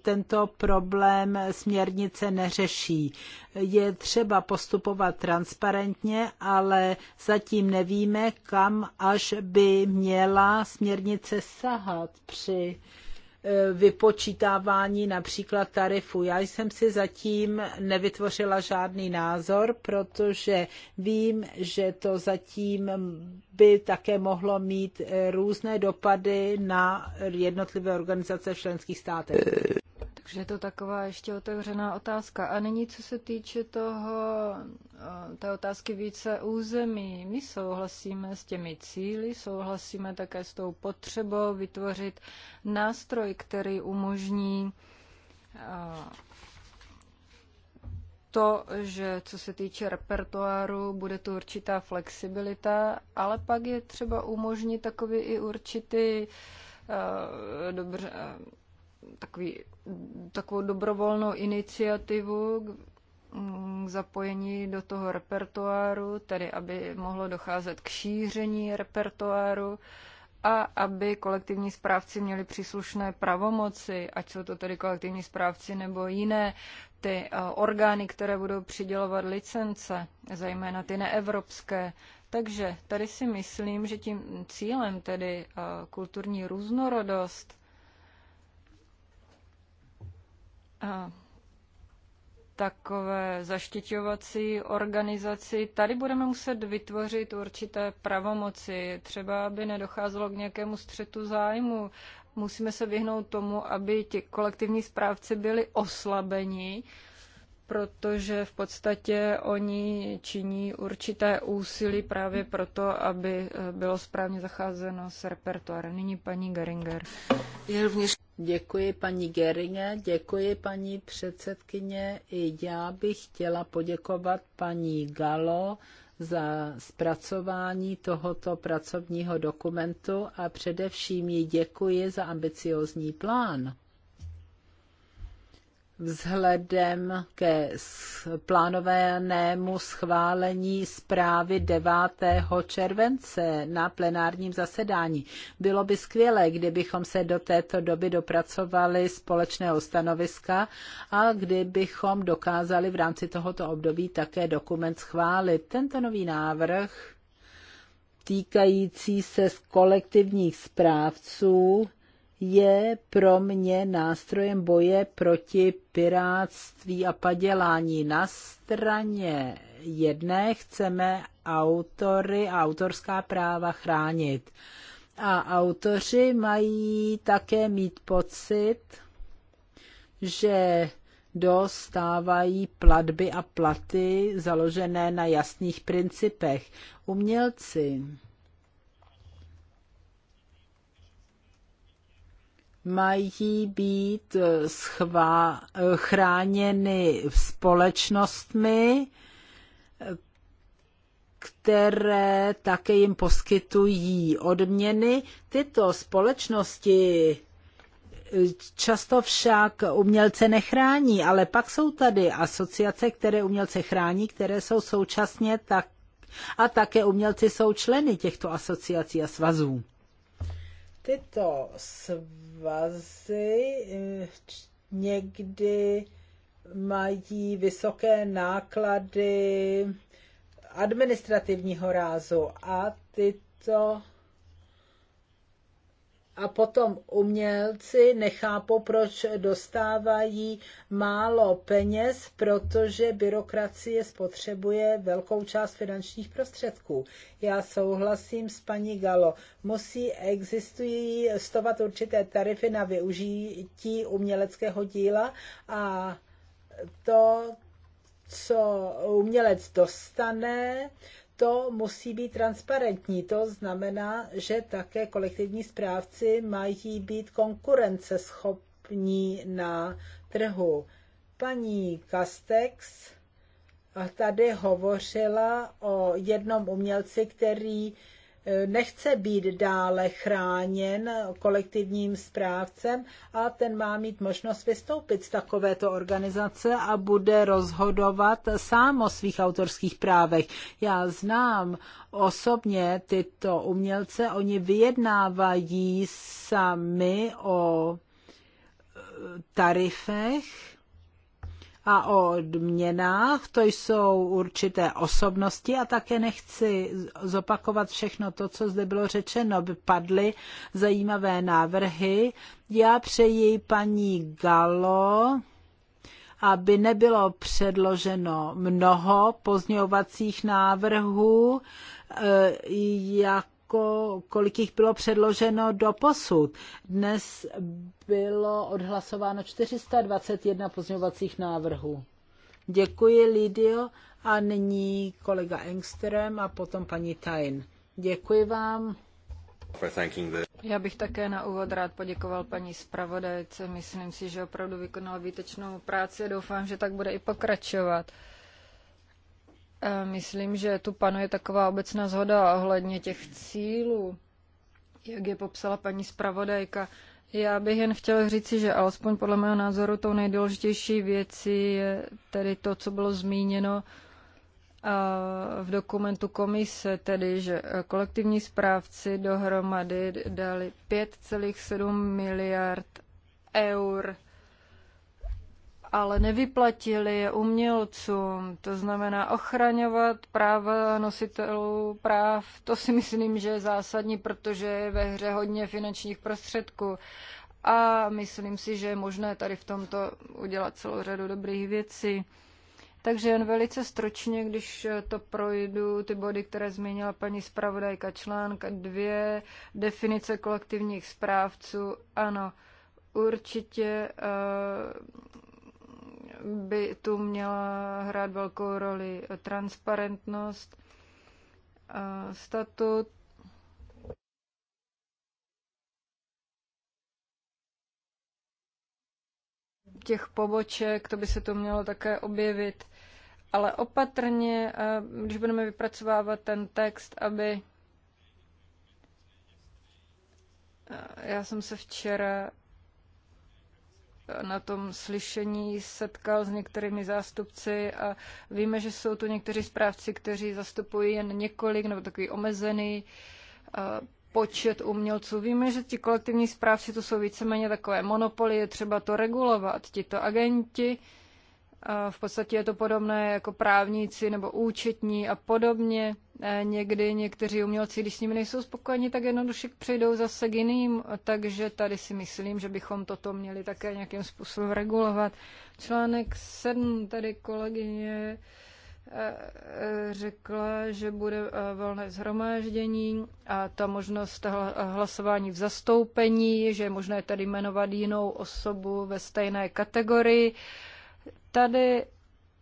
tento problém směrnice neřeší. Je třeba postupovat transparentně, ale zatím nevíme, kam až by měla směrnice sahat při Eh, vypočítávání například tarifu. Já jsem si zatím nevytvořila žádný názor, protože vím, že to zatím by také mohlo mít eh, různé dopady na jednotlivé organizace v členských státech. Takže je to taková ještě otevřená otázka. A nyní, co se týče toho, eh, té otázky více území, my souhlasíme s těmi cíly, souhlasíme také s tou potřebou vytvořit nástroj, který umožní eh, to, že co se týče repertoáru, bude tu určitá flexibilita, ale pak je třeba umožnit takový i určitý eh, dobře, takový, takovou dobrovolnou iniciativu k, mm, k zapojení do toho repertoáru, tedy aby mohlo docházet k šíření repertoáru a aby kolektivní správci měli příslušné pravomoci, ať jsou to tedy kolektivní správci nebo jiné, ty eh, orgány, které budou přidělovat licence, zejména ty neevropské. Takže tady si myslím, že tím cílem, tedy eh, kulturní různorodost, takové zaštiťovací organizaci, tady budeme muset vytvořit určité pravomoci, třeba aby nedocházelo k nějakému střetu zájmu. Musíme se vyhnout tomu, aby ti kolektivní správci byli oslabeni, protože v podstatě oni činí určité úsilí právě proto, aby eh, bylo správně zacházeno s repertoárem. Nyní paní Geringer. Je rovněž... Děkuji paní Geringer, děkuji paní předsedkyně. I já bych chtěla poděkovat paní Galo za zpracování tohoto pracovního dokumentu a především jí děkuji za ambiciozní plán vzhledem ke plánovanému schválení zprávy 9. července na plenárním zasedání. Bylo by skvělé, kdybychom se do této doby dopracovali společného stanoviska a kdybychom dokázali v rámci tohoto období také dokument schválit. Tento nový návrh týkající se kolektivních správců je pro mě nástrojem boje proti piráctví a padělání. Na straně jedné chceme autory a autorská práva chránit. A autoři mají také mít pocit, že dostávají platby a platy založené na jasných principech. Umělci mají být eh, schvá, chráněny společnostmi, které také jim poskytují odměny. Tyto společnosti eh, často však umělce nechrání, ale pak jsou tady asociace, které umělce chrání, které jsou současně tak a také umělci jsou členy těchto asociací a svazů. Tyto svazy eh, někdy mají vysoké náklady administrativního rázu a tyto a potom umělci nechápou, proč dostávají málo peněz, protože byrokracie spotřebuje velkou část finančních prostředků. Já souhlasím s paní Galo. Musí existují stovat určité tarify na využití uměleckého díla a to, co umělec dostane, to musí být transparentní. To znamená, že také kolektivní správci mají být konkurenceschopní na trhu. Paní Kastex tady hovořila o jednom umělci, který nechce být dále chráněn kolektivním správcem a ten má mít možnost vystoupit z takovéto organizace a bude rozhodovat sám o svých autorských právech. Já znám osobně tyto umělce, oni vyjednávají sami o tarifech, a o odměnách. To jsou určité osobnosti a také nechci zopakovat všechno to, co zde bylo řečeno. By padly zajímavé návrhy. Já přeji paní Galo, aby nebylo předloženo mnoho pozňovacích návrhů, e, jak kolik jich bylo předloženo do posud. Dnes bylo odhlasováno 421 pozměňovacích návrhů. Děkuji, Lidio. A nyní kolega Engström a potom paní Tain. Děkuji vám. Já bych také na úvod rád poděkoval paní zpravodajce. Myslím si, že opravdu vykonala výtečnou práci a doufám, že tak bude i pokračovat. Eh, myslím, že tu panuje taková obecná zhoda ohledně těch cílů, jak je popsala paní zpravodajka. Já bych jen chtěl říci, že alespoň podle mého názoru tou nejdůležitější věcí je tedy to, co bylo zmíněno eh, v dokumentu komise, tedy, že kolektivní správci dohromady dali 5,7 miliard eur ale nevyplatili je umělcům. To znamená ochraňovat práva nositelů práv. To si myslím, že je zásadní, protože je ve hře hodně finančních prostředků. A myslím si, že je možné tady v tomto udělat celou řadu dobrých věcí. Takže jen velice stročně, když to projdu, ty body, které zmínila paní zpravodajka článka dvě, definice kolektivních správců, ano, určitě uh, by tu měla hrát velkou roli transparentnost, statut, těch poboček, to by se to mělo také objevit. Ale opatrně, když budeme vypracovávat ten text, aby. Já jsem se včera na tom slyšení setkal s některými zástupci a víme, že jsou tu někteří správci, kteří zastupují jen několik nebo takový omezený eh, počet umělců. Víme, že ti kolektivní správci to jsou víceméně takové monopoly, je třeba to regulovat. Tito agenti, v podstatě je to podobné jako právníci nebo účetní a podobně. Eh, někdy někteří umělci, když s nimi nejsou spokojeni, tak jednoduše přejdou zase k jiným, takže tady si myslím, že bychom toto měli také nějakým způsobem regulovat. Článek 7, tady kolegyně eh, řekla, že bude eh, volné zhromáždění a ta možnost hlasování v zastoupení, že je možné tady jmenovat jinou osobu ve stejné kategorii. Tady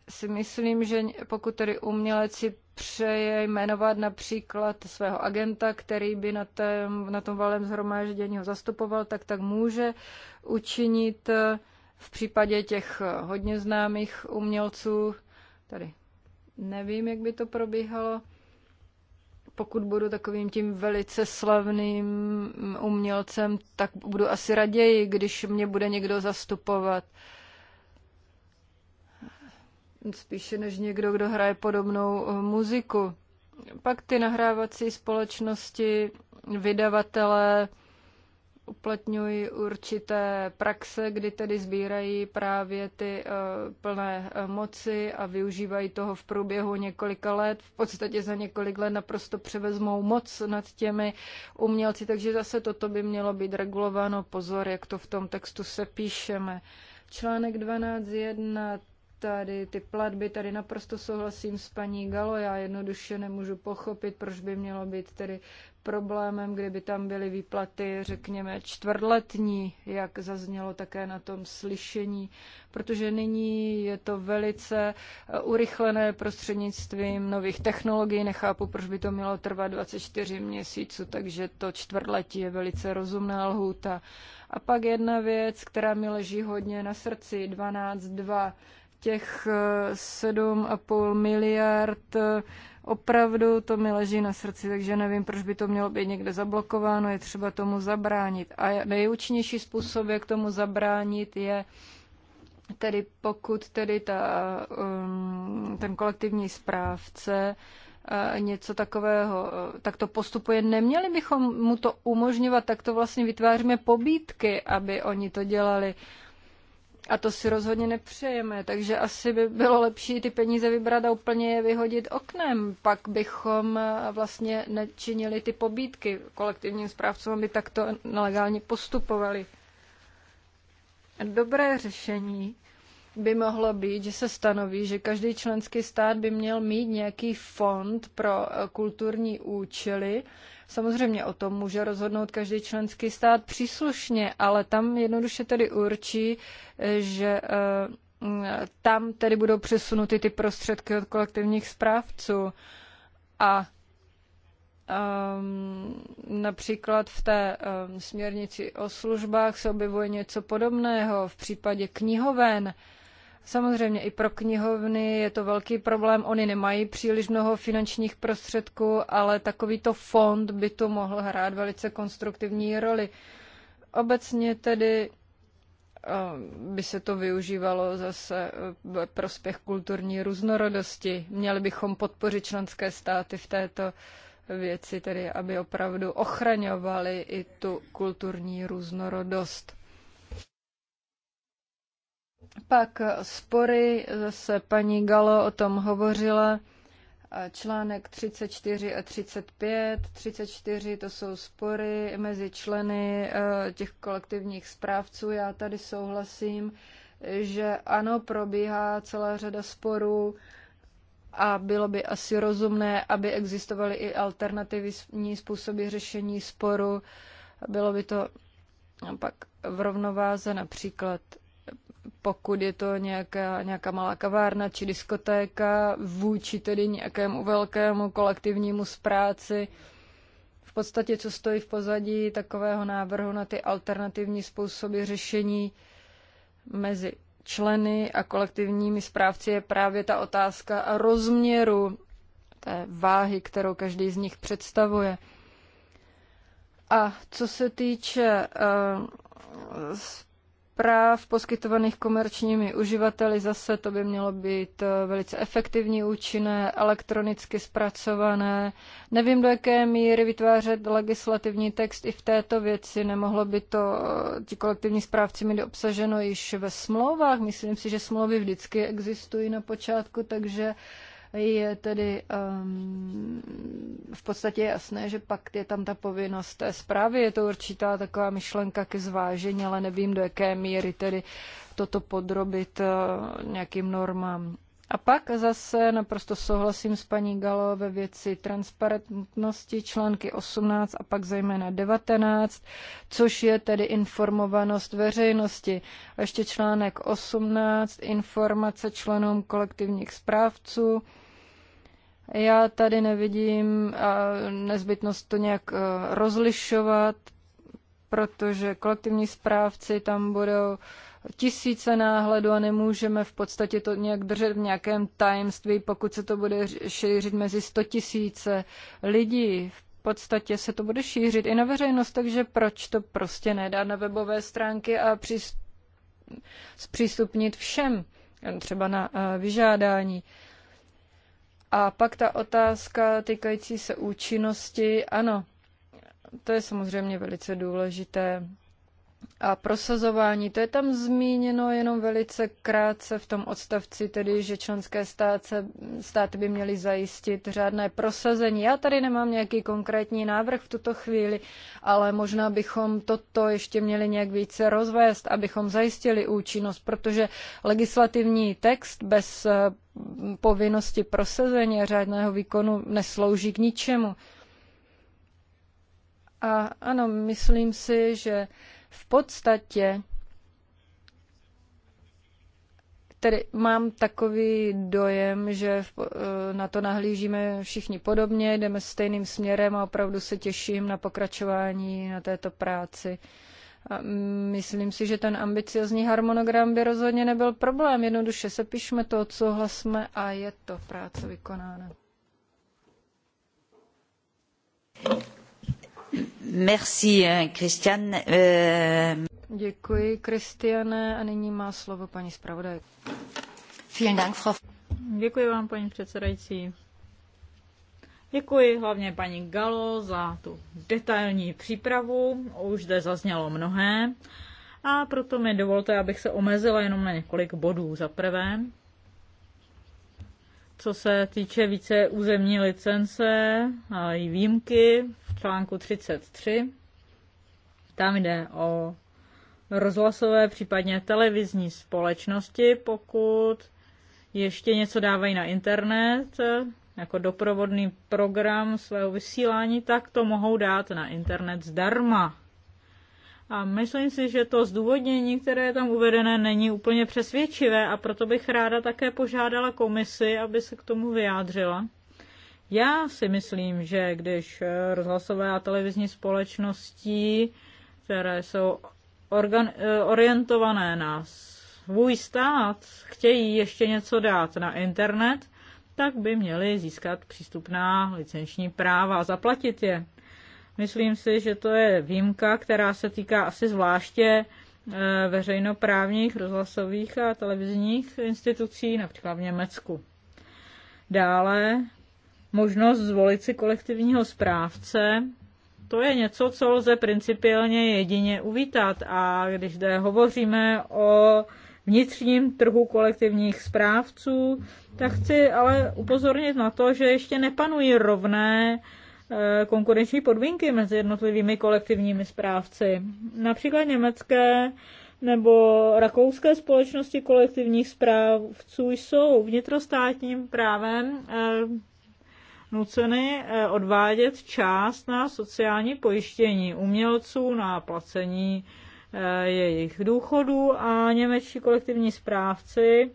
si myslím, že pokud tedy umělec si přeje jmenovat například svého agenta, který by na, tém, na tom valém zhromáždění ho zastupoval, tak tak může učinit eh, v případě těch eh, hodně známých umělců, tady nevím, jak by to probíhalo, pokud budu takovým tím velice slavným mm, umělcem, tak budu asi raději, když mě bude někdo zastupovat. Uh, spíše než někdo, kdo hraje podobnou eh, muziku. Pak ty nahrávací společnosti, vydavatele uplatňují určité praxe, kdy tedy sbírají právě ty eh, plné eh, moci a využívají toho v průběhu několika let. V podstatě za několik let naprosto převezmou moc nad těmi umělci, takže zase toto by mělo být regulováno. Pozor, jak to v tom textu se píšeme. Článek 12.1 tady ty platby, tady naprosto souhlasím s paní Galo, já jednoduše nemůžu pochopit, proč by mělo být tedy problémem, kdyby tam byly výplaty, řekněme, čtvrtletní, jak zaznělo také na tom slyšení, protože nyní je to velice eh, urychlené prostřednictvím nových technologií, nechápu, proč by to mělo trvat 24 měsíců, takže to čtvrtletí je velice rozumná lhůta. A pak jedna věc, která mi leží hodně na srdci, 12.2 těch 7,5 eh, miliard eh, opravdu to mi leží na srdci, takže nevím, proč by to mělo být někde zablokováno, je třeba tomu zabránit. A nejúčinnější způsob, jak tomu zabránit, je tedy pokud tedy ta, ehm, ten kolektivní správce eh, něco takového, tak to postupuje. Neměli bychom mu to umožňovat, tak to vlastně vytváříme pobídky, aby oni to dělali. A to si rozhodně nepřejeme, takže asi by bylo lepší ty peníze vybrat a úplně je vyhodit oknem. Pak bychom eh, vlastně nečinili ty pobídky kolektivním zprávcům, aby takto nelegálně postupovali. Dobré řešení by mohlo být, že se stanoví, že každý členský stát by měl mít nějaký fond pro eh, kulturní účely. Samozřejmě o tom může rozhodnout každý členský stát příslušně, ale tam jednoduše tedy určí, eh, že eh, mm, tam tedy budou přesunuty ty prostředky od kolektivních správců. A Um, například v té um, směrnici o službách se objevuje něco podobného v případě knihoven. Samozřejmě i pro knihovny je to velký problém. Oni nemají příliš mnoho finančních prostředků, ale takovýto fond by tu mohl hrát velice konstruktivní roli. Obecně tedy eh, by se to využívalo zase eh, ve prospěch kulturní různorodosti. Měli bychom podpořit členské státy v této věci, tedy aby opravdu ochraňovali i tu kulturní různorodost. Pak spory, zase paní Galo o tom hovořila, článek 34 a 35. 34 to jsou spory mezi členy e, těch kolektivních správců. Já tady souhlasím, že ano, probíhá celá řada sporů a bylo by asi rozumné, aby existovaly i alternativní způsoby řešení sporu. Bylo by to pak v rovnováze například pokud je to nějaká, nějaká malá kavárna či diskotéka, vůči tedy nějakému velkému kolektivnímu zpráci. V podstatě, co stojí v pozadí takového návrhu na ty alternativní způsoby řešení mezi členy a kolektivními správci je právě ta otázka a rozměru té váhy, kterou každý z nich představuje. A co se týče uh, práv poskytovaných komerčními uživateli. Zase to by mělo být eh, velice efektivní, účinné, elektronicky zpracované. Nevím, do jaké míry vytvářet legislativní text i v této věci. Nemohlo by to eh, ti kolektivní správci mít obsaženo již ve smlouvách. Myslím si, že smlouvy vždycky existují na počátku, takže uh, je tedy um, v podstatě jasné, že pak je tam ta povinnost té zprávy. Je to určitá taková myšlenka ke zvážení, ale nevím, do jaké míry tedy toto podrobit uh, nějakým normám. A pak zase naprosto souhlasím s paní Galo ve věci transparentnosti články 18 a pak zejména 19, což je tedy informovanost veřejnosti. A ještě článek 18, informace členům kolektivních správců. Já tady nevidím nezbytnost to nějak e, rozlišovat, protože kolektivní správci tam budou tisíce náhledů a nemůžeme v podstatě to nějak držet v nějakém tajemství, pokud se to bude šířit mezi 100 tisíce lidí. V podstatě se to bude šířit i na veřejnost, takže proč to prostě nedá na webové stránky a zpřístupnit všem, třeba na eh, vyžádání. A pak ta otázka týkající se účinnosti, ano, to je samozřejmě velice důležité a prosazování. To je tam zmíněno jenom velice krátce v tom odstavci, tedy že členské stáce, státy by měly zajistit řádné prosazení. Já tady nemám nějaký konkrétní návrh v tuto chvíli, ale možná bychom toto ještě měli nějak více rozvést, abychom zajistili účinnost, protože legislativní text bez eh, povinnosti prosazení a řádného výkonu neslouží k ničemu. A ano, myslím si, že v podstatě tedy mám takový dojem, že e, na to nahlížíme všichni podobně, jdeme stejným směrem a opravdu se těším na pokračování na této práci. A myslím si, že ten ambiciozní harmonogram by rozhodně nebyl problém. Jednoduše pišme to, co hlasme, a je to práce vykonána. Merci, eh, Christian. Eh, Děkuji, Kristiane. A nyní má slovo paní zpravodajka. Vielen Dank, Frau. Děkuji vám, paní předsedající. Děkuji hlavně paní Galo za tu detailní přípravu. Už zde zaznělo mnohé. A proto mi dovolte, abych se omezila jenom na několik bodů. Za prvé, co se týče více územní licence a její výjimky článku 33. Tam jde o rozhlasové, případně televizní společnosti, pokud ještě něco dávají na internet, jako doprovodný program svého vysílání, tak to mohou dát na internet zdarma. A myslím si, že to zdůvodnění, které je tam uvedené, není úplně přesvědčivé a proto bych ráda také požádala komisi, aby se k tomu vyjádřila. Já si myslím, že když rozhlasové a televizní společnosti, které jsou organ, eh, orientované na svůj stát, chtějí ještě něco dát na internet, tak by měli získat přístupná licenční práva a zaplatit je. Myslím si, že to je výjimka, která se týká asi zvláště eh, veřejnoprávních, rozhlasových a televizních institucí, například v Německu. Dále možnost zvolit si kolektivního správce, to je něco, co lze principiálně jedině uvítat. A když zde hovoříme o vnitřním trhu kolektivních správců, tak chci ale upozornit na to, že ještě nepanují rovné eh, konkurenční podmínky mezi jednotlivými kolektivními správci. Například německé nebo rakouské společnosti kolektivních správců jsou vnitrostátním právem eh, nuceny eh, odvádět část na sociální pojištění umělců, na placení eh, jejich důchodů a němečtí kolektivní správci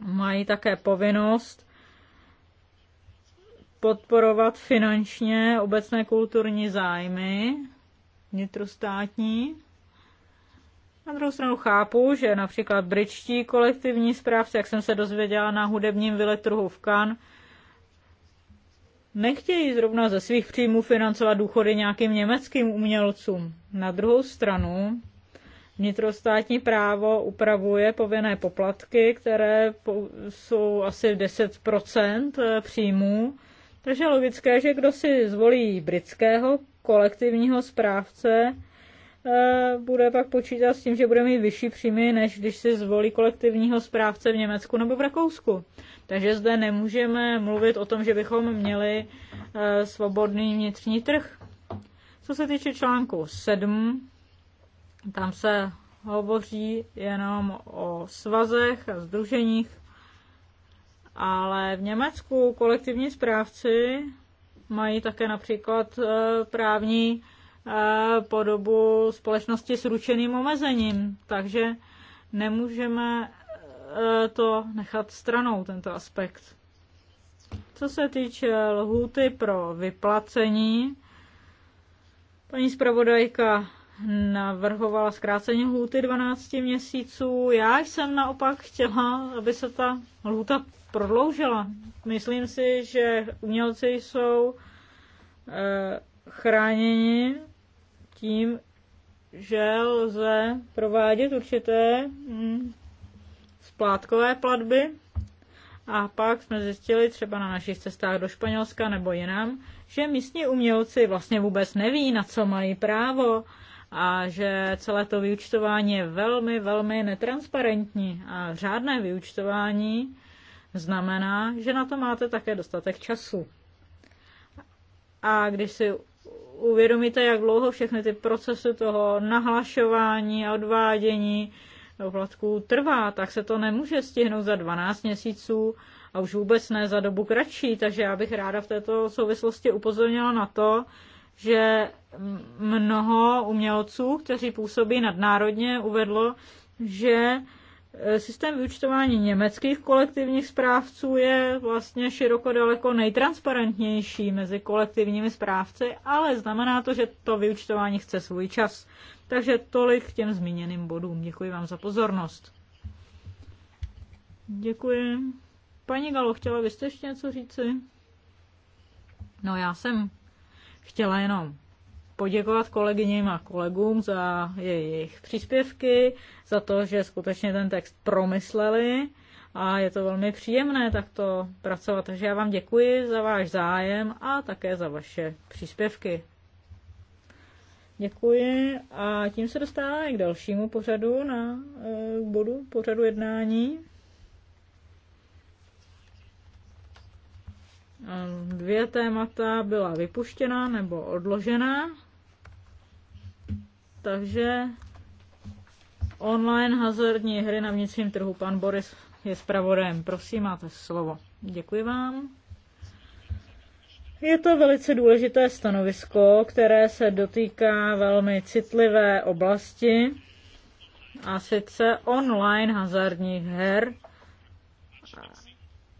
mají také povinnost podporovat finančně obecné kulturní zájmy vnitrostátní. Na druhou stranu chápu, že například britští kolektivní správci, jak jsem se dozvěděla na hudebním veletrhu v Cannes, nechtějí zrovna ze svých příjmů financovat důchody nějakým německým umělcům. Na druhou stranu vnitrostátní právo upravuje povinné poplatky, které jsou asi 10% eh, příjmů, takže logické, že kdo si zvolí britského kolektivního správce, Eh, bude pak počítat s tím, že bude mít vyšší příjmy, než když si zvolí kolektivního správce v Německu nebo v Rakousku. Takže zde nemůžeme mluvit o tom, že bychom měli eh, svobodný vnitřní trh. Co se týče článku 7, tam se hovoří jenom o svazech a združeních, ale v Německu kolektivní správci mají také například eh, právní podobu společnosti s ručeným omezením. Takže nemůžeme e, to nechat stranou, tento aspekt. Co se týče lhůty pro vyplacení, paní zpravodajka navrhovala zkrácení lhůty 12 měsíců. Já jsem naopak chtěla, aby se ta lhůta prodloužila. Myslím si, že umělci jsou e, chráněni tím, že lze provádět určité mm, splátkové platby. A pak jsme zjistili třeba na našich cestách do Španělska nebo jinam, že místní umělci vlastně vůbec neví, na co mají právo a že celé to vyučtování je velmi, velmi netransparentní. A řádné vyučtování znamená, že na to máte také dostatek času. A když si uvědomíte, jak dlouho všechny ty procesy toho nahlašování a odvádění vlatků trvá, tak se to nemůže stihnout za 12 měsíců a už vůbec ne za dobu kratší. Takže já bych ráda v této souvislosti upozornila na to, že mnoho umělců, kteří působí nadnárodně, uvedlo, že systém vyučtování německých kolektivních správců je vlastně široko daleko nejtransparentnější mezi kolektivními správci, ale znamená to, že to vyučtování chce svůj čas. Takže tolik k těm zmíněným bodům. Děkuji vám za pozornost. Děkuji. Paní Galo, chtěla byste ještě něco říci? No já jsem chtěla jenom poděkovat kolegyním a kolegům za jejich příspěvky, za to, že skutečně ten text promysleli a je to velmi příjemné takto pracovat. Takže já vám děkuji za váš zájem a také za vaše příspěvky. Děkuji a tím se dostáváme k dalšímu pořadu na eh, k bodu pořadu jednání. Ehm, dvě témata byla vypuštěna nebo odložena. Takže online hazardní hry na vnitřním trhu. Pan Boris je zpravodajem. Prosím, máte slovo. Děkuji vám. Je to velice důležité stanovisko, které se dotýká velmi citlivé oblasti, a sice online hazardních her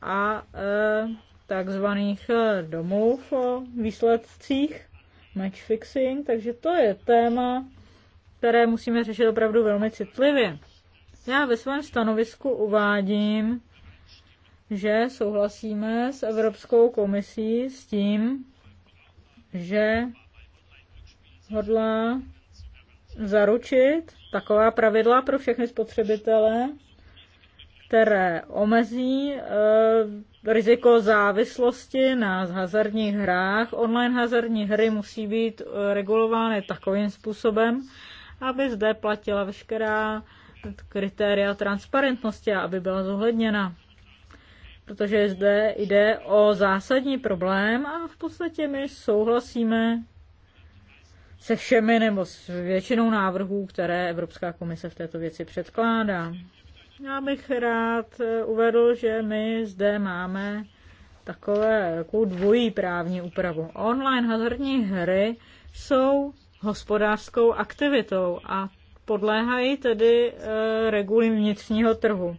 a e, takzvaných e, domů o výsledcích match fixing, takže to je téma, které musíme řešit opravdu velmi citlivě. Já ve svém stanovisku uvádím, že souhlasíme s Evropskou komisí s tím, že hodlá zaručit taková pravidla pro všechny spotřebitele, které omezí e, riziko závislosti na hazardních hrách. Online hazardní hry musí být e, regulovány takovým způsobem, aby zde platila veškerá kritéria transparentnosti a aby byla zohledněna. Protože zde jde o zásadní problém a v podstatě my souhlasíme se všemi nebo s většinou návrhů, které Evropská komise v této věci předkládá. Já bych rád uvedl, že my zde máme takové, takovou dvojí právní úpravu. Online hazardní hry jsou hospodářskou aktivitou a podléhají tedy e, regulím vnitřního trhu.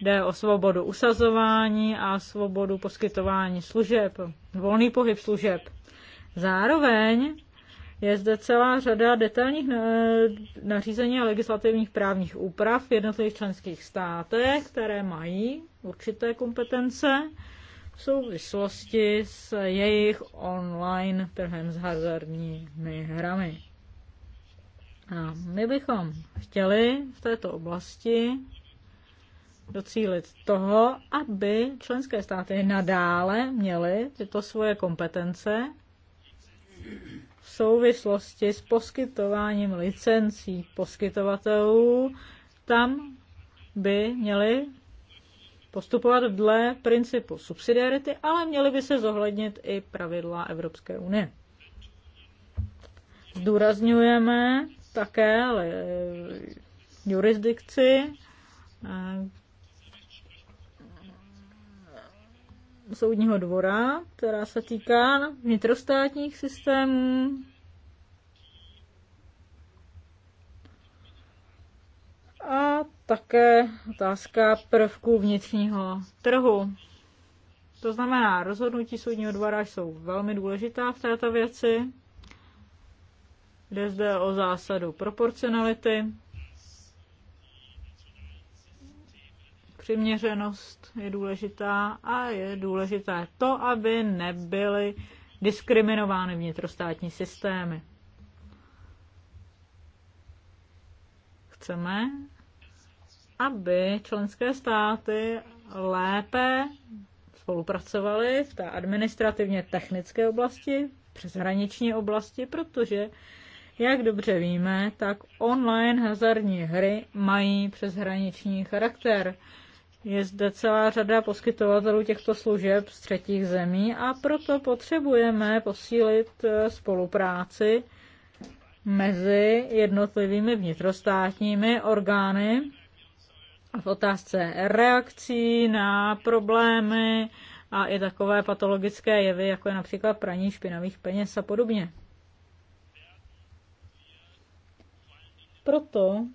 Jde o svobodu usazování a svobodu poskytování služeb, volný pohyb služeb. Zároveň je zde celá řada detailních e, nařízení a legislativních právních úprav v jednotlivých členských státech, které mají určité kompetence v souvislosti s jejich online trhem s hazardními hrami. A my bychom chtěli v této oblasti docílit toho, aby členské státy nadále měly tyto svoje kompetence v souvislosti s poskytováním licencí poskytovatelů. Tam by měly postupovat dle principu subsidiarity, ale měly by se zohlednit i pravidla Evropské unie. Zdůrazňujeme také ale, eh, jurisdikci eh, soudního dvora, která se týká vnitrostátních systémů A také otázka prvků vnitřního trhu. To znamená, rozhodnutí soudního dvora jsou velmi důležitá v této věci. Jde zde o zásadu proporcionality, přiměřenost je důležitá a je důležité to, aby nebyly diskriminovány vnitrostátní systémy. Chceme, aby členské státy lépe spolupracovaly v té administrativně technické oblasti, přeshraniční oblasti, protože, jak dobře víme, tak online hazardní hry mají přeshraniční charakter. Je zde celá řada poskytovatelů těchto služeb z třetích zemí a proto potřebujeme posílit eh, spolupráci mezi jednotlivými vnitrostátními orgány a v otázce reakcí na problémy a i takové patologické jevy, jako je například praní špinavých peněz a podobně. Proto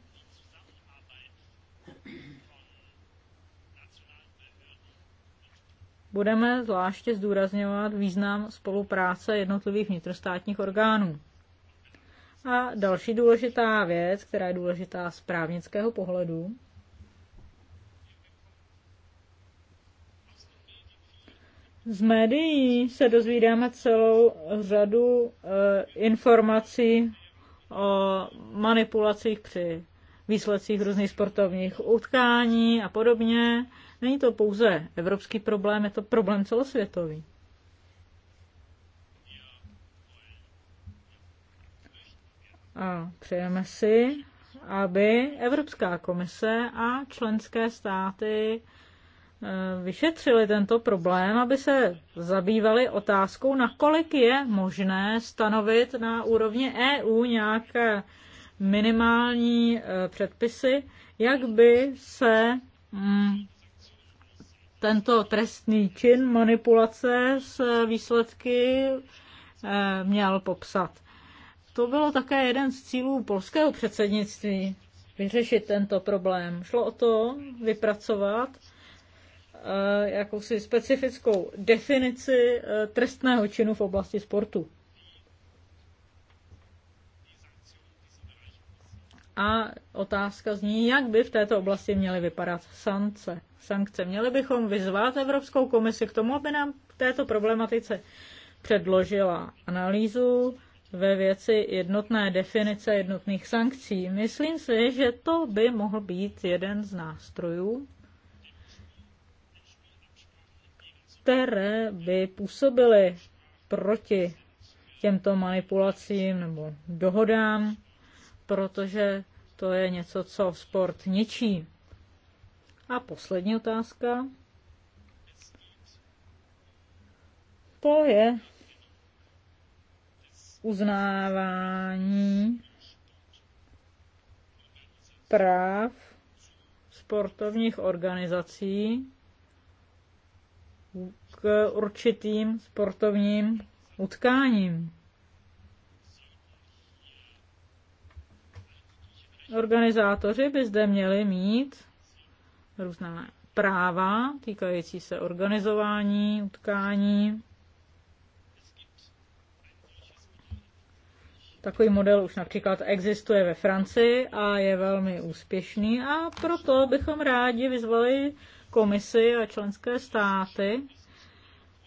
budeme zvláště zdůrazňovat význam spolupráce jednotlivých vnitrostátních orgánů. A další důležitá věc, která je důležitá z právnického pohledu, Z médií se dozvídáme celou řadu e, informací o manipulacích při výsledcích různých sportovních utkání a podobně. Není to pouze evropský problém, je to problém celosvětový. A přejeme si, aby Evropská komise a členské státy Eh, vyšetřili tento problém, aby se zabývali otázkou, nakolik je možné stanovit na úrovni EU nějaké minimální eh, předpisy, jak by se mm, tento trestný čin manipulace s výsledky eh, měl popsat. To bylo také jeden z cílů polského předsednictví, vyřešit tento problém. Šlo o to vypracovat Eh, jakousi specifickou definici eh, trestného činu v oblasti sportu. A otázka zní, jak by v této oblasti měly vypadat sankce. sankce. Měli bychom vyzvat Evropskou komisi k tomu, aby nám v této problematice předložila analýzu ve věci jednotné definice jednotných sankcí. Myslím si, že to by mohl být jeden z nástrojů, které by působily proti těmto manipulacím nebo dohodám, protože to je něco, co sport ničí. A poslední otázka. To je uznávání práv sportovních organizací k určitým sportovním utkáním. Organizátoři by zde měli mít různá práva týkající se organizování utkání. Takový model už například existuje ve Francii a je velmi úspěšný a proto bychom rádi vyzvali komisi a členské státy,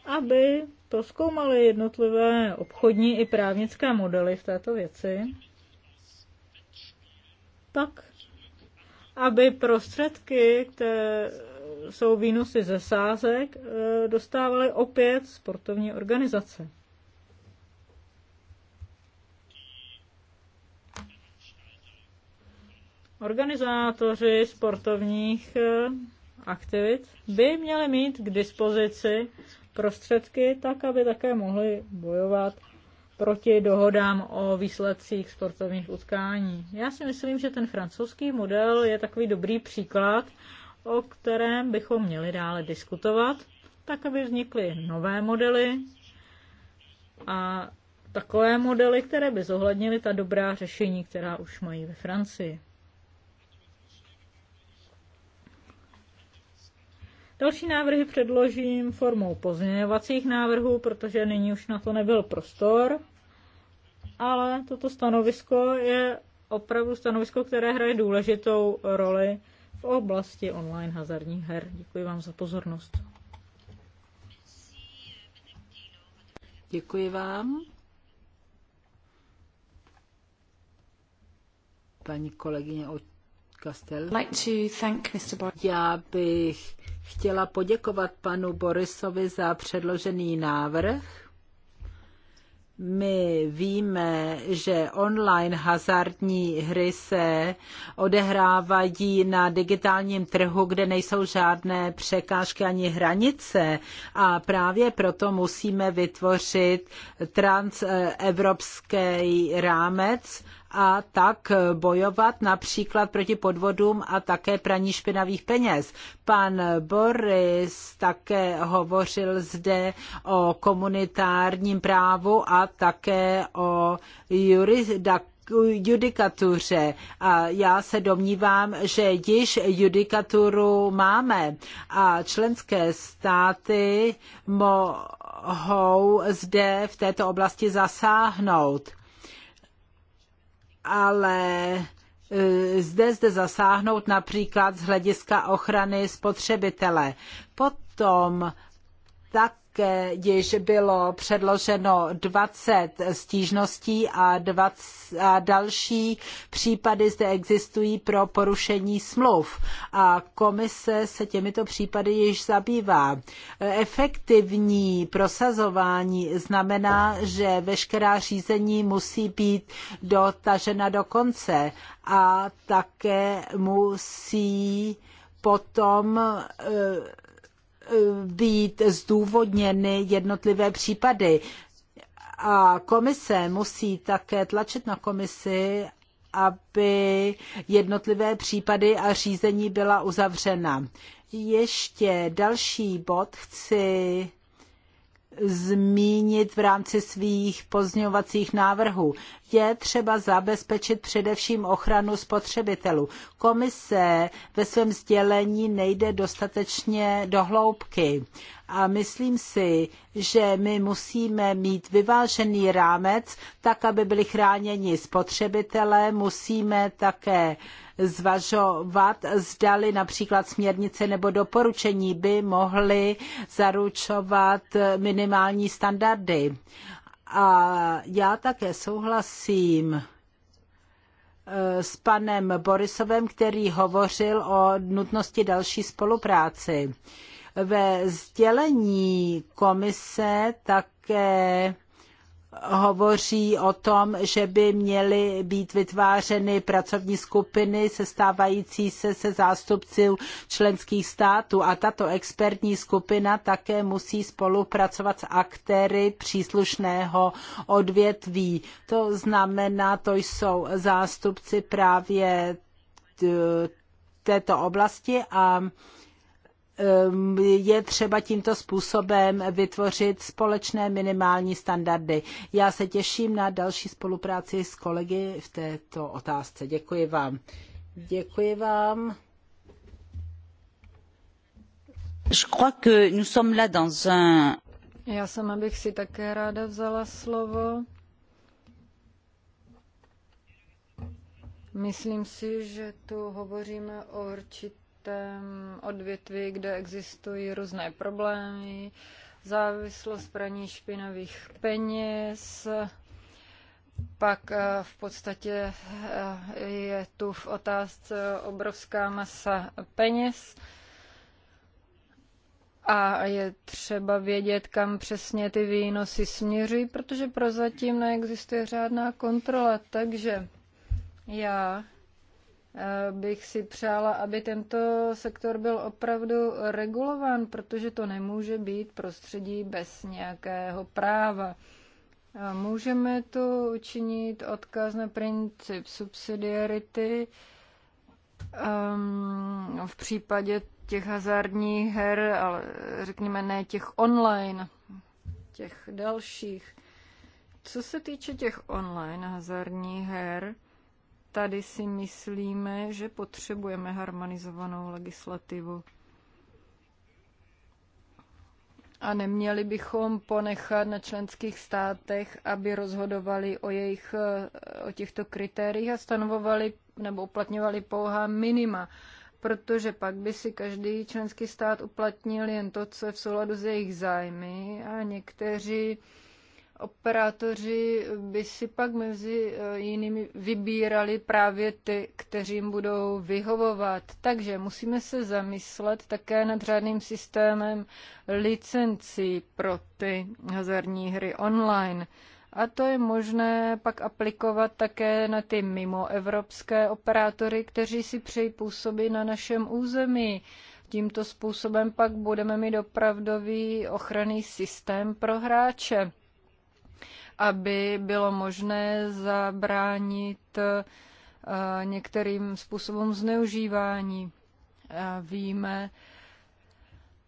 aby zkoumaly jednotlivé obchodní i právnické modely v této věci, tak aby prostředky, které jsou výnosy ze sázek, eh, dostávaly opět sportovní organizace. Organizátoři sportovních eh, aktivit by měly mít k dispozici prostředky tak, aby také mohly bojovat proti dohodám o výsledcích sportovních utkání. Já si myslím, že ten francouzský model je takový dobrý příklad, o kterém bychom měli dále diskutovat, tak aby vznikly nové modely a takové modely, které by zohlednily ta dobrá řešení, která už mají ve Francii. Další návrhy předložím formou pozměňovacích návrhů, protože nyní už na to nebyl prostor, ale toto stanovisko je opravdu stanovisko, které hraje důležitou roli v oblasti online hazardních her. Děkuji vám za pozornost. Děkuji vám. Paní kolegyně od Castel. Já bych chtěla poděkovat panu Borisovi za předložený návrh. My víme, že online hazardní hry se odehrávají na digitálním trhu, kde nejsou žádné překážky ani hranice a právě proto musíme vytvořit transevropský rámec a tak bojovat například proti podvodům a také praní špinavých peněz. Pan Boris také hovořil zde o komunitárním právu a také o juridiku judikatuře. A já se domnívám, že již judikaturu máme a členské státy mohou zde v této oblasti zasáhnout ale e, zde zde zasáhnout například z hlediska ochrany spotřebitele. Potom tak když bylo předloženo 20 stížností a, 20, a další případy zde existují pro porušení smluv a komise se těmito případy již zabývá. Efektivní prosazování znamená, že veškerá řízení musí být dotažena do konce a také musí potom eh, být zdůvodněny jednotlivé případy. A komise musí také tlačit na komisi, aby jednotlivé případy a řízení byla uzavřena. Ještě další bod chci zmínit v rámci svých pozňovacích návrhů. Je třeba zabezpečit především ochranu spotřebitelů. Komise ve svém sdělení nejde dostatečně do hloubky a myslím si, že my musíme mít vyvážený rámec, tak aby byli chráněni spotřebitelé. Musíme také zvažovat, zdali například směrnice nebo doporučení by mohly zaručovat minimální standardy. A já také souhlasím eh, s panem Borisovem, který hovořil o nutnosti další spolupráce. Ve sdělení komise také hovoří o tom, že by měly být vytvářeny pracovní skupiny sestávající se se zástupci členských států a tato expertní skupina také musí spolupracovat s aktéry příslušného odvětví. To znamená, to jsou zástupci právě této oblasti a Ehm, je třeba tímto způsobem vytvořit společné minimální standardy. Já se těším na další spolupráci s kolegy v této otázce. Děkuji vám. Děkuji vám. Já sama bych si také ráda vzala slovo. Myslím si, že tu hovoříme o určitě určitém odvětví, kde existují různé problémy, závislost praní špinavých peněz, pak eh, v podstatě eh, je tu v otázce obrovská masa peněz a je třeba vědět, kam přesně ty výnosy směřují, protože prozatím neexistuje řádná kontrola, takže já Eh, bych si přála, aby tento sektor byl opravdu regulován, protože to nemůže být prostředí bez nějakého práva. Eh, můžeme tu učinit odkaz na princip subsidiarity ehm, v případě těch hazardních her, ale řekněme ne těch online, těch dalších. Co se týče těch online hazardních her, tady si myslíme, že potřebujeme harmonizovanou legislativu. A neměli bychom ponechat na členských státech, aby rozhodovali o, jejich, eh, o těchto kritériích a stanovovali nebo uplatňovali pouhá minima, protože pak by si každý členský stát uplatnil jen to, co je v souladu s jejich zájmy a někteří operátoři by si pak mezi eh, jinými vybírali právě ty, kteřím budou vyhovovat. Takže musíme se zamyslet také nad řádným systémem licencí pro ty hazardní hry online. A to je možné pak aplikovat také na ty mimoevropské operátory, kteří si přejí působit na našem území. Tímto způsobem pak budeme mít opravdový ochranný systém pro hráče aby bylo možné zabránit eh, některým způsobům zneužívání. Eh, víme,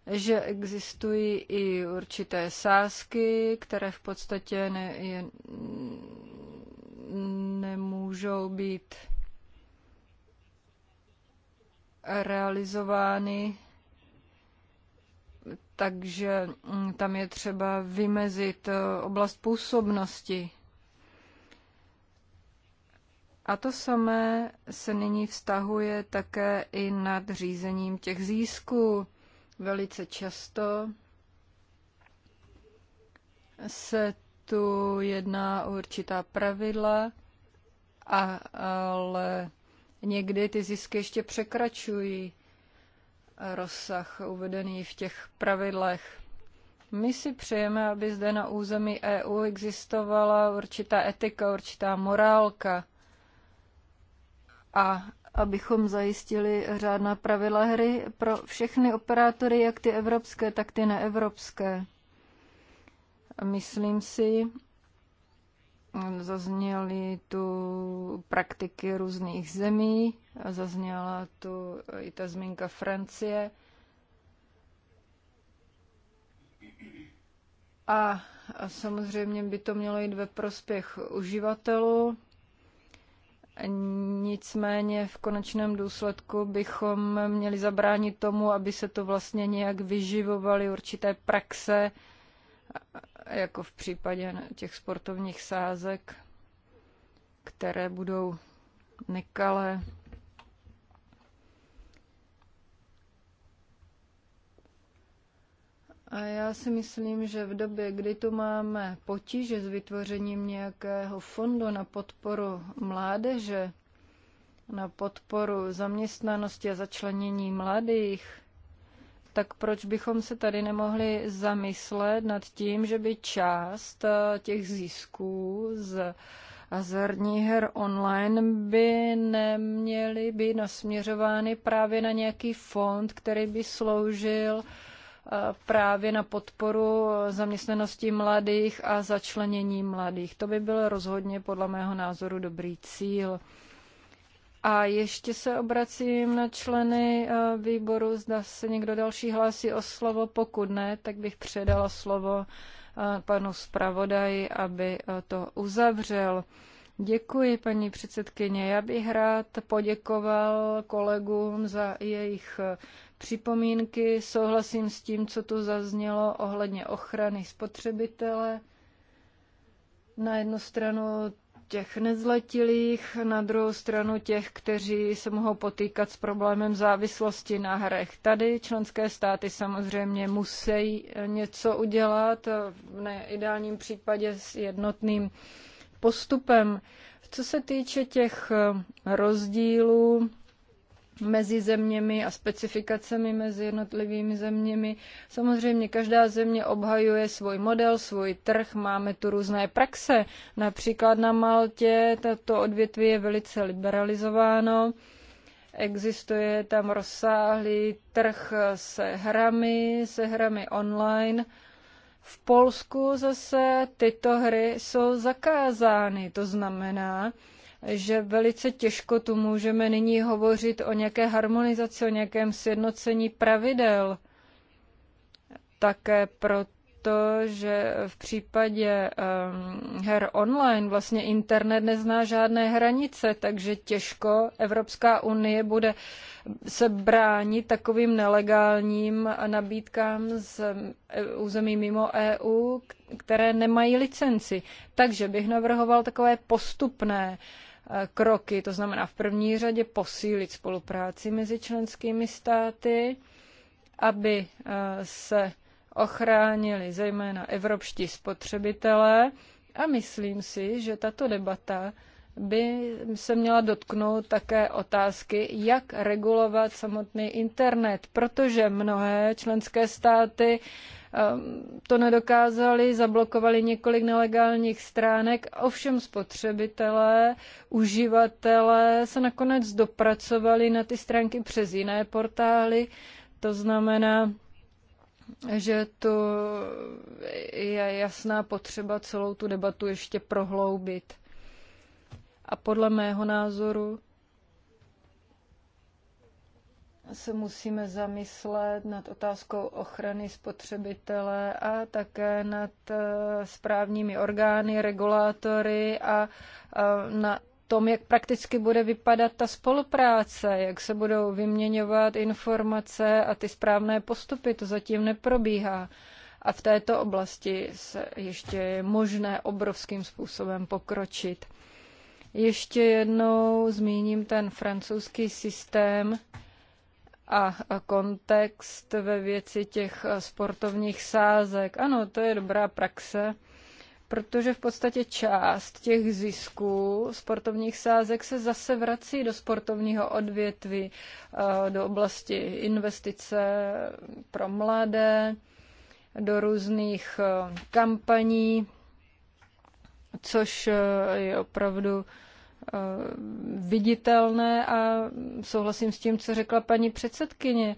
že existují i určité sázky, které v podstatě ne, je, nemůžou být realizovány takže mm, tam je třeba vymezit e, oblast působnosti. A to samé se nyní vztahuje také i nad řízením těch získů. Velice často se tu jedná o určitá pravidla, a, ale někdy ty zisky ještě překračují rozsah uvedený v těch pravidlech. My si přejeme, aby zde na území EU existovala určitá etika, určitá morálka a abychom zajistili řádná pravidla hry pro všechny operátory, jak ty evropské, tak ty neevropské. Myslím si, Zazněly tu praktiky různých zemí, zazněla tu i ta zmínka Francie. A, samozřejmě by to mělo jít ve prospěch uživatelů. Nicméně v konečném důsledku bychom měli zabránit tomu, aby se to vlastně nějak vyživovaly určité praxe, jako v případě těch sportovních sázek, které budou nekalé. A já si myslím, že v době, kdy tu máme potíže s vytvořením nějakého fondu na podporu mládeže, na podporu zaměstnanosti a začlenění mladých, tak proč bychom se tady nemohli zamyslet nad tím, že by část eh, těch zisků z hazardní her online by neměly být nasměřovány právě na nějaký fond, který by sloužil eh, právě na podporu zaměstnanosti mladých a začlenění mladých. To by byl rozhodně podle mého názoru dobrý cíl. A ještě se obracím na členy eh, výboru, zda se někdo další hlásí o slovo. Pokud ne, tak bych předala slovo eh, panu zpravodaji, aby eh, to uzavřel. Děkuji, paní předsedkyně. Já bych rád poděkoval kolegům za jejich připomínky. Souhlasím s tím, co tu zaznělo ohledně ochrany spotřebitele. Na jednu stranu těch nezletilých, na druhou stranu těch, kteří se mohou potýkat s problémem závislosti na hrech. Tady členské státy samozřejmě musí něco udělat, v neideálním případě s jednotným postupem. Co se týče těch rozdílů mezi zeměmi a specifikacemi mezi jednotlivými zeměmi. Samozřejmě každá země obhajuje svůj model, svůj trh, máme tu různé praxe. Například na Maltě tato odvětví je velice liberalizováno. Existuje tam rozsáhlý trh se hrami, se hrami online. V Polsku zase tyto hry jsou zakázány, to znamená, že velice těžko tu můžeme nyní hovořit o nějaké harmonizaci, o nějakém sjednocení pravidel. Také proto, že v případě um, her online vlastně internet nezná žádné hranice, takže těžko Evropská unie bude se bránit takovým nelegálním nabídkám z e, území mimo EU, které nemají licenci. Takže bych navrhoval takové postupné uh, Eh, kroky, to znamená v první řadě posílit spolupráci mezi členskými státy, aby eh, se ochránili zejména evropští spotřebitelé a myslím si, že tato debata by se měla dotknout také otázky, jak regulovat samotný internet, protože mnohé členské státy Ehm, to nedokázali, zablokovali několik nelegálních stránek, ovšem spotřebitelé, uživatelé se nakonec dopracovali na ty stránky přes jiné portály, to znamená, že to je jasná potřeba celou tu debatu ještě prohloubit. A podle mého názoru se musíme zamyslet nad otázkou ochrany spotřebitele a také nad eh, správními orgány, regulátory a na tom, jak prakticky bude vypadat ta spolupráce, jak se budou vyměňovat informace a ty správné postupy, to zatím neprobíhá. A v této oblasti se ještě je možné obrovským způsobem pokročit. Ještě jednou zmíním ten francouzský systém, a kontext ve věci těch sportovních sázek. Ano, to je dobrá praxe, protože v podstatě část těch zisků sportovních sázek se zase vrací do sportovního odvětví, eh, do oblasti investice pro mladé, do různých eh, kampaní, což eh, je opravdu Eh, viditelné a souhlasím s tím, co řekla paní předsedkyně.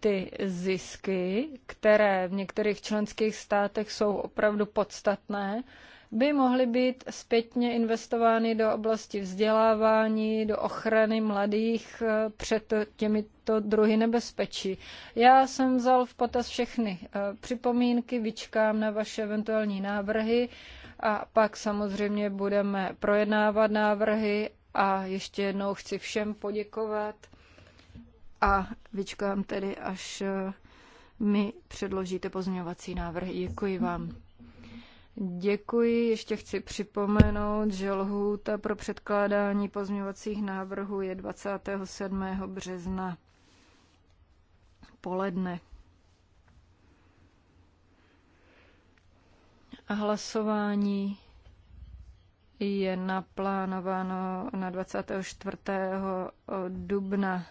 Ty zisky, které v některých členských státech jsou opravdu podstatné, by mohly být zpětně investovány do oblasti vzdělávání, do ochrany mladých eh, před těmito druhy nebezpečí. Já jsem vzal v potaz všechny eh, připomínky, vyčkám na vaše eventuální návrhy a pak samozřejmě budeme projednávat návrhy a ještě jednou chci všem poděkovat a vyčkám tedy, až eh, mi předložíte pozměňovací návrhy. Děkuji vám. Děkuji. Ještě chci připomenout, že lhůta pro předkládání pozměňovacích návrhů je 27. března poledne. Hlasování je naplánováno na 24. dubna.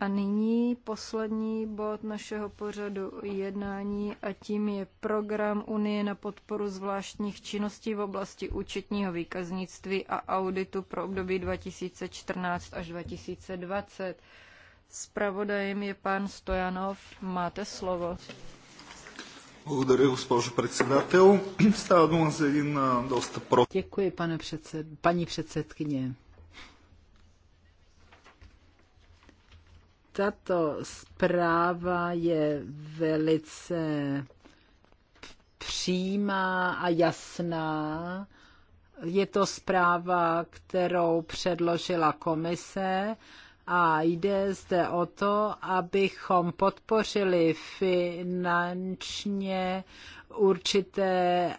A nyní poslední bod našeho pořadu jednání a tím je program Unie na podporu zvláštních činností v oblasti účetního výkaznictví a auditu pro období 2014 až 2020. Spravodajem je pan Stojanov. Máte slovo. Благодаря, госпожо председател. Става дума за един доста про... Děkuji, пане předsed... пани předsedkyně. Tato zpráva je velice přímá a jasná. Je to zpráva, kterou předložila komise a jde zde o to, abychom podpořili finančně určité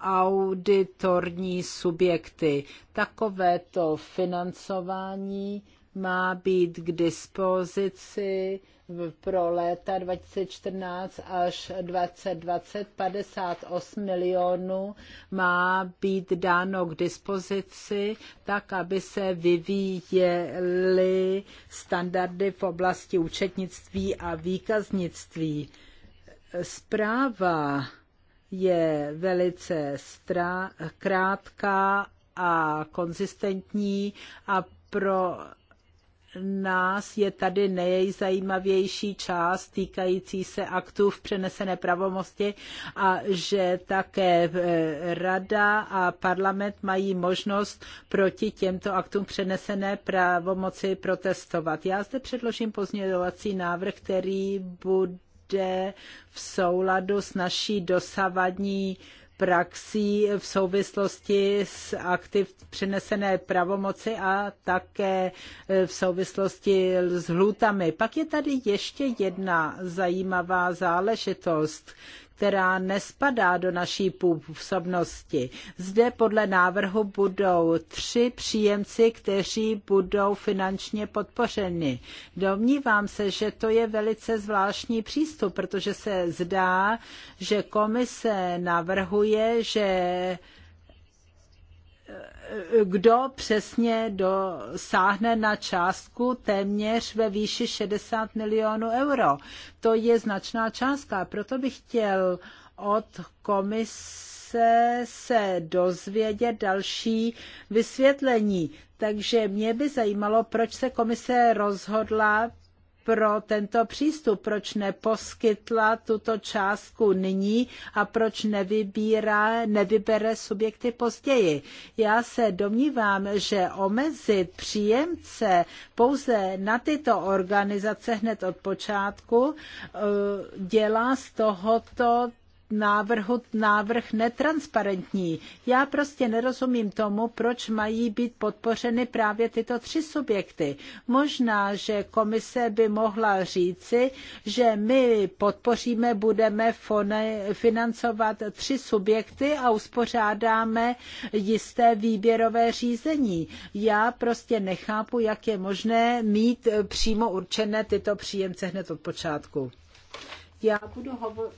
auditorní subjekty. Takovéto financování má být k dispozici pro léta 2014 až 2020 58 milionů má být dáno k dispozici, tak aby se vyvíjely standardy v oblasti účetnictví a výkaznictví. Zpráva je velice strá, krátká a konzistentní a pro nás je tady nejzajímavější část týkající se aktů v přenesené pravomosti a že také eh, Rada a parlament mají možnost proti těmto aktům přenesené pravomoci protestovat. Já zde předložím pozměňovací návrh, který bude v souladu s naší dosavadní praxí v souvislosti s aktiv přenesené pravomoci a také e, v souvislosti s hlutami. Pak je tady ještě jedna zajímavá záležitost, která nespadá do naší působnosti. Zde podle návrhu budou tři příjemci, kteří budou finančně podpořeni. Domnívám se, že to je velice zvláštní přístup, protože se zdá, že komise navrhuje, že kdo přesně dosáhne na částku téměř ve výši 60 milionů euro. To je značná částka, proto bych chtěl od komise se dozvědět další vysvětlení. Takže mě by zajímalo, proč se komise rozhodla pro tento přístup, proč neposkytla tuto částku nyní a proč nevybírá, nevybere subjekty později. Já se domnívám, že omezit příjemce pouze na tyto organizace hned od počátku eh, dělá z tohoto návrhu návrh netransparentní. Já prostě nerozumím tomu, proč mají být podpořeny právě tyto tři subjekty. Možná, že komise by mohla říci, že my podpoříme, budeme financovat tři subjekty a uspořádáme jisté výběrové řízení. Já prostě nechápu, jak je možné mít přímo určené tyto příjemce hned od počátku. Já budu hovořit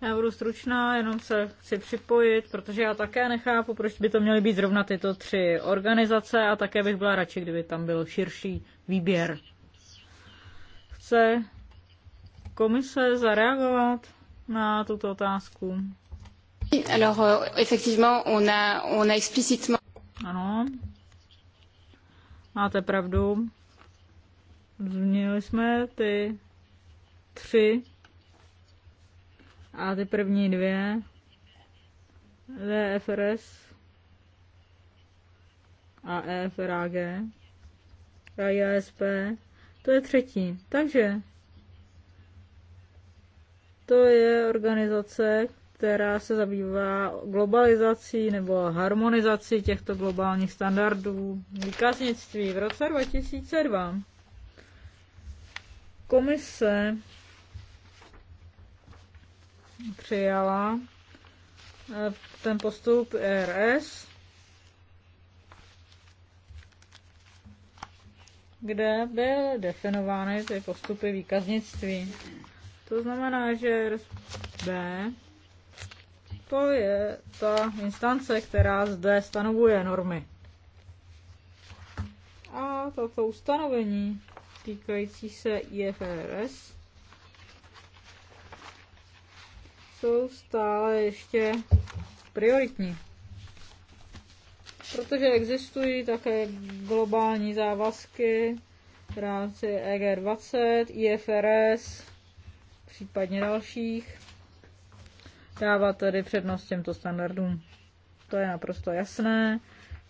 Já budu stručná, jenom se chci připojit, protože já také nechápu, proč by to měly být zrovna tyto tři organizace a také bych byla radši, kdyby tam byl širší výběr. Chce komise zareagovat na tuto otázku? Alors, euh, effectivement, on a, on a explicitement... Ano, máte pravdu. Změnili jsme ty tři a ty první dvě, VFRS a EFRAG a JSP, to je třetí. Takže to je organizace, která se zabývá globalizací nebo harmonizací těchto globálních standardů výkaznictví. V roce 2002 komise přijala eh, ten postup e RS, kde byly definovány ty postupy výkaznictví. To znamená, že B to je ta instance, která zde stanovuje normy. A toto ustanovení týkající se IFRS jsou stále ještě prioritní. Protože existují také globální závazky v rámci EG20, IFRS, případně dalších. Dávat tedy přednost těmto standardům. To je naprosto jasné.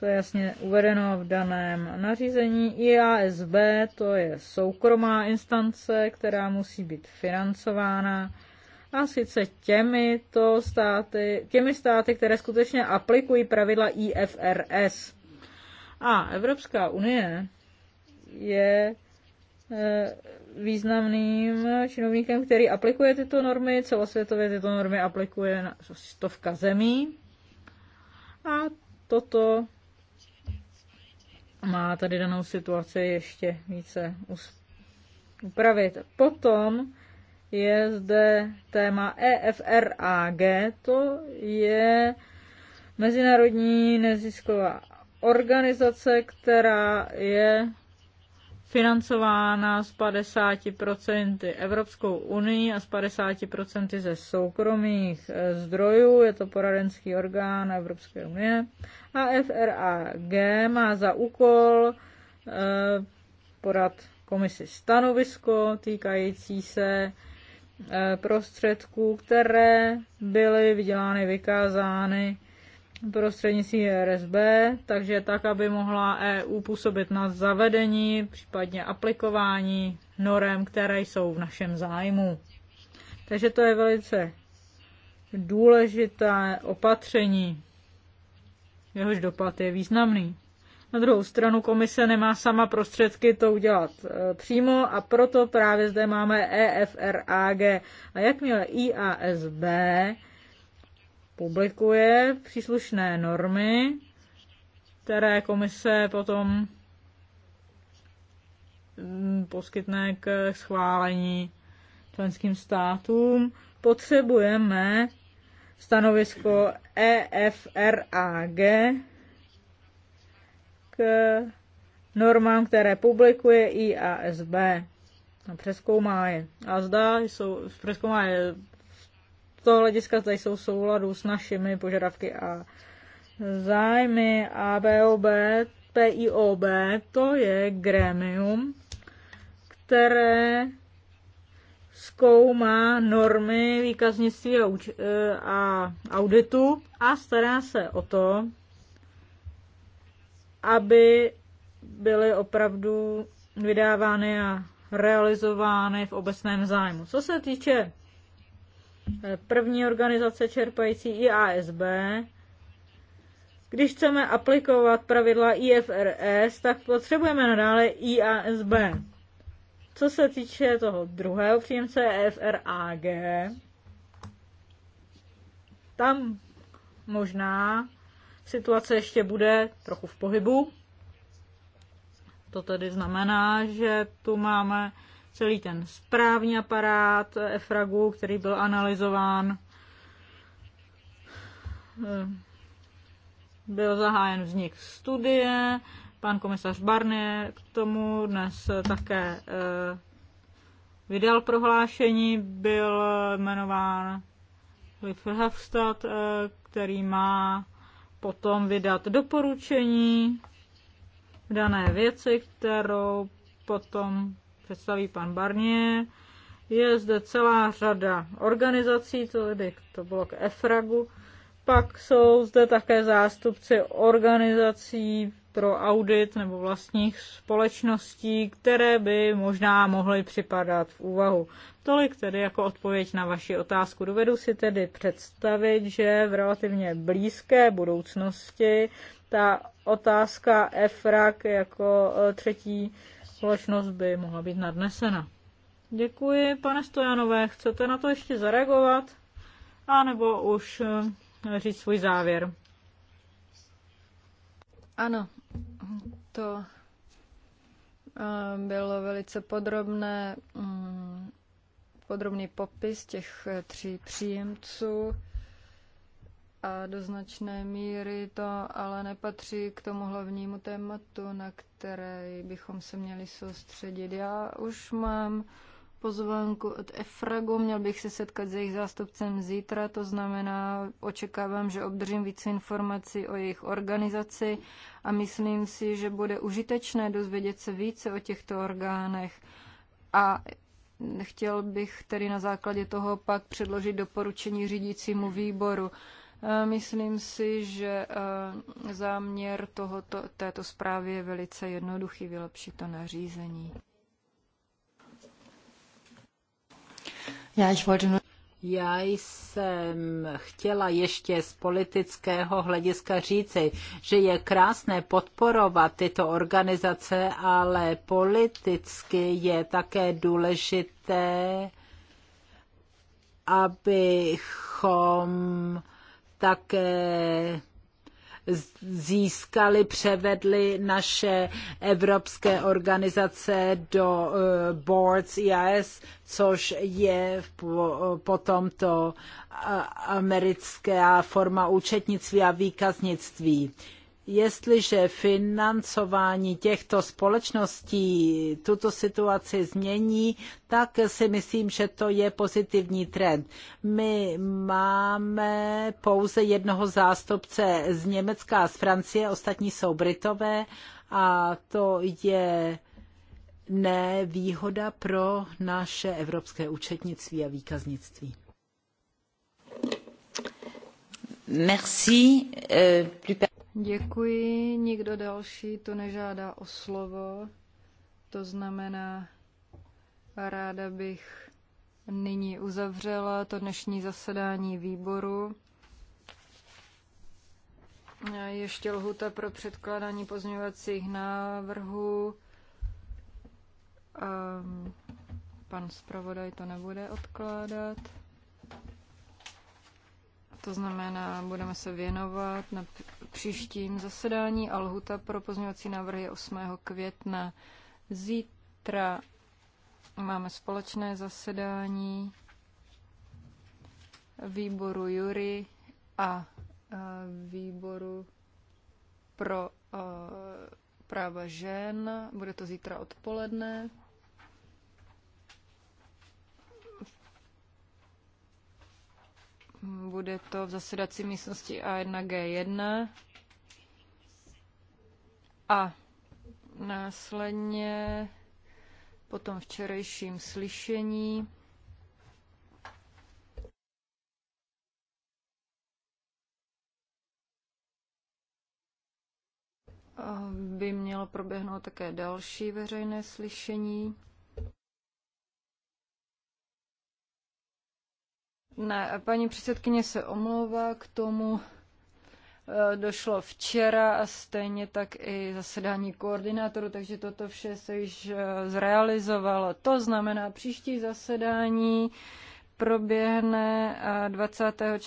To je jasně uvedeno v daném nařízení. IASB to je soukromá instance, která musí být financována a sice těmi, to státy, těmi státy, které skutečně aplikují pravidla IFRS. A Evropská unie je eh, významným činovníkem, který aplikuje tyto normy, celosvětově tyto normy aplikuje na stovka zemí. A toto má tady danou situaci ještě více upravit. Potom je zde téma EFRAG, to je mezinárodní nezisková organizace, která je financována z 50% Evropskou unii a z 50% ze soukromých eh, zdrojů. Je to poradenský orgán Evropské unie. A FRAG má za úkol eh, podat komisi stanovisko týkající se Eh, prostředků, které byly vydělány, vykázány prostřednictvím RSB, takže tak, aby mohla EU působit na zavedení, případně aplikování norem, které jsou v našem zájmu. Takže to je velice důležité opatření. Jehož dopad je významný. Na druhou stranu komise nemá sama prostředky to udělat e, přímo a proto právě zde máme EFRAG. A jakmile IASB publikuje příslušné normy, které komise potom mm, poskytne k schválení členským státům, potřebujeme stanovisko EFRAG Eh, normám, které publikuje IASB. A přeskoumá je. A zda jsou, přeskoumá je z toho hlediska, zda jsou v souladu s našimi požadavky a zájmy ABOB, PIOB, to je gremium, které zkoumá normy výkaznictví eh, a, auditu a stará se o to, aby byly opravdu vydávány a realizovány v obecném zájmu. Co se týče eh, první organizace čerpající IASB, když chceme aplikovat pravidla IFRS, tak potřebujeme nadále IASB. Co se týče toho druhého příjemce EFRAG, tam možná situace ještě bude trochu v pohybu. To tedy znamená, že tu máme celý ten správní aparát EFRAGu, který byl analyzován. Eh, byl zahájen vznik studie, pan komisař Barnier k tomu dnes také eh, vydal prohlášení, byl jmenován Clifford eh, který má potom vydat doporučení v dané věci, kterou potom představí pan Barnier. Je zde celá řada organizací, to, tedy to bylo k EFRAGu, pak jsou zde také zástupci organizací pro audit nebo vlastních společností, které by možná mohly připadat v úvahu. Tolik tedy jako odpověď na vaši otázku. Dovedu si tedy představit, že v relativně blízké budoucnosti ta otázka EFRAK jako e, třetí společnost by mohla být nadnesena. Děkuji, pane Stojanové. Chcete na to ještě zareagovat? A nebo už e, říct svůj závěr? Ano, to eh, bylo velice podrobné, mm, podrobný popis těch eh, tří příjemců a do značné míry to ale nepatří k tomu hlavnímu tématu, na které bychom se měli soustředit. Já už mám pozvánku od EFRAGu, měl bych se setkat s jejich zástupcem zítra, to znamená, očekávám, že obdržím více informací o jejich organizaci a myslím si, že bude užitečné dozvědět se více o těchto orgánech. A chtěl bych tedy na základě toho pak předložit doporučení řídícímu výboru. E, myslím si, že e, záměr tohoto, této zprávy je velice jednoduchý, vylepšit to nařízení. Já ich wollte nur já jsem chtěla ještě z politického hlediska říci, že je krásné podporovat tyto organizace, ale politicky je také důležité, abychom také získali, převedli naše evropské organizace do eh, boards e IAS, což je potom to eh, americká forma účetnictví a výkaznictví jestliže financování těchto společností tuto situaci změní, tak si myslím, že to je pozitivní trend. My máme pouze jednoho zástupce z Německa a z Francie, ostatní jsou Britové a to je nevýhoda pro naše evropské účetnictví a výkaznictví. Merci. Euh, plus... Děkuji. Nikdo další to nežádá o slovo. To znamená, ráda bych nyní uzavřela to dnešní zasedání výboru. Ještě lhuta pro předkládání pozměňovacích návrhů. Pan zpravodaj to nebude odkládat. To znamená, budeme se věnovat na příštím zasedání a lhuta pro pozměňovací návrhy 8. května. Zítra máme společné zasedání výboru Jury a e, výboru pro e, práva žen. Bude to zítra odpoledne. Hm, bude to v zasedací místnosti A1G1. A následně po tom včerejším slyšení by mělo proběhnout také další veřejné slyšení. Ne, paní předsedkyně se omlouvá k tomu. E, došlo včera a stejně tak i zasedání koordinátoru, takže toto vše se již e, zrealizovalo. To znamená, příští zasedání proběhne 24. E,